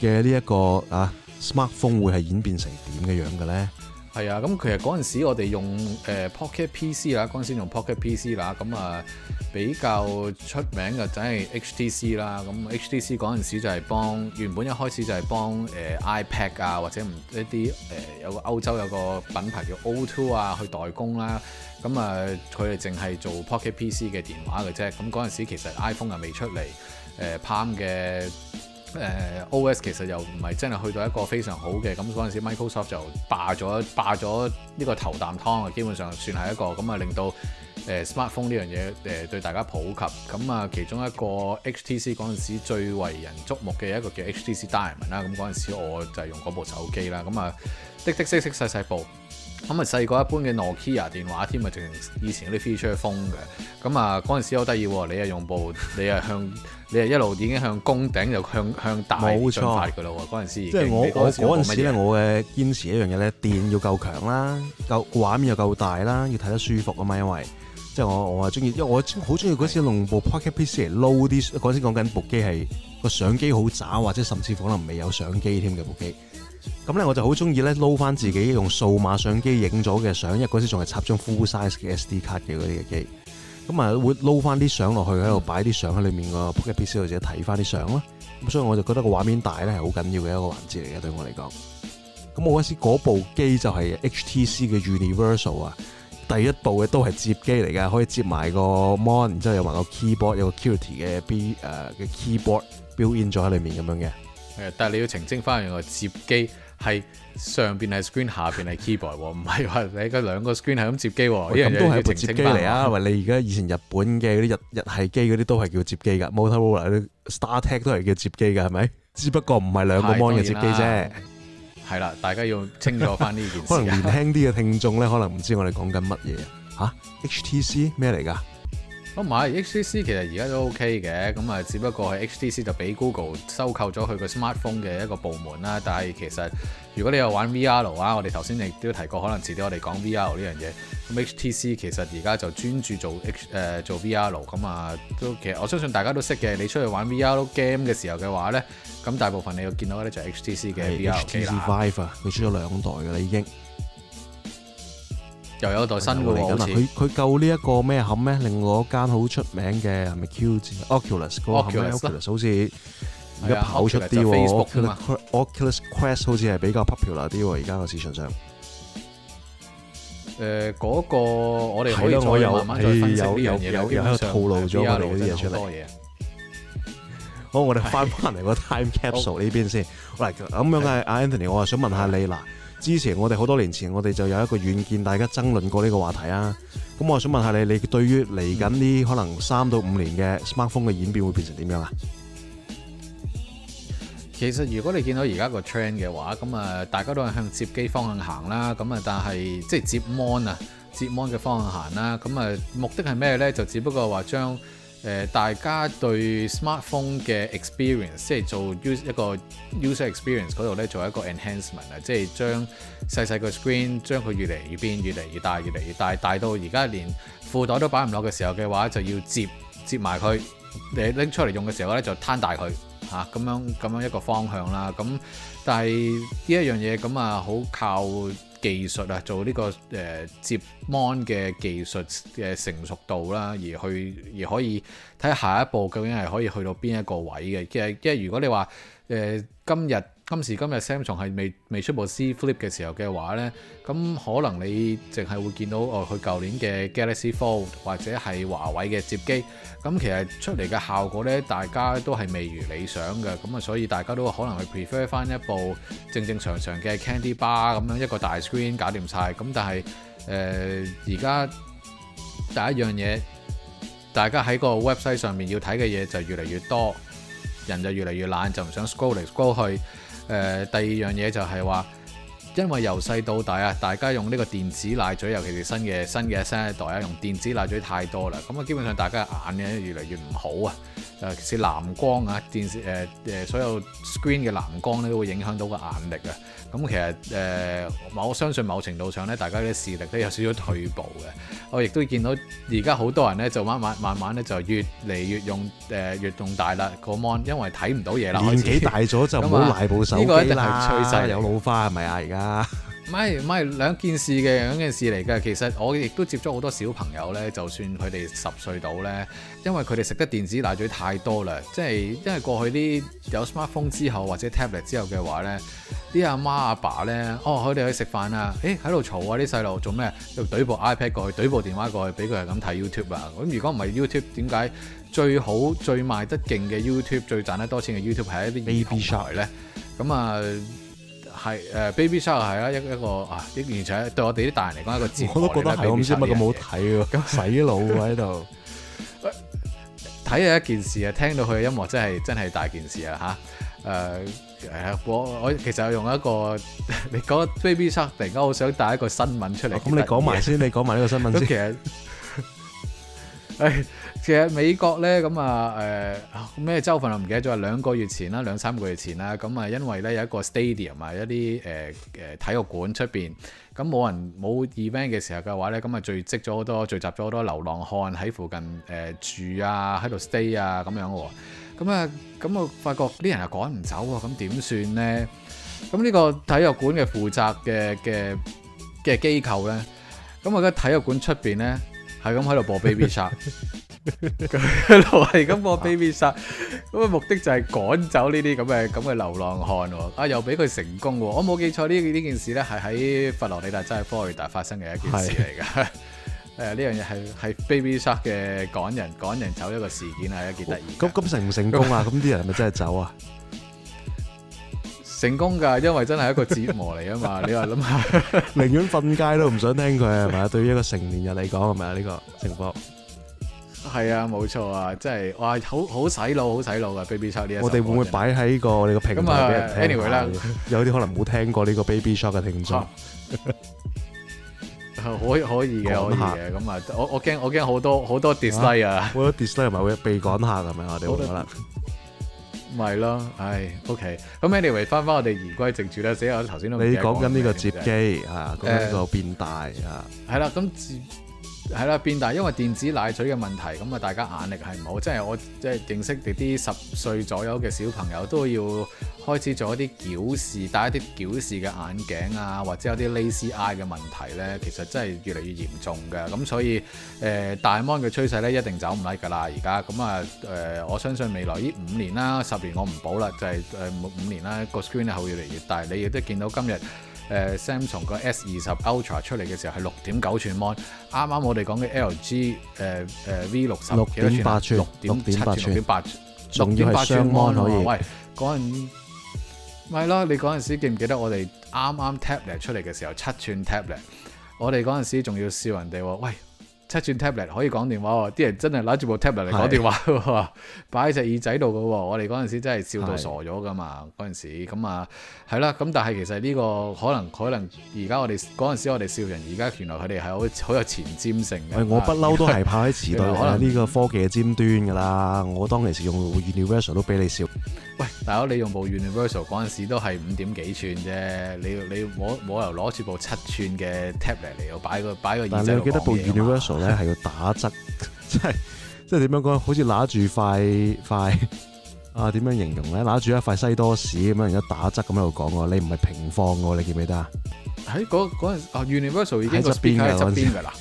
嘅呢一個啊 smartphone 會係演變成點嘅樣嘅咧？係啊，咁其實嗰陣時我哋用誒、呃、Pocket PC 啦，嗰陣時用 Pocket PC 啦，咁、呃、啊比較出名嘅就係 HTC 啦，咁 HTC 嗰陣時就係幫原本一開始就係幫誒 iPad 啊或者唔一啲誒、呃、有個歐洲有個品牌叫 O2 啊去代工啦，咁啊佢哋淨係做 Pocket PC 嘅電話嘅啫，咁嗰陣時其實 iPhone 又未出嚟，誒 Palm 嘅。誒、呃、OS 其實又唔係真係去到一個非常好嘅，咁嗰陣時 Microsoft 就霸咗霸咗呢個頭啖湯啊，基本上算係一個咁啊、嗯，令到誒、呃、smartphone 呢樣嘢誒對大家普及，咁、嗯、啊其中一個 HTC 嗰陣時最為人注目嘅一個叫 HTC Diamond 啦、啊，咁嗰陣時我就係用嗰部手機啦，咁、嗯、啊滴滴色色細，細細部，咁、嗯、啊細過一般嘅 Nokia 電話添、嗯、啊，仲以前啲 feature 封嘅，咁啊嗰陣時好得意喎，你又用部你又向。 你係一路已經向功頂又向向大進發噶咯喎！嗰陣時，即係我我嗰陣時咧，我嘅堅持一樣嘢咧，電要夠強啦，夠畫面又夠大啦，要睇得舒服啊嘛！因為即係我我係中意，因為我好中意嗰時用部 Pocket PC 嚟撈啲。嗰陣時講緊部機係個相機好渣，或者甚至可能未有相機添嘅部機。咁咧，我就好中意咧撈翻自己用數碼相機影咗嘅相，因為嗰陣時仲係插張 Full Size 嘅 SD 卡嘅嗰啲嘅機。咁啊，會撈翻啲相落去喺度，擺啲相喺裏面個 Pocket PC 度，或者睇翻啲相咯。咁所以我就覺得個畫面大咧係好緊要嘅一個環節嚟嘅。對我嚟講，咁我嗰時嗰部機就係 H T C 嘅 Universal 啊，第一部嘅都係接機嚟嘅，可以接埋個 Mon，然之後又埋個 keyboard 有個 QWERTY 嘅 B 誒嘅 keyboard built in 咗喺裏面咁樣嘅。係，但係你要澄清翻，原來接機係。上邊係 screen，下邊係 keyboard，唔係話你家兩個 screen 係咁接機，咁都係直接機嚟啊。喂 你而家以前日本嘅啲日日系機嗰啲都係叫接機㗎，Motorola 啲 StarTAC 都係叫接機㗎，係咪？只不過唔係兩個 mon 嘅接機啫。係啦， 大家要清楚翻呢件事。 可能年輕啲嘅聽眾咧，可能唔知我哋講緊乜嘢吓 HTC 咩嚟㗎？啊。唔係，HTC 其實而家都 OK 嘅，咁啊，只不過係 HTC 就俾 Google 收購咗佢個 smartphone 嘅一個部門啦。但係其實如果你有玩 VR 啊，我哋頭先亦都提過，可能遲啲我哋講 VR 呢樣嘢。咁 HTC 其實而家就專注做 H 誒、呃、做 VR，咁啊都其實我相信大家都識嘅。你出去玩 VR game 嘅時候嘅話咧，咁大部分你要見到咧就係 HTC 嘅 VR 啦。係 h 佢出咗兩代嘅，你已經。又有一代新嘅喎，佢佢夠呢一個咩冚咩？另外一間好出名嘅係咪 Q 字 Oculus，嗰個 Oculus 好似而家跑出啲喎，我覺得 Oculus Quest 好似係比較 popular 啲喎，而家個市場上。誒，嗰個我哋可以慢慢再分析呢啲嘢，基本上好多嘢。好，我哋翻返嚟個 Time Capsule 呢邊先。嗱，咁樣係阿 Anthony，我啊想問下你嗱。之前我哋好多年前，我哋就有一個軟件，大家爭論過呢個話題啊。咁我想問下你，你對於嚟緊呢可能三到五年嘅 smartphone 嘅演變會變成點樣啊？其實如果你見到而家個 trend 嘅話，咁啊，大家都係向折機方向行啦。咁啊，但係即係折 mon 啊，折 mon 嘅方向行啦。咁啊，目的係咩呢？就只不過話將。呃、大家對 smartphone 嘅 experience，即係做 user，一個 user experience 嗰度咧，做一個 enhancement 啊，即係將細細個 screen，將佢越嚟越變，越嚟越大，越嚟越大，但大到而家連褲袋都擺唔落嘅時候嘅話，就要摺摺埋佢，你拎出嚟用嘅時候咧就攤大佢吓，啊、咁樣、咁樣一個方向啦。咁但係呢一樣嘢咁啊，好靠。技術啊，做呢、這個誒、呃、接芒嘅技術嘅成熟度啦，而去而可以睇下一步究竟係可以去到邊一個位嘅，其實即係如果你話誒、呃、今日。今時今日，Samsung 係未未出部 C Flip 嘅時候嘅話呢，咁可能你淨係會見到哦。佢舊年嘅 Galaxy Fold 或者係華為嘅摺機咁，其實出嚟嘅效果呢，大家都係未如理想嘅咁啊。所以大家都可能去 prefer 翻一部正正常常嘅 Candy Bar 咁樣一個大 screen 搞掂晒咁。但係誒，而家第一樣嘢，大家喺個 website 上面要睇嘅嘢就越嚟越多，人就越嚟越懶，就唔想 scroll 嚟 scroll 去。誒、呃、第二樣嘢就係話，因為由細到大啊，大家用呢個電子奶嘴，尤其是新嘅新嘅新一代啊，用電子奶嘴太多啦，咁啊基本上大家眼咧越嚟越唔好啊，其、呃、是藍光啊，電視誒誒、呃，所有 screen 嘅藍光咧都會影響到個眼力啊。咁其實誒、呃，我相信某程度上咧，大家嘅視力都有少少退步嘅。我亦都見到而家好多人咧，就慢慢慢慢咧，就越嚟越用、呃、越用大啦個 mon，因為睇唔到嘢啦。年紀大咗就唔好賴部手機啦。呢個一定趨勢，有老花係咪啊？而家。唔係唔係，兩件事嘅，兩件事嚟嘅。其實我亦都接觸好多小朋友呢，就算佢哋十歲到呢，因為佢哋食得電子奶嘴太多啦，即係因為過去啲有 smartphone 之後或者 tablet 之後嘅話呢，啲阿媽阿爸呢，哦佢哋去食飯啊，誒喺度嘈啊，啲細路做咩？又懟部 iPad 過去，懟部電話過去俾佢係咁睇 YouTube 啊，咁如果唔係 YouTube 點解最好最賣得勁嘅 YouTube 最賺得多錢嘅 YouTube 係一啲 Baby Show 呢？咁啊～係誒、uh,，Baby Shark 係啦，一一個啊，依然係對我哋啲大人嚟講一個字。我都覺得係，我唔知點解咁好睇喎，咁 洗腦喎喺度。睇 下一件事啊，聽到佢嘅音樂真係真係大件事啊吓，誒、uh, 誒，我我其實用一個你講 Baby Shark，突然間好想帶一個新聞出嚟。咁 你講埋先說， 你講埋呢個新聞先。咁 其實，誒、哎。其實美國咧咁啊，咩州份啊，唔記得咗啊。兩個月前啦，兩三個月前啦，咁啊，因為咧有一個 stadium 啊，一啲誒誒體育館出面，咁冇人冇 event 嘅時候嘅話咧，咁啊聚積咗好多聚集咗好多，多流浪漢喺附近住啊，喺、呃、度 stay 啊咁樣喎。咁啊咁我發覺啲人又趕唔走喎，咁點算呢？咁、這、呢個體育館嘅負責嘅嘅嘅機構咧，咁我而家體育館出面咧係咁喺度播 baby shark。 佢係咁個 baby shark，咁個目的就係趕走呢啲咁嘅咁嘅流浪漢，啊又俾佢成功，我冇記錯呢呢件事咧係喺佛羅里達州嘅佛羅里達發生嘅一件事嚟噶。誒，呢樣嘢係係 baby shark 嘅趕人趕人走一個事件係一件得意。咁咁成唔成功啊？咁啲人係咪真係走啊？成功噶，因為真係一個折磨嚟啊嘛。你話諗下，寧願瞓街都唔想聽佢係嘛？對於一個成年人嚟講係咪啊？呢個情況。係啊，冇錯啊，即係哇，好好洗腦，好洗腦啊！Baby Shark 呢一首，我哋會唔會擺喺個我哋個平台俾人聽？咁啊，anyway 啦，有啲可能冇聽過呢個 Baby Shark 嘅聽眾，可可以嘅，可以嘅，咁啊，我我驚我驚好多好多 dislike 啊，好多 dislike 同埋會被趕下，係咪啊？我哋可能咪咯，唉，OK，咁 anyway，翻翻我哋言歸正傳啦，即係我頭先都你講緊呢個折機啊，講緊個變大啊，係啦，咁。係啦，變大，因為電子奶嘴嘅問題，咁啊，大家眼力係唔好，即係我即係認識啲啲十歲左右嘅小朋友都要開始做一啲矯視，戴一啲矯視嘅眼鏡啊，或者有啲 lazy eye 嘅問題呢，其實真係越嚟越嚴重嘅。咁所以誒、呃，大 mon 嘅趨勢咧一定走唔甩㗎啦。而家咁啊誒，我相信未來呢五年啦、十年我唔保啦，就係誒五年啦，個 screen 係會越嚟越大。你亦都見到今日。Uh, Samsung 個 S 二十 Ultra 出嚟嘅時候係六點九寸 mon，啱啱我哋講嘅 LG 誒誒 V 六十幾多寸啊？六點八寸，六點八寸，六點八寸，仲要係雙 mon 可以。喂，嗰陣咪咯，你嗰陣時記唔記得我哋啱啱 tablet 出嚟嘅時候七寸 tablet，我哋嗰陣時仲要笑人哋喎，喂。七寸 tablet 可以講電話喎，啲人真係攞住部 tablet 嚟講電話喎，擺喺隻耳仔度嘅喎，我哋嗰陣時真係笑到傻咗嘅嘛，嗰陣時咁啊，係、嗯、啦，咁但係其實呢、個可能可能而家我哋嗰陣時我哋笑人，而家原來佢哋係好好有前瞻性嘅。我不嬲都係怕喺時代可能呢個科技嘅尖端㗎啦，我當其時用 Universal 都俾你笑。喂，大佬，你用部 Universal 嗰陣時都係五點幾寸啫，你你我我又攞住部七寸嘅 tablet 嚟，我擺個擺個耳仔。但你記得一部 Universal 咧係要打側，即係即係點樣講？好似拿住塊塊啊，點樣形容咧？拿住一塊西多士咁樣，然家打側咁喺度講喎。你唔係平放喎，你記唔記得、欸、啊？喺嗰嗰陣啊 Universal 已經側邊嘅啦。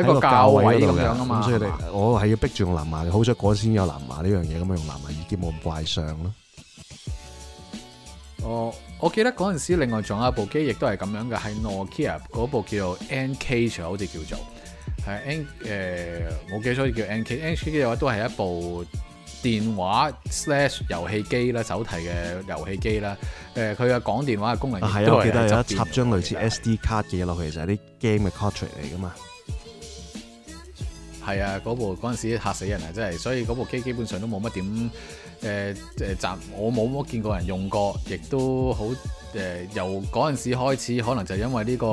喺個教位嗰度咁樣啊嘛，我係要逼住用藍牙，好彩嗰陣先有藍牙呢樣嘢，咁啊用藍牙耳機冇咁怪相咯。我我記得嗰陣時，另外仲有一部機，亦都係咁樣嘅，係 Nokia 嗰部叫做 N-Gage，好似叫做係 N 誒，我記錯咗叫 N-Gage，N-Gage 嘅話都係一部電話/遊戲機啦，手提嘅遊戲機啦。誒，佢有講電話嘅功能，都係側邊。係啊，我記得有插張類似 SD 卡嘅嘢落去，其實係啲 game 嘅 content 嚟噶嘛。係啊，嗰部嗰陣時嚇死人啊，真係！所以嗰部機基本上都冇乜點誒誒集，我冇乜見過人用過，亦都好誒、呃。由嗰陣時開始，可能就因為呢個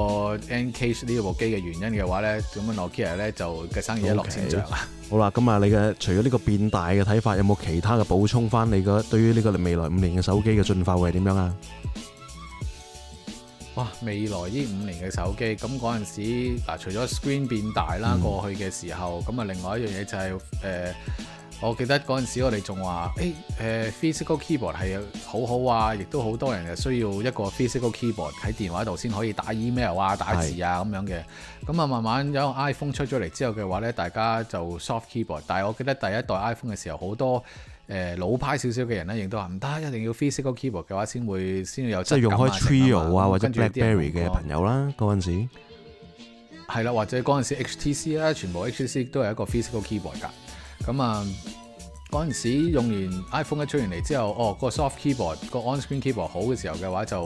Ncase 呢部機嘅原因嘅話咧，咁樣諾基亞咧就嘅生意一落千丈啦。Okay，好啦，咁啊，你嘅除咗呢個變大嘅睇法，有冇其他嘅補充翻你嘅對於呢個未來五年嘅手機嘅進化會係點樣啊？哇！未來呢五年嘅手機，咁嗰陣時嗱，除咗 screen 變大啦、嗯，過去嘅時候，咁啊另外一樣嘢就係、是呃、我記得嗰陣時我哋仲話，誒、欸、誒、呃、physical keyboard 係好好啊，亦都好多人係需要一個 physical keyboard 喺電話度先可以打 email 啊、打字啊咁樣嘅。咁啊慢慢有個 iPhone 出咗嚟之後嘅話呢，大家就 soft keyboard。但係我記得第一代 iPhone 嘅時候好多。誒老派少少嘅人咧，亦都話唔得，一定要 physical keyboard 嘅話，先會先要有質感，即係用開 trio 啊，或者 Blackberry 嘅朋友啦，嗰陣時係啦，或者嗰陣時 HTC 啦，全部 HTC 都係一個 physical keyboard 噶。咁啊，嗰陣時用完 iPhone 一出完嚟之後，哦，個 soft keyboard 個 on-screen keyboard 好嘅時候嘅話就，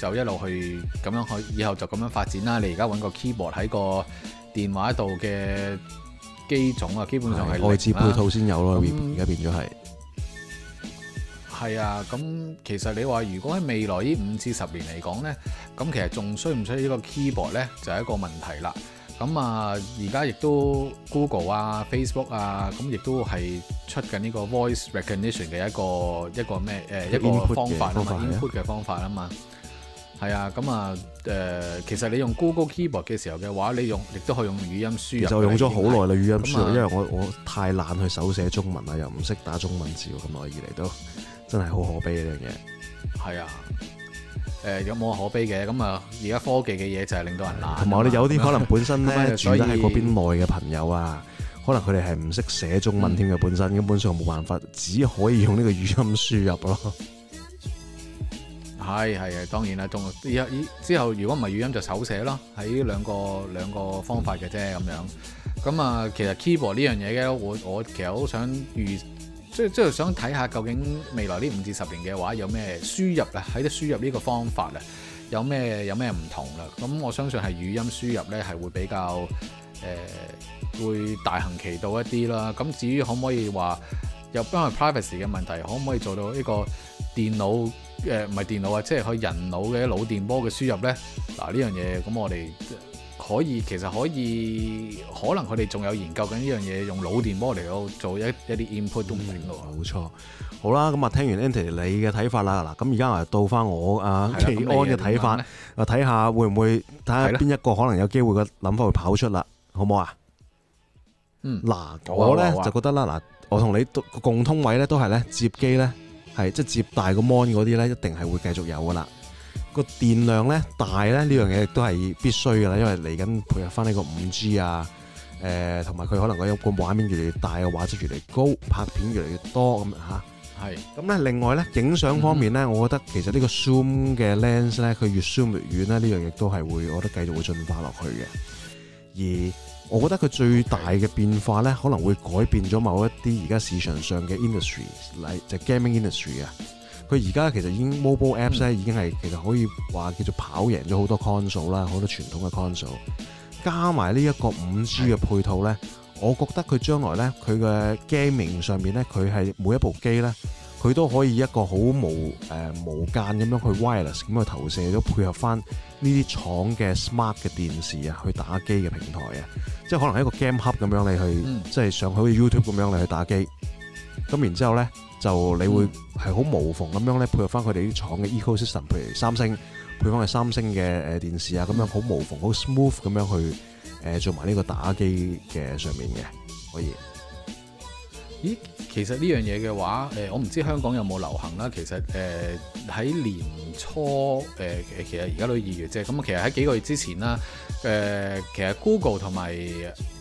就就一路去咁樣去，以後就咁樣發展啦。你而家揾個 keyboard 喺個電話度嘅機種啊，基本上係外置配套先有咯。嗯、而家變咗係。係啊，咁其實你話如果喺未來，來呢五至十年嚟講咧，咁其實仲需唔需呢個 keyboard 咧，就係、是、一個問題啦。咁啊，而家亦都 Google 啊、Facebook 啊，咁亦都係出緊呢個 voice recognition 嘅一個一個咩誒、呃、一個方法啊嘛 input 嘅方法啊方法嘛。係啊，啊，咁啊誒、呃，其實你用 Google keyboard 嘅時候嘅話，你用亦都可以用語音輸入就用咗好耐啦，啊、語音輸入，因為我我太懶去手寫中文啦，又唔識打中文字咁我以嚟都。真係好可悲嘅樣嘢，係啊，誒有冇可悲嘅？咁啊，而家科技嘅嘢就係令到人難。同埋我哋有啲可能本身咧、嗯、住喺嗰邊內嘅朋友啊，可能佢哋係唔識寫中文添嘅本身，根、嗯、本上冇辦法，只可以用呢個語音輸入咯係。係係啊，當然啦，之後如果唔係語音就手寫咯，喺呢兩個兩個方法嘅啫咁樣。咁啊，其實 keyboard 呢樣嘢咧，我我其實好想預。即即係想睇下究竟未來呢五至十年嘅話有咩輸入啊，喺啲輸入呢個方法啊，有咩有咩唔同啦？咁我相信係語音輸入咧係會比較誒、呃、會大行其道一啲啦。咁至於可唔可以話又因為 privacy 嘅問題，可唔可以做到呢個電腦誒唔係電腦啊，即係佢人腦嘅腦電波嘅輸入咧？嗱呢樣嘢咁我哋。可以，其實可以，可能佢哋仲有研究緊呢樣嘢，用腦電波嚟到做一一啲 input 都唔遠，冇錯，好啦，咁啊，聽完 Anthony 你嘅睇法啦，嗱，咁而家又到翻我啊，技安嘅睇法，啊，睇下會唔會睇下邊一個可能有機會嘅諗法去跑出好好、嗯、啦，好唔好啊？嗱，我咧就覺得啦，嗱、嗯，我同你共通位咧都係咧接機咧，係即係接大個 mon 嗰啲咧，一定係會繼續有噶啦。個電量咧大咧呢樣嘢亦都係必須嘅啦，因為嚟緊配合翻呢個五 G 啊，誒、呃，同埋佢可能佢一個畫面越嚟越大，畫質越嚟越高，拍片越嚟越多咁吓。係、嗯。咁咧、啊，另外咧，影相方面咧，我覺得其實呢個 zoom 嘅 lens 咧，佢越 zoom 越遠咧，呢樣嘢都係會，我覺得繼續會進化落去嘅。而我覺得佢最大嘅變化咧，可能會改變咗某一啲而家市場上嘅 industry，例就係 gaming industry 啊。佢而家其實已經 mobile apps 咧，已經係其實可以話叫做跑贏咗好多 console 啦，好多傳統嘅 console。加埋呢一個五 G 嘅配套咧，我覺得佢將來咧佢嘅 gaming 上面咧，佢係每一部機咧，佢都可以一個好無誒、呃、無間咁樣去 wireless 咁去投射咗配合翻呢啲廠嘅 smart 嘅電視啊，去打機嘅平台啊、嗯，即係可能係一個 game hub 咁樣你去、嗯，即係上好似 YouTube 咁樣你去打機。咁然之後咧。就你會係好無縫咁樣咧，配合翻佢哋啲廠嘅 ecosystem，譬如三星，配合翻佢三星嘅誒電視啊，咁樣好無縫、好 smooth 咁樣去誒做埋呢個打機嘅上面嘅，可以。咦，其實呢樣嘢嘅話，誒我唔知香港有冇流行啦。其實誒喺年初，誒其實而家都二月啫。咁其實喺幾個月之前啦，誒其實 Google 同埋。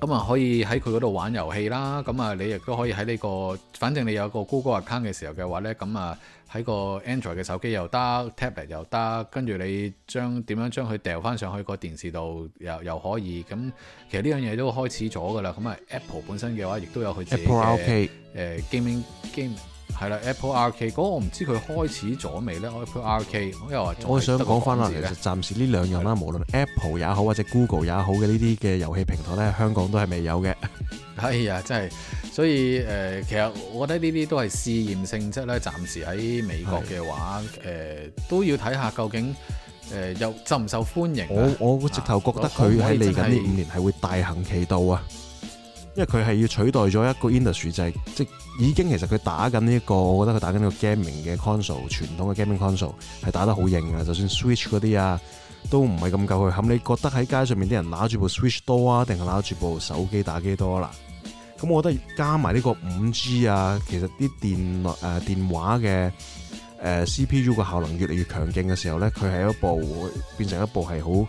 咁啊，可以喺佢嗰度玩遊戲啦。咁啊，你亦都可以喺呢個，反正你有個 Google account 嘅時候嘅話咧，咁啊，喺個 Android 嘅手機又得，tablet 又得，跟住你將點樣將佢掉翻上去個電視度又又可以。咁其實呢樣嘢都開始咗噶啦。咁啊，Apple 本身嘅話亦都有佢自己嘅誒、okay. 呃、gaming game。係啦，Apple Arcade 嗰個我唔知佢開始咗未咧。Apple Arcade 我又話，我想講翻啦，其實暫時呢兩樣啦，無論 Apple 也好或者 Google 也好嘅呢啲嘅遊戲平台咧，香港都係未有嘅。係啊，真係，所以誒、呃，其實我覺得呢啲都係試驗性質咧。暫時喺美國嘅話，誒、呃、都要睇下究竟誒又受唔受歡迎啊。我我直頭覺得佢喺嚟緊呢五年係會大行其道啊。因為佢係要取代咗一個 industry，就係即,即已經其實佢打緊呢一個，我覺得佢打緊呢個 gaming 嘅 console，傳統嘅 gaming console 係打得好型啊！就算 switch 嗰啲啊，都唔係咁夠佢。咁你覺得喺街上面啲人拿住部 switch 多啊，定係揦住部手機打機多啦、啊？咁我覺得加埋呢個五 G 啊，其實啲電誒電話嘅 CPU 個效能越嚟越強勁嘅時候咧，佢係一部變成一部係好。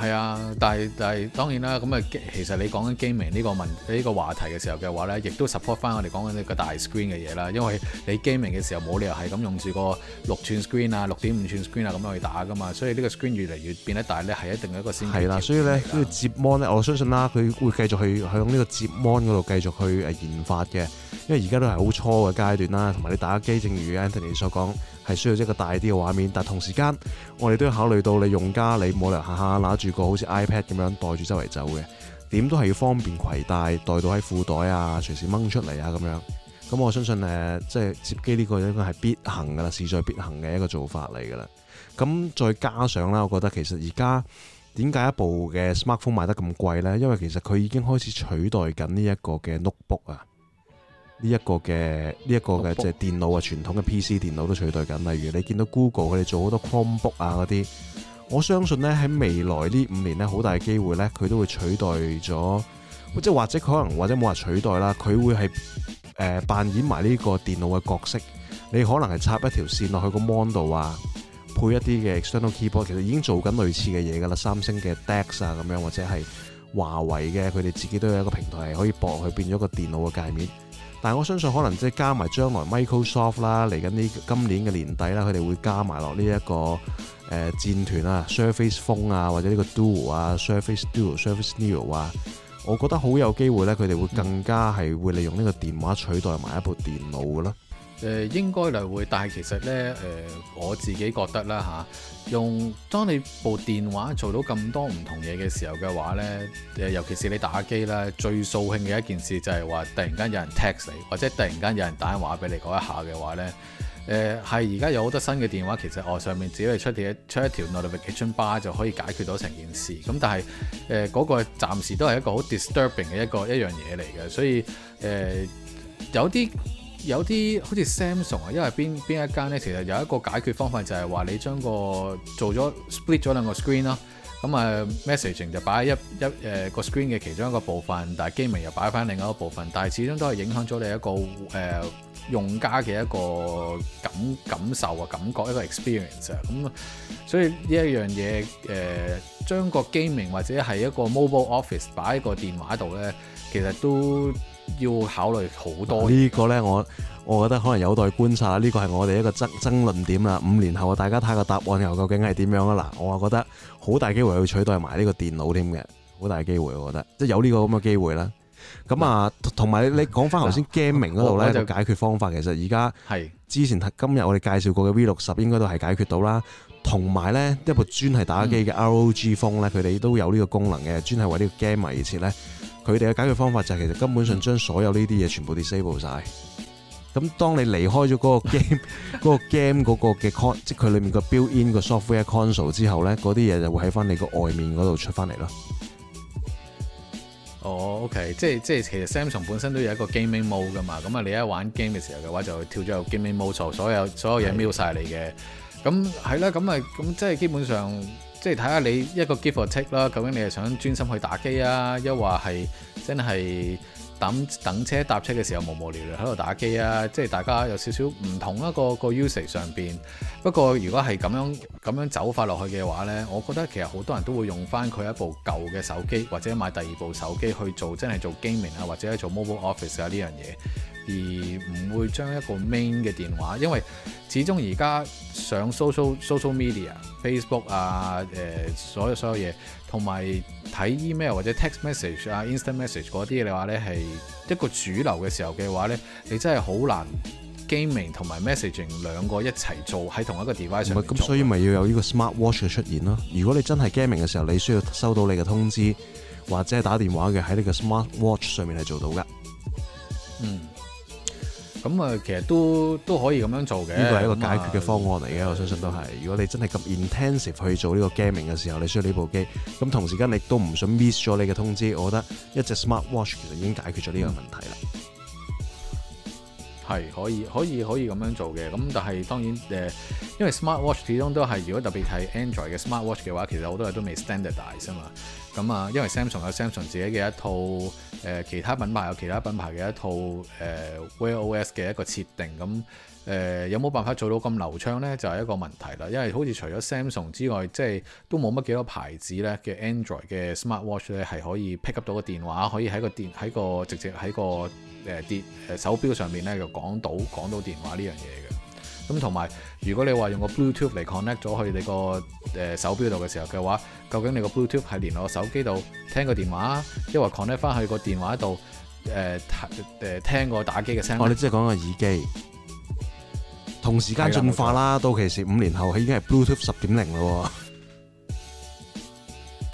係啊，但係但係當然啦。咁啊，其實你講緊 g 名呢個文呢、這個話題嘅時候嘅話咧，亦都 support 翻我哋講緊呢個大 screen 嘅嘢啦。因為你 g 名嘅時候冇理由係咁用住個六寸 screen 啊、六點五寸 screen 啊咁去打噶嘛。所以呢個 screen 越嚟越變得大咧，係一定的一個先的。係啦、啊，所以咧呢個折光咧，我相信啦，佢會繼續去向呢個折光嗰度繼續去誒研發嘅。因為而家都係好初嘅階段啦，同埋你打機，正如 Anthony 所講。係需要一個大啲嘅畫面，但同時間我哋都要考慮到你用家，你冇理由下下拿住個好似 iPad 咁樣袋住周圍走嘅，點都係要方便携帶，袋到喺褲袋啊，隨時掹出嚟啊咁樣。咁我相信誒，即係摺機呢個應該係必行噶啦，勢在必行嘅一個做法嚟噶啦。咁再加上啦，我覺得其實而家點解一部嘅 smartphone 賣得咁貴呢？因為其實佢已經開始取代緊呢一個嘅 notebook 啊。呢、這、一個嘅呢一個嘅即係電腦啊，傳統嘅 P.C. 電腦都取代緊。例如你見到 Google 佢哋做好多 Chromebook 啊嗰啲，我相信呢，喺未來呢五年呢，好大嘅機會呢，佢都會取代咗，即或者可能或者冇話取代啦，佢會係誒、呃、扮演埋呢個電腦嘅角色。你可能係插一條線落去個 Mon 度啊，配一啲嘅 external keyboard，其實已經做緊類似嘅嘢㗎啦。三星嘅 Dex 啊咁樣，或者係華為嘅佢哋自己都有一個平台可以駁去變咗個電腦嘅界面。但我相信可能即係加埋將來 Microsoft 啦，嚟緊呢今年嘅年底啦，佢哋會加埋落呢一個誒、呃、戰團啊，Surface Phone 啊，或者呢個 Duo 啊，Surface Duo、Surface Neo 啊，我覺得好有機會咧，佢哋會更加係會利用呢個電話取代埋一部電腦咯。誒應該嚟會，但係其實呢，誒、呃、我自己覺得啦嚇、啊，用當你部電話做到咁多唔同嘢嘅時候嘅話呢，誒、呃、尤其是你打機啦，最掃興嘅一件事就係話突然間有人 text 你，或者突然間有人打電話俾你嗰一下嘅話呢。誒係而家有好多新嘅電話，其實我、哦、上面只要你出出一條 notification bar 就可以解決到成件事。咁但係誒嗰個暫時都係一個好 disturbing 嘅一個一樣嘢嚟嘅，所以誒、呃、有啲。有啲好似 Samsung 啊，因為邊邊一間咧，其實有一個解決方法就係話你將個做咗 split 咗兩個 screen 啦，咁啊 messaging 就擺喺一一、誒、呃、個 screen 嘅其中一個部分，但係 gaming 又擺翻另外一個部分，但係始終都係影響咗你一個誒、呃、用家嘅一個感感受、啊感覺、一個 experience 啊，咁所以呢一樣嘢，誒將個 gaming 或者係一個 mobile office 擺喺個電話度咧，其實都。要考慮好多呢個呢，我我覺得可能有待觀察啦。呢、這個係我哋一個爭爭論點啦。五年後啊，大家睇個答案又究竟係點樣啊？嗱，我啊覺得好大機會去取代埋呢個電腦添嘅，好大機會我覺得，即係有呢個咁嘅機會啦。咁、嗯、啊，同埋你講翻頭先 Gaming 嗰度呢，就解決方法、嗯嗯、其實而家係之前今日我哋介紹過嘅 V 六十應該都係解決到啦。同埋呢，一部專係打機嘅 ROG Phone 呢、嗯，佢哋都有呢個功能嘅，專係為呢個 Gamer 而設呢。佢哋嘅解決方法就係其實根本上將所有呢啲嘢全部 disable 晒。咁當你離開咗嗰個 game、嗰 個 game 嗰個嘅即係佢裡面個 build-in 個 software console 之後咧，嗰啲嘢就會喺翻你個外面嗰度出翻嚟咯。哦，oh，OK，即係即係其實 Samsung 本身都有一個 gaming mode 噶嘛。咁啊，你一玩 game 嘅時候嘅話，就跳咗入 gaming mode，所有所有嘢瞄晒你嘅。咁係啦，咁啊，咁即係基本上。即係睇下你一個 give or take 啦，究竟你係想專心去打機啊，又話係真係等等車搭車嘅時候無無聊聊喺度打機啊，即係大家有少少唔同一個一個 usage 上邊。不過如果係咁樣咁樣走法落去嘅話呢，我覺得其實好多人都會用翻佢一部舊嘅手機，或者買第二部手機去做真係做 gaming 啊，或者做 mobile office 啊呢樣嘢。而唔會將一個 main 嘅電話，因為始終而家上 social social media、Facebook 啊、呃，所有所有嘢，同埋睇 email 或者 text message 啊、instant message 嗰啲，嘅話咧係一個主流嘅時候嘅話咧，你真係好難 gaming 同埋 messaging 兩個一齊做喺同一個 device 上面。咁所以咪要有呢個 smart watch 嘅出現咯。如果你真係 gaming 嘅時候，你需要收到你嘅通知或者係打電話嘅喺呢個 smart watch 上面係做到噶。嗯。咁啊，其實都都可以咁樣做嘅。呢個係一個解決嘅方案嚟嘅、嗯，我相信都係。如果你真係咁 intensive 去做呢個 gaming 嘅時候，你需要呢部機。咁同時間，你都唔想 miss 咗你嘅通知。我覺得一隻 smart watch 其實已經解決咗呢個問題啦。係可以可以可以咁樣做嘅。咁但係當然誒、呃，因為 smart watch 始終都係如果特別係 Android 嘅 smart watch 嘅話，其實好多嘢都未 standardize 啊嘛。咁啊，因為 Samsung 有 Samsung 自己嘅一套誒、呃、其他品牌有其他品牌嘅一套誒、呃、Wear OS 嘅一個設定咁誒、呃、有冇辦法做到咁流暢咧？就係、是、一個問題啦。因為好似除咗 Samsung 之外，即係都冇乜幾多牌子咧嘅 Android 嘅 Smart Watch 咧，係可以 pick up 到的電個電話可以喺個電喺個直接喺個誒電誒手錶上面咧，就講到講到電話呢樣嘢嘅。咁同埋，如果你話用個 Bluetooth 嚟 connect 咗去你個誒手錶度嘅時候嘅話，究竟你個 Bluetooth 係連落手機度聽個電話，亦或 connect 翻去個電話度誒誒聽個打機嘅聲？哦、我哋即係講個耳機，同時間進化啦。到其時五年後，佢已經係 Bluetooth 十點零咯。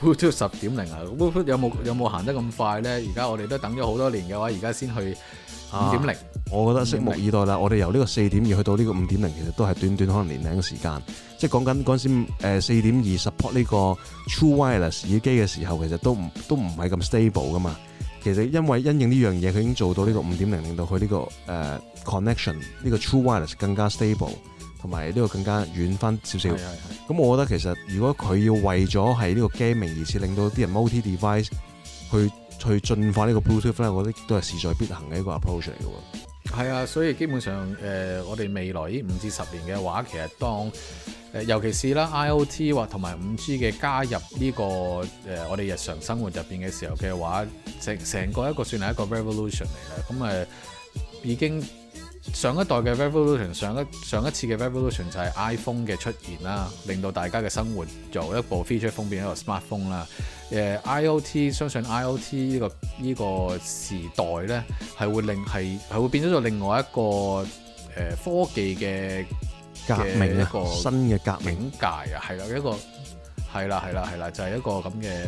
Bluetooth 十點零啊！有冇有冇行得咁快咧？而家我哋都等咗好多年嘅話，而家先去五點零，我覺得拭目以待啦。我哋由呢個四點二去到呢個五點零，其實都係短短可能年零嘅時間。即係講緊嗰陣時，四點二 support 呢個 True Wireless 耳機嘅時候，其實都唔都唔係咁 stable 噶嘛。其實因為因應呢樣嘢，佢已經做到呢個五點零，令到佢呢、呢個、uh, connection 呢個 True Wireless 更加 stable，同埋呢個更加遠翻少少。咁我覺得其實如果佢要為咗係呢個 game 而設，令到啲人 multi device 去。去進化呢個 Bluetooth Five 我覺得都係勢在必行嘅一個 approach 嚟嘅喎。係啊，所以基本上誒、呃，我哋未來依五至十年嘅話，其實當誒、呃、尤其是啦 IOT 或同埋五 G 嘅加入呢、這個誒、呃，我哋日常生活入邊嘅時候嘅話，成成個一個算係一個 revolution 嚟啦。咁、嗯、誒、呃、已經。上一代嘅 revolution，上一上一次嘅 revolution 就係 iPhone 嘅出現啦，令到大家嘅生活由一部 feature phone 變一個 smartphone 啦、啊。誒，IOT 相信 IOT 呢、這個呢、這個時代咧，係會令係，係會變咗做另外一個誒、呃、科技嘅革命一個新嘅革命界啊，係啦，一個係啦，係啦，係啦，就係、是、一個咁嘅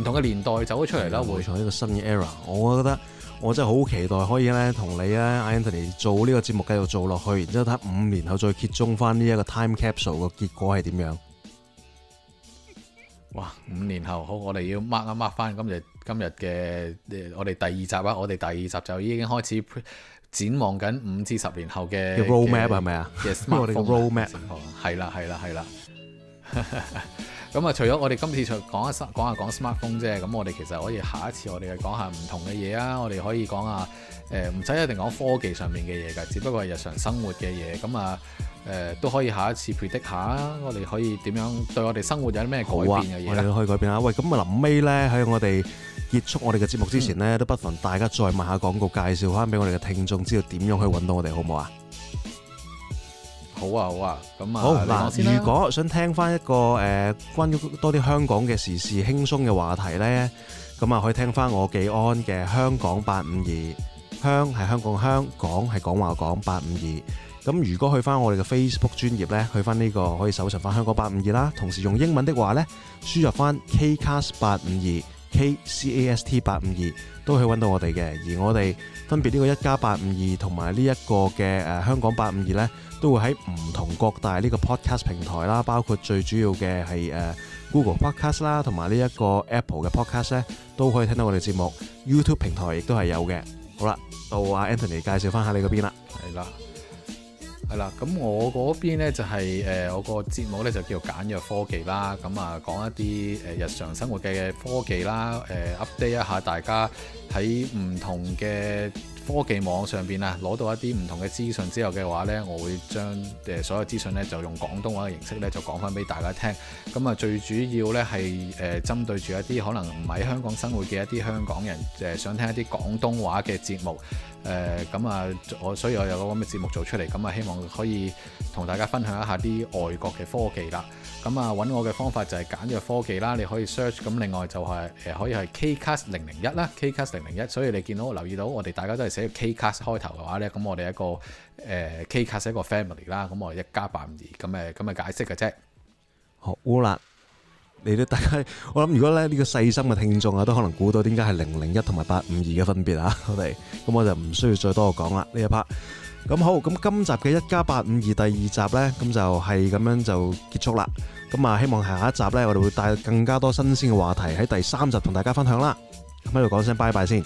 唔同嘅年代走咗出嚟啦，會從一、這個新嘅 era，我覺得。我真係好期待可以咧同你咧，Anthony 做呢個節目繼續做落去，然之後睇下五年後再揭盅翻呢一個 time capsule 嘅結果係點樣？哇！五年後好，我哋要 mark 一 mark 翻今日今日嘅我哋第二集啊！我哋第二集就已經開始展望緊五至十年後嘅 roadmap 係咪啊？Yes， 啊、我哋 roadmap 係 啦、嗯、係啦係啦。 咁啊，除咗我哋今次就講一講下講 smartphone 啫，咁我哋其實可以下一次我哋去講下唔同嘅嘢啊，我哋可以講下誒唔使一定講科技上面嘅嘢嘅，只不過係日常生活嘅嘢，咁啊誒都可以下一次 predict 下，我哋可以點樣對我哋生活有啲咩改變嘅嘢咧？可以改變啦！喂，咁啊臨尾咧喺我哋結束我哋嘅節目之前咧，都不妨大家再問下廣告介紹翻俾我哋嘅聽眾，知道點樣去揾到我哋好唔好啊？好啊，好啊，咁啊。好嗱，如果想聽翻一個誒、呃、關於多啲香港嘅時事輕鬆嘅話題呢，咁啊可以聽翻我技安嘅香講八五二，香係香港香，講係講話講八五二。咁如果去翻我哋嘅 Facebook 專頁呢，去翻呢、這個可以搜尋翻香講八五二啦。同時用英文的話呢，輸入翻 KCast 八五二 KCast 八五二都可以揾到我哋嘅。而我哋分別呢個一家八五二同埋呢一個嘅香講八五二呢。都會喺唔同各大呢個 podcast 平台啦，包括最主要嘅係 Google podcast 啦，同埋呢一個 Apple 嘅 podcast 咧，都可以聽到我哋節目。YouTube 平台亦都係有嘅。好啦，到阿 Anthony 介紹翻下你嗰邊啦。係啦，係啦。咁我嗰邊咧就係誒我個節目咧就叫做簡約科技啦。咁啊講一啲日常生活嘅科技啦，update 一下大家喺唔同嘅科技網上邊啊，攞到一啲唔同嘅資訊之後嘅話呢，我會將誒所有資訊呢就用廣東話嘅形式呢就講翻俾大家聽。咁啊，最主要呢係誒針對住一啲可能唔喺香港生活嘅一啲香港人誒，想聽一啲廣東話嘅節目誒。咁啊，我所以我有個咁嘅節目做出嚟，咁啊，希望可以同大家分享一下啲外國嘅科技啦。咁啊，搵我嘅方法就係簡約科技啦，你可以 search。咁另外就係、是、誒、呃，可以係 KCast 零零一啦，KCast 零零一。所以你見到我留意到，我哋大家都係寫住 KCast 開頭嘅話咧，咁我哋一個誒 KCast 是一個 family 啦，咁我一家八五二咁誒，咁啊解釋嘅啫。好啦，你到大家，我諗如果咧呢、呢個細心嘅聽眾啊，都可能估到點解係零零一同埋八五二嘅分別啊，我哋咁我就唔需要再多講啦呢一 part。這個咁好，咁今集嘅一家八五二第二集呢，咁就係咁樣就結束啦。咁啊，希望下一集呢，我哋會帶更加多新鮮嘅話題喺第三集同大家分享啦。咁喺度講聲拜拜先。